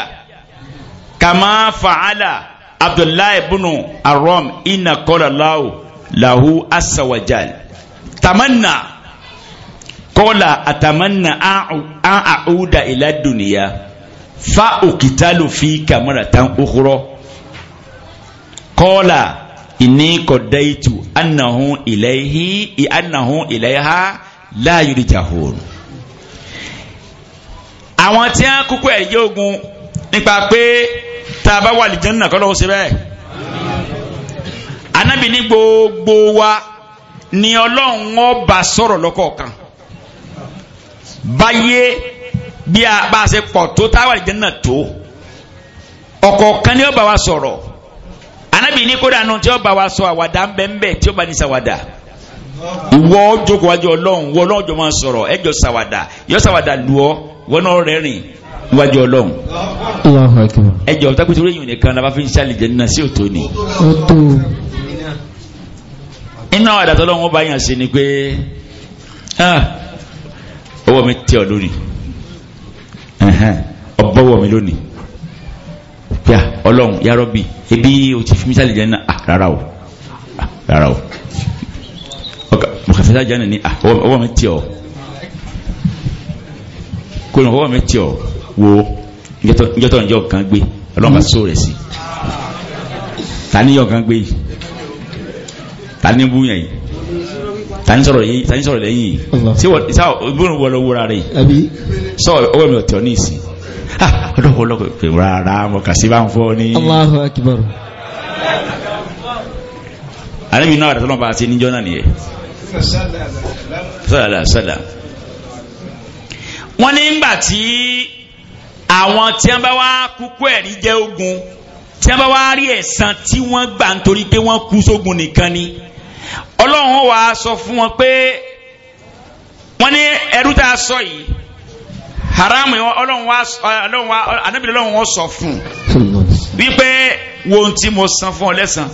kama fa'ala abdullahi bunu arom ina kola lahu lahu asawajal tamanna kola atamanna an a'uda iladuniya fa okitalu fi kamaratan ukhra kola inni kodaitu annahu ilaihi annahu ilaiha la yurijahun àwọn tí a kúkú ẹ̀yẹ ogun nípa pé tá a bá wà lìjánná kọ́ lọ́wọ́ sí bẹ́ẹ̀ anábì ní gbogbo wa ni ọlọ́run ọba sọ̀rọ̀ lọ́kọ̀ọ̀kan báyé bí a bá ṣe pọ̀ tó tá a wà lìjánná tó ọ̀kọ̀ọ̀kan ni ọba wa sọ̀rọ̀ anabi ní kódà nù tí ó bá wa sọ àwàdà ń bẹ ń bẹ tí ó bá ní sàwàdà ìwọ jókòó wájú ọlọ́run wọ ọlọ́run jọ máa sọ̀rọ̀ ẹ jọ sàwàdà yọ sàwàdà lù ọ wọn náà rẹ́rìn wájú ọlọ́run ẹ jọ tákùtù rẹ́yìn nìkan náà bá fi ń ṣàlìjẹ nínú sí òtó ni. iná àdàtọ̀ ọlọ́run bá yàn sí ni pé ah, ọwọ́ mi tẹ ọ lónìí ọbọ̀wọ̀ mi lónìí pé à ọlọ́run yàrá bì ebi o ti fi mí sálẹ̀ jẹ́ náà ah, rárá o ah, rárá o mọ̀kàfẹ́sá jẹ́ náà ni ah, ọwọ́ mi tì ọ́ kó lọ́n ọwọ́ mi tì ọ́ wo njọ́tọ̀ njọ́ kan gbé ọlọ́run bá sọ rẹ̀ sí ta ni yọ̀ kan gbé yìí ta ni bú yẹn yìí tani sọ̀rọ̀ yìí tani sọ̀rọ̀ lẹ́yìn yìí sí wọ́n ìbúrò wọlé wúra rẹ̀ sọ ọwọ́ mi ò tẹ̀ ọ́ ní ìsìn ọlọ́pọ̀lọpọ̀ rárá mọ̀ kà sí bá ń Allahu Akbar alẹ́bí náà àdàtọ́ náà bá ti níjọ́ náà nìyẹn sọ́dà sọ́dà wọ́n ní ngbà tí àwọn tí wọ́n bá wá kúkú ẹ̀rí jẹ́ ogun tí wọ́n bá wá rí ẹ̀san tí wọ́n gbà nítorí pé wọ́n kú sógun nìkan ni ọlọ́run wàá sọ fún wọn pé wọ́n ní ẹrú tá a sọ yìí haramu yẹn ọlọ́run wa ọlọ́run wa anabi ọlọ́run wọn sọ fún wípé wo ohun tí mo san fún ọ lẹ́sàn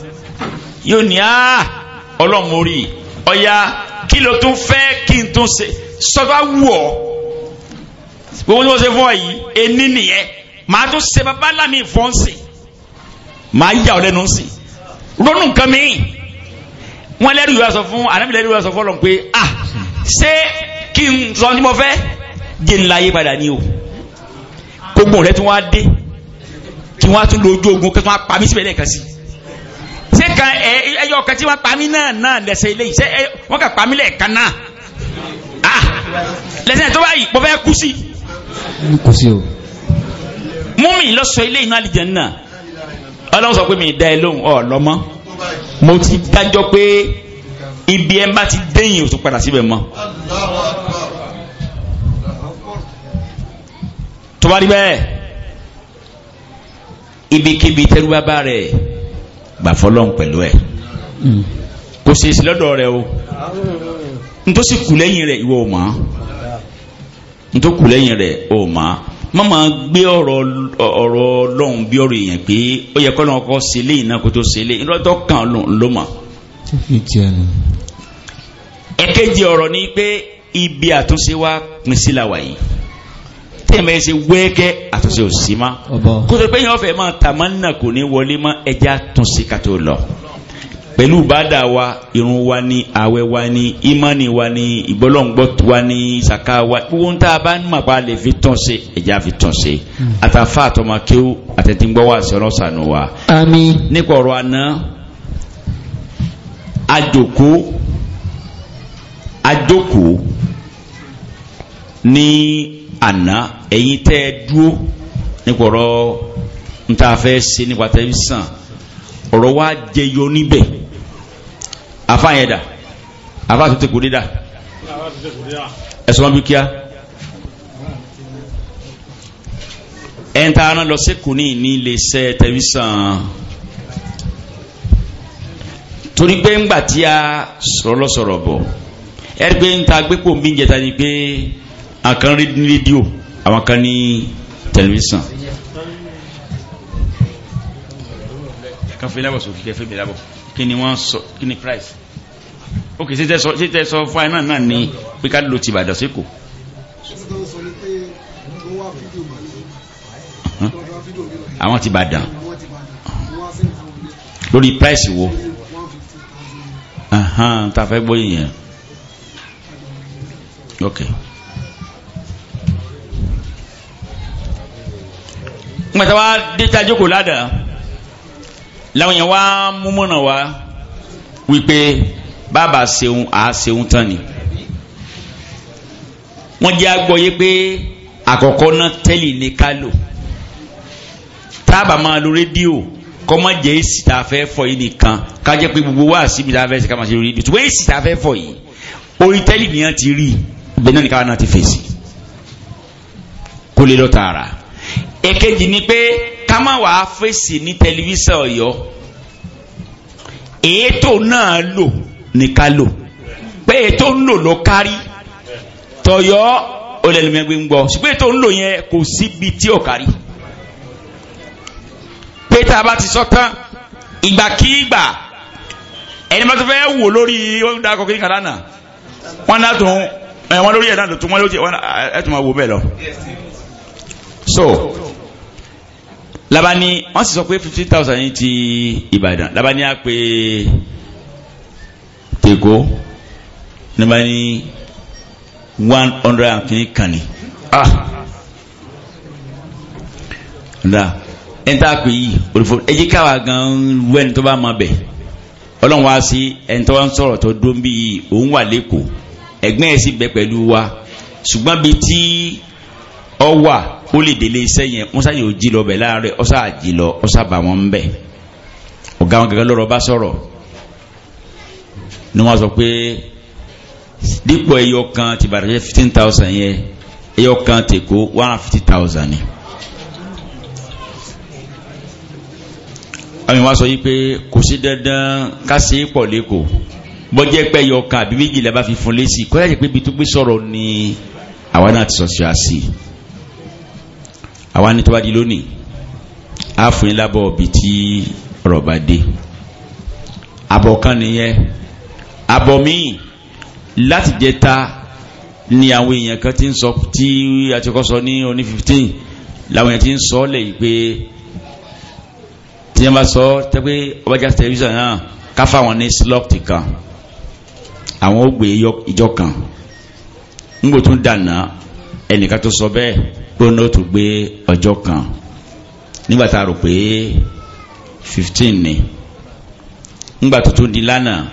yóò ní á ọlọ́run mo rí ọ̀ya kí ló tún fẹ́ kí n tún ṣe sọba wù ọ gbogbo tí mo ṣe fún ọ yìí ení nìyẹn màá tún ṣe bàbá lámì fún sí màá yà ọ lẹ́nu sí ronú nǹkan mi wọn lẹ́rù yóò sọ fún anabi lẹ́rù yóò sọ fún ọlọ́run pé ah ṣé kí n sọ ní mo fẹ́ jẹ́ ńlá ayé padà ní o kógbó rẹ tí wọ́n á dé kí wọ́n á tún lójú ogun kí wọ́n á pa mí síbẹ̀ lẹ́ẹ̀kan sí ṣé kan ẹ ẹyọ kan tí wọ́n pa mí náà náà lẹ́sẹ̀ ilé yìí ṣé ẹ wọ́n kà pa mí lẹ́ẹ̀kan náà ah lẹ́sẹ̀ tó báyìí mo fẹ́ kú sí. kú sí o. mú mi lọ sọ ilé iná àlìjẹ náà ọlọ́run sọ pé mi dá ẹ lóhùn ọ lọ́mọ mo ti dájọ́ pé ibi ẹ bá ti déyìn o tún padà síbẹ̀ mọ́. tó bá rí bẹ́ẹ̀ ibikíbi tẹ́rú bàbá rẹ̀ gbà fọlọ́n pẹ̀lú ẹ̀ hmm. kò sì sí lọ́dọ̀ rẹ̀ o ntòsí kù lẹ́yìn rẹ̀ ìwọ ò mọ̀ ntòkù lẹ́yìn rẹ̀ ò mọ̀ mọ́mọ́ gbé ọ̀rọ̀ ọ̀rọ̀ ọlọ́run bí ọ̀rọ̀ èèyàn pé ó yẹ kọ́lọ́n ọkọ̀ sí iná kó tó sí ilé ìrọ́tọ́ kan ló mọ̀. ẹ̀kejì ọ̀rọ̀ ni pé ibi àtúnṣe wa pín sí la wà yìí tẹ̀mẹ̀ ẹ̀ ṣe wẹ́ẹ́kẹ́ àtúnṣe ò sí ma kó tó pé yẹn ọ̀fẹ́ máa tàmá nà kò ní wọlé ma ẹja túnṣe ká tó lọ pẹ̀lú bàdà wa irun wa ni àwẹ̀ wa ni ìmánì wa ni ìgbọ́lọ́ngbọ́ wa ni ìsàká wa gbogbo ń tá a bá ń mà pa lè fi tàn ṣe ẹja fi tàn ṣe hmm. àtàfà àtọmọkéwò àtẹ̀tìgbọ́ wa sọ̀rọ̀ sànù wa. àmín. nípa ọ̀rọ̀ àná àjòkó àjòkó ní àná ẹ̀yin tẹ́ ẹ dúró nípa ọ̀rọ̀ níta fẹ́ ṣe nípa tẹlifíṣàn ọ̀rọ̀ wa jẹyọ níbẹ̀ afáyẹ̀dà afáàtúntẹ̀ kò dé dà ẹ̀sùn wọn bí kíá. ẹntaana lọ sẹkùn ní ní iléeṣẹ́ tẹlifíṣàn torí pé ńgbà tí a sọ̀rọ̀ lọsọrọ bọ ẹrí pé ńta gbẹpọ mi jẹta ni pé àwọn kan rí ní rédíò àwọn kan ní tẹlifíṣàn. kan fi lábọ̀ sókè kẹfẹ́ mi lábọ̀ kí ni wọ́n sọ kí ni price ok ṣe tẹ sọ fún àìmọ̀ náà ni pé ká lò tìbàdàn sí kò. àwọn tìbàdàn lórí price wo tá a fẹ́ gbóyè yẹn ok. ngbàtà wa déta jókòó ládàá làwọn yẹn wá múmọ́nà wa wípé bàbá ṣeun à ṣeun tán ni wọ́n jẹ́ agbọ́yé pé àkọ́kọ́ náà tẹ́lì ní ká tábà máa lo rédíò kọ́ má jẹ́ èsì tá a fẹ́ fọ yìí nìkan ká jẹ́ pé gbogbo wá síbi tá a fẹ́ ṣe ká máa ṣe rédíò ṣùgbọ́n èsì tá a fẹ́ fọ yìí orí tẹ́lì nìyẹn ti rí ibẹ̀ náà ní káwọn náà ti fèsì kó lè lọ tààrà èkejì ni pé ká má wàá fèsì ní tẹlifíṣàn Ọ̀yọ́ ètò náà lò ní ká lò pé ètò ń lò ló kárí tọyọ olùdẹlẹmẹgbẹ ń gbọ́ ṣùgbọ́n ètò ń lò yẹn kò síbi tí ò kárí pé tá a bá ti sọ tán ìgbàkígbà ẹni bá tó fẹ́ wò lórí ọ̀dà kọ̀ọ̀kan kan lánàá wọn náà tún wọn lórí ẹ̀ náà tún wọn lórí ẹ̀ tún máa wò bẹ́ẹ̀ lọ so laba ni wọ́n sì sọ pé fifty thousand yìí ti Ìbàdàn laba ni a pè Èkó laba one hundred and kìíní kani. ah nda ẹni tá a pè yìí olùfọ ẹ jẹ́ káwa gan wẹ́ni tó bá ma bẹ̀ ọlọ́run wá sí ẹni tó bá ń sọ̀rọ̀ tó dún bí òun wà lẹ́kọ̀ọ́ ẹ̀gbẹ́ ẹ̀ sì bẹ pẹ̀lú wa ṣùgbọ́n bíi tí ọ wà ó lè délé iṣẹ́ yẹn wọ́n sáyẹ̀ ò jí lọ bẹ̀ láàárẹ̀ ọ́sà àjí lọ ọ́sà bà wọ́n bẹ̀ ọ̀gá wọn gẹ́gẹ́ lọ́rọ̀ bá sọ̀rọ̀ ni wọ́n sọ pé dípò ẹyọ kan ti bàtàjẹ́ fifteen thousand yẹn ẹyọ kan tèkó one hundred fifty thousand ni. àwọn ìwà sọ yìí pé kò sí dandan ká ṣe é pọ̀ lẹ́kọ̀ọ́ bọ́jẹ́ pẹ́ yọ kan àbí méjìlá bá fi fún lẹ́sì kọ́lá yẹ pé ibi tó gbé sọ̀rọ̀ ni àwa náà ti sọ̀tì àsì. So àwa ní tó bá di lónìí a fún yín lábọ̀ ibi tí ọ̀rọ̀ bá dé abọ́ kan nìyẹn abọ́ míì láti jẹta ni àwọn èèyàn kan ti ń sọ tí a ní oní fifteen làwọn èèyàn ti ń sọ lẹ́yìn pé tí wọ́n bá sọ tẹ́ pé ọbàjá tẹlifíṣàn náà káfá wọn ní slọ́ọ̀tì kan àwọn ó gbé ìjọ kan ń gbò tún dànù ẹnìkan tó sọ bẹ́ẹ̀ gbóná gbé kan nígbà tá a rò ni nígbà tó di lánàá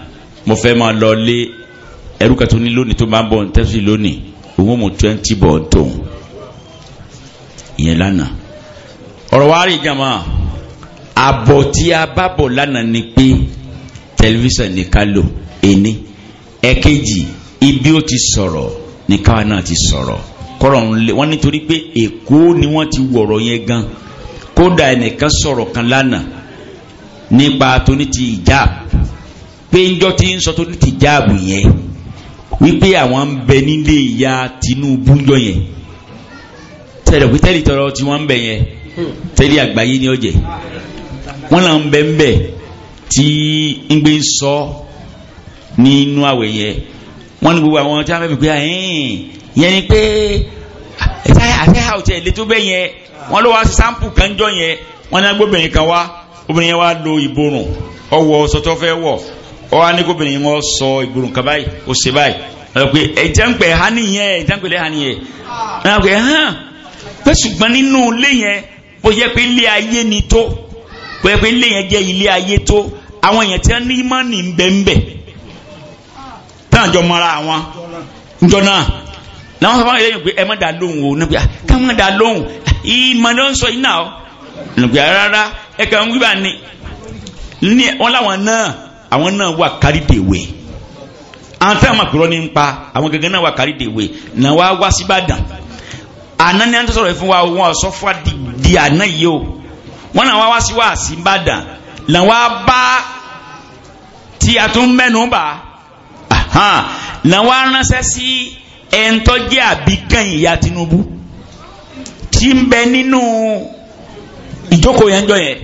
mo fẹ́ máa lọ lé ẹrú kan tó ní lónìí tó máa ń bọ̀ ní tẹ́sí lónìí òun mú twenty bọ̀ tóun ìyẹn lánàá ọ̀rọ̀ wa rí tí a bá bọ̀ lánàá ni pé tẹlifíṣàn ibi ó ti sọ̀rọ̀ ni káwa ti sọ̀rọ̀ kọ́rọ̀ ń lé wọ́n nítorí pé èkó ni wọ́n ti wọ̀rọ̀ yẹn gan kódà ẹnìkan sọ̀rọ̀ kan lánàá nípa tóní ti ìjáàbù pé ńjọ́ tí ń sọ tóní ti ìjáàbù yẹn wípé àwọn ń bẹ nílé ìyá Tinubu ńjọ́ yẹn tẹ̀lé pé tẹ́lẹ̀ tọrọ tí wọ́n ń bẹ yẹn tẹ́lẹ̀ àgbáyé ní ọ̀jẹ̀ wọ́n là ń bẹ ń bẹ tí ń gbé sọ nínú àwẹ̀ yẹn wọ́n ní gbogbo àwọn tí wọ́n fẹ́ mi pé ẹ̀ẹ́n yẹn ni pé àti òtí ẹ̀lẹ́ tó bẹ́ yẹn wọ́n ló wá sáǹpù kan jọ yẹn wọ́n ní agbóbìnrin kan wá obìnrin yẹn wá lo ọwọ́ sọtọ́ fẹ́ wọ̀ ọ ní kóbìnrin sọ ìborùn kan báyìí ṣe báyìí ọ̀rọ̀ pé ẹ̀jẹ̀ ń pẹ̀ ha nìyẹn ẹ̀jẹ̀ ń ha nìyẹn ọ̀rọ̀ hàn pé ṣùgbọ́n nínú ilé yẹn bó yẹ pé ilé ayé ni tó bó yẹ pé ilé yẹn jẹ́ ilé ayé tó àwọn èèyàn tí wọ́n ní mọ́ọ̀nì làwọn sọ fún àwọn ẹlẹ́yìn pé ẹ má dà lóhùn o nígbà ah, ká má dà lóhùn ah, ìmọ̀ ló ń sọ iná o nígbà rárá ẹ kàn ń wíwà ni ní wọn làwọn náà àwọn náà wà kárí àwọn tí máa pèrọ ní ń pa àwọn gẹ́gẹ́ náà wà kárí náà wá wá síbàdàn àná ni à ń tó fún wa wọn sọ fún wa di àná yìí o wọn náà wá wá sí wa síbàdàn náà wá bá tí a tún mẹ́nu bá náà wá ránṣẹ́ sí ẹ̀ńtọ́jẹ́ àbíkàn ìyá Tinubu tí ń bẹ nínú ìjókòó yẹn jọ yẹn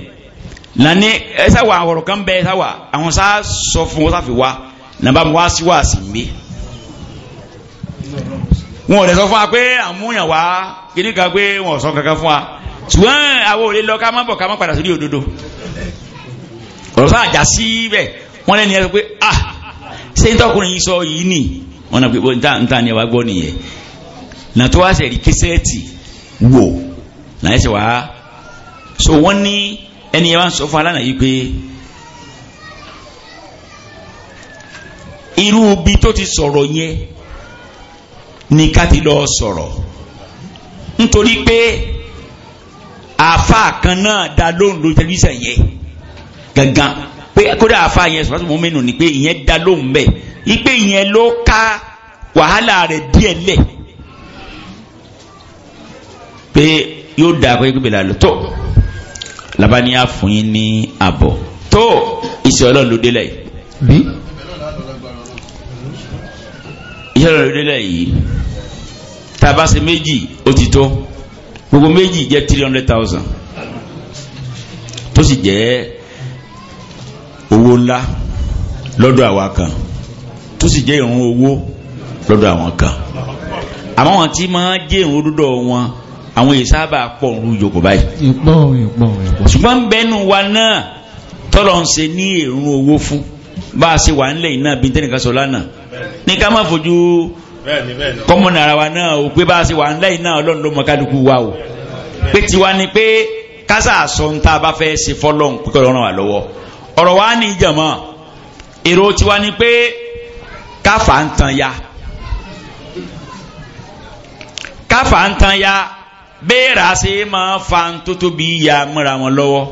lani ẹsẹ wa ọ̀rọ̀ kan bẹ ẹsẹ wa àwọn sá sọ fún wọn sáfi wa nàbà wá sí wá sí mi wọn ò lè sọ fún wa pé àmúyàn wá kíní kan pé wọn ò sọ kankan fún wa ṣùgbọ́n àwọn ò lè lọ ká má bọ̀ ká má padà sórí òdodo ọ̀rọ̀ sáà já sí bẹ́ẹ̀ wọ́n lẹ́nu yẹn sọ pé ah ṣé nítorí yìí sọ yìí nì wọn náà pé ntá ni ẹ wá gbọ́ nìyẹn nàtó wá sẹ̀rí kẹsẹ́ẹ̀tì wò náà ẹsẹ̀ wá so wọ́n ní ẹni yẹn wá ń sọ fún alánà yìí pé irú bí tó ti sọ̀rọ̀ yẹn ni ká ti lọ sọ̀rọ̀ nítorí pé àáfàá kan náà dá lóhùn lórí tẹlifíṣàn yẹn gangan pé kódà àfa yẹn sọ̀rọ̀ sọ̀rọ̀ mọ́mẹ́nu ni pé ìyẹn da lóhùn bẹ́ẹ̀ ipe yẹn ló ká wàhálà rẹ̀ díẹ̀ lẹ̀ pé yóò da pé kí bẹ̀rẹ̀ tó labaniya fún yín ní àbọ̀ tó ìṣẹ́ ọlọ́run ló délẹ̀ yìí. bí ọlọ́run ló délẹ̀ yìí tá a méjì ó ti tó gbogbo méjì jẹ́ three hundred thousand tó sì jẹ́ owó ńlá lọ́dọ̀ àwa kan tó sì jẹ́ ìrún owó lọ́dọ̀ àwọn kan àmọ́ wọn tí máa jẹ́ ìrún dúdọ̀ wọn àwọn èyí sábà pọ̀ ń rú yòókù báyìí. ìpọ̀ ìpọ̀ ìpọ̀. ṣùgbọ́n bẹ́nu wa náà tọ́lọ̀ ń ṣe ní ìrún owó fún bá a ṣe wà nílẹ̀ yìí náà bí tẹ́nìkan sọ lánàá ní ká má fojú kọ́mọ̀nà ara wa náà o pé bá a ṣe wà nílẹ̀ yìí náà ọlọ́run ló mọ kálukú wa o pé tiwa ni pé kásà sọ ń tá bá fẹ́ ṣe fọ́lọ́run pé kọ́ lọ́rùn wà lọ́wọ́ ọ̀rọ̀ wa ní ìjàmọ́ èrò tiwa ni pé káfà ń tan ya káfà ń tan ya béèrà ṣe máa fa ń tó tóbi ya mọ́ra wọn lọ́wọ́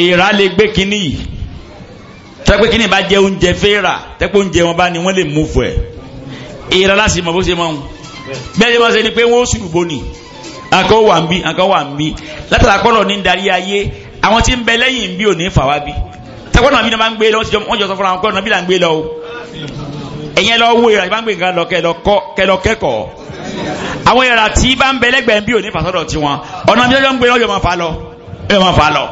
èèrà lè gbé kínní yìí tẹ́pẹ́ kínní bá jẹ oúnjẹ fẹ́ẹ́rà tẹ́pẹ́ oúnjẹ wọn bá ní wọ́n lè mú fún ẹ̀ èèrà láti mọ̀ bó ṣe mọ̀ bẹ́ẹ̀ ṣe máa ṣe ni pé wọ́n ó ṣùgbọ́n ni àkọ́ ń bí àkọ́ ń bí látàlákọ́lọ̀ ní darí ayé àwọn tí ń bẹ lẹ́yìn bí ò ní fà wá bí ẹ̀kọ́ nàbí náà máa ń gbé lọ wọ́n jọ sọ fúnra wọn kọ́ nàbí là ń gbé lọ o ẹ̀yẹn lọ wo ìrà tí máa ń gbé nǹkan lọ kẹlọ kẹ́kọ̀ọ́ àwọn ìrà tí bá ń bẹ lẹ́gbẹ̀ẹ́ bí ò ní fàṣọdọ̀ tí wọn ọ̀nà bí wọ́n gbé lọ́jọ́ máa fà lọ ẹ̀ máa fà lọ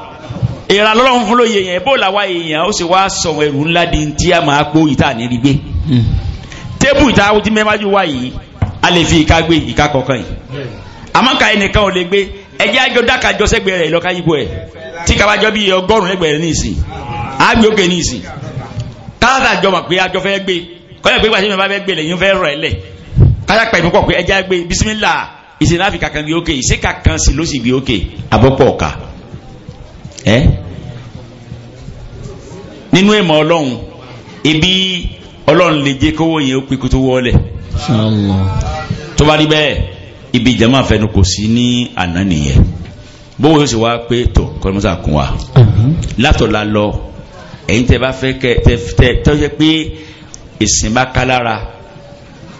ìrà lọ́lọ́run fún lóye yẹn bó làwa èèyàn ó sì wá sọ ẹrù ńlá di ti a máa gbó ìta ní rí gbé hmm. tébù ìta ti mẹ́májú wá yìí a lè fi ìka gbé ìka kọ̀ọ̀kan yìí àmọ́ ká ẹnìkan ò lè gbé ẹjẹ́ àjọ dákàjọ sẹ́gbẹ̀ẹ́ rẹ̀ lọ́ka yípo ẹ̀ tí kaba jọ bí ọgọ́rùn-ún lẹ́gbẹ̀ẹ́ ní ìsìn àgbéòkè ní ìsìn káàtà jọmọ̀ pé àjọ fẹ́ gbé kọ́lẹ̀ pé ìgbàsí ìjọba fẹ́ gbé lẹ́yìn fẹ́ rọ̀ ẹ̀lẹ̀ káyà pẹ̀ ìdúnkọ̀ pé ẹja gbé bísímìlà ìsìn láfi kankan gbé òkè ìsìn kankan sí ló sì gbé òkè àbọ̀pọ̀ ọ̀ka ẹ́ nínú ìmọ̀ ọlọ́run ibi ọlọ́run lè jẹ́ kówó yẹn ó pé tó wọlé tó bá rí bẹ́ẹ̀ ibi ìjàmà fẹnu kò sí ní àná nìyẹn bówó yóò sì wá pé tó kọ́ni la lọ ẹ̀yin tẹ́ bá fẹ́ kẹ tẹ tẹ tọ́jẹ́ pé ìsìn bá ká lára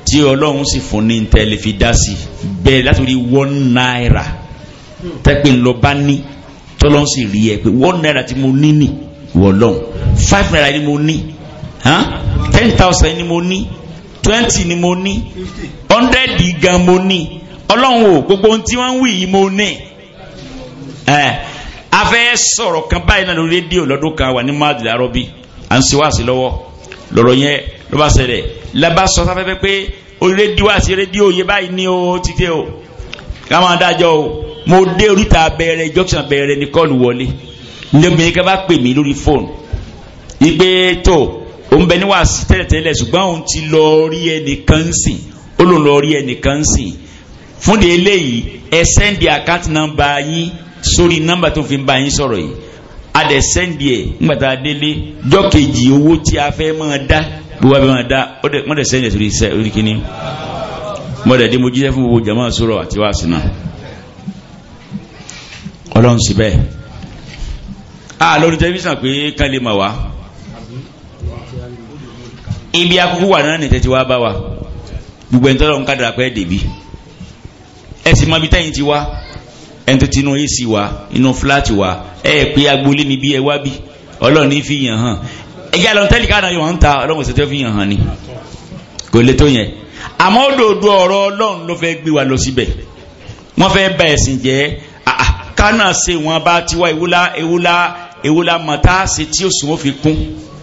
tí ọlọ́run sì fún ní tẹ lè fi dá sí bẹ́ẹ̀ látòrí one naira tẹ́pẹ́ ńlọ bá ní tọ́lọ́run sì rí ẹ pé one naira tí mo ní nì wọ̀lọ́run five naira ni mo ní ten thousand ni mo ní twenty ni mo ní hundred gan mo ní ọlọ́run o gbogbo ohun tí wọ́n ń wí yìí mo ní a fẹ́ sọ̀rọ̀ kan báyìí náà lórí rédíò lọ́dún kan wà ní máàdì làárọ̀ bí à ń sèwáàsí lọ́wọ́ lọ́rọ̀ yẹn ló bá ṣẹlẹ̀ lábá sọ sáfẹ́fẹ́ pé orí rédíò àti rédíò yẹ báyìí ní o ti dé o ká máa dájọ́ o mo dé oríta abẹ́rẹ́ junction abẹ́rẹ́ ní kọ́ọ̀lù wọlé ndébìnrin ká bá pè mí lórí fóònù yí pé tó òun bẹ níwàásí tẹ́lẹ̀tẹ́lẹ̀ ṣùgbọ́n òun ti lọ rí ẹnìkan sórí nọ́mbà tó fi ń bá yín sọ̀rọ̀ yìí adẹ̀sẹ́ndì ẹ̀ ńgbàtà délé jọ́kejì owó tí a fẹ́ máa dá gbogbo abẹ́ máa dá wọ́n dẹ̀ sẹ́ndì ẹ̀ sórí iṣẹ́ orí kínní wọ́n dẹ̀ dé mo jíṣẹ́ fún gbogbo jama sọ̀rọ̀ àti wá sínú ọlọ́run síbẹ̀ a lórí tẹlifíṣàn pé kán lè máa wá ibi akókó wà náà nìtẹ́ ti wá bá wa gbogbo ẹ̀ ń tọ́lọ́ ń kádàrà pẹ́ dèbí ẹ̀ sì mọ ibi tẹ́yìn ti wá ẹni tó ti inú ac wa inú fúláàtì wa ẹ pé agboolé ni bí ẹ wá bí ọlọ́run ní fi yàn hàn ẹjẹ́ àlọ́ tẹ́lẹ̀ káàdà yóò ń ta ọlọ́run ṣètò fi yàn hàn ni kò lè tó yẹn àmọ́ òdòdó ọ̀rọ̀ ọlọ́run ló fẹ́ gbé wa lọ síbẹ̀ wọ́n fẹ́ bà ẹ̀sìn jẹ́ kánà ṣe wọn bá tiwa ewúlá ewúlá ewúlá mọ̀tá ṣe tí ó sùn ó fi kún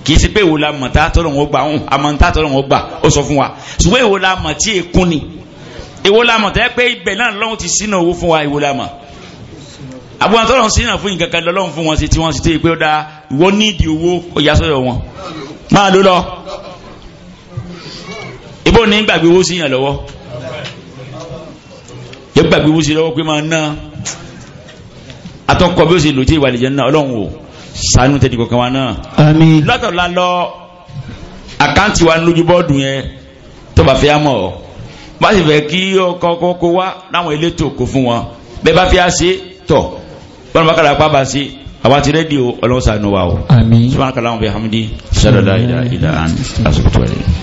kì í ṣe pé ewúlá mọ̀tá tọ́lọ̀ wọn gbà ọ̀hún àmọ̀tá tọ́lọ̀ wọn ó sọ fún tẹ́ pé ibẹ̀ náà lọ́hùn ti sínú owó fún wa ewúlá àbúrò àtọ́rọ̀ sí náà fún nǹkan kan lọ́lọ́run fún wọn sí tí wọ́n sì tẹ́ pé ó dáa ìwọ nídìí owó ọ̀yà sọ́dọ̀ wọn máa ló lọ ìbò ní gbàgbé owó sí yàn lọ́wọ́ yóò gbàgbé owó sí lọ́wọ́ pé máa ná atọ́kọ̀ bí ó sì lò tí ìwà náà ọlọ́run o sànú tẹ́tí kankan wa náà àmín látọ̀lá lọ àkáǹtì wa lójú bọ́ọ̀dù yẹn tó bá fẹ́ mọ̀ bá sì fẹ́ kí ọkọ̀ kọ́kọ́ wá láwọn elétò kò fún wọn bẹ́ẹ̀ bá fẹ́ á tọ̀ bọ́n bá kára pa bá sí àwọn àti rédíò ọlọ́sàn-án wa o. àmín subhanaka Allahumma bihamdi. sọ́dọ̀ dáadáa ìdáhàn lásìkò tó wà lẹ́yìn.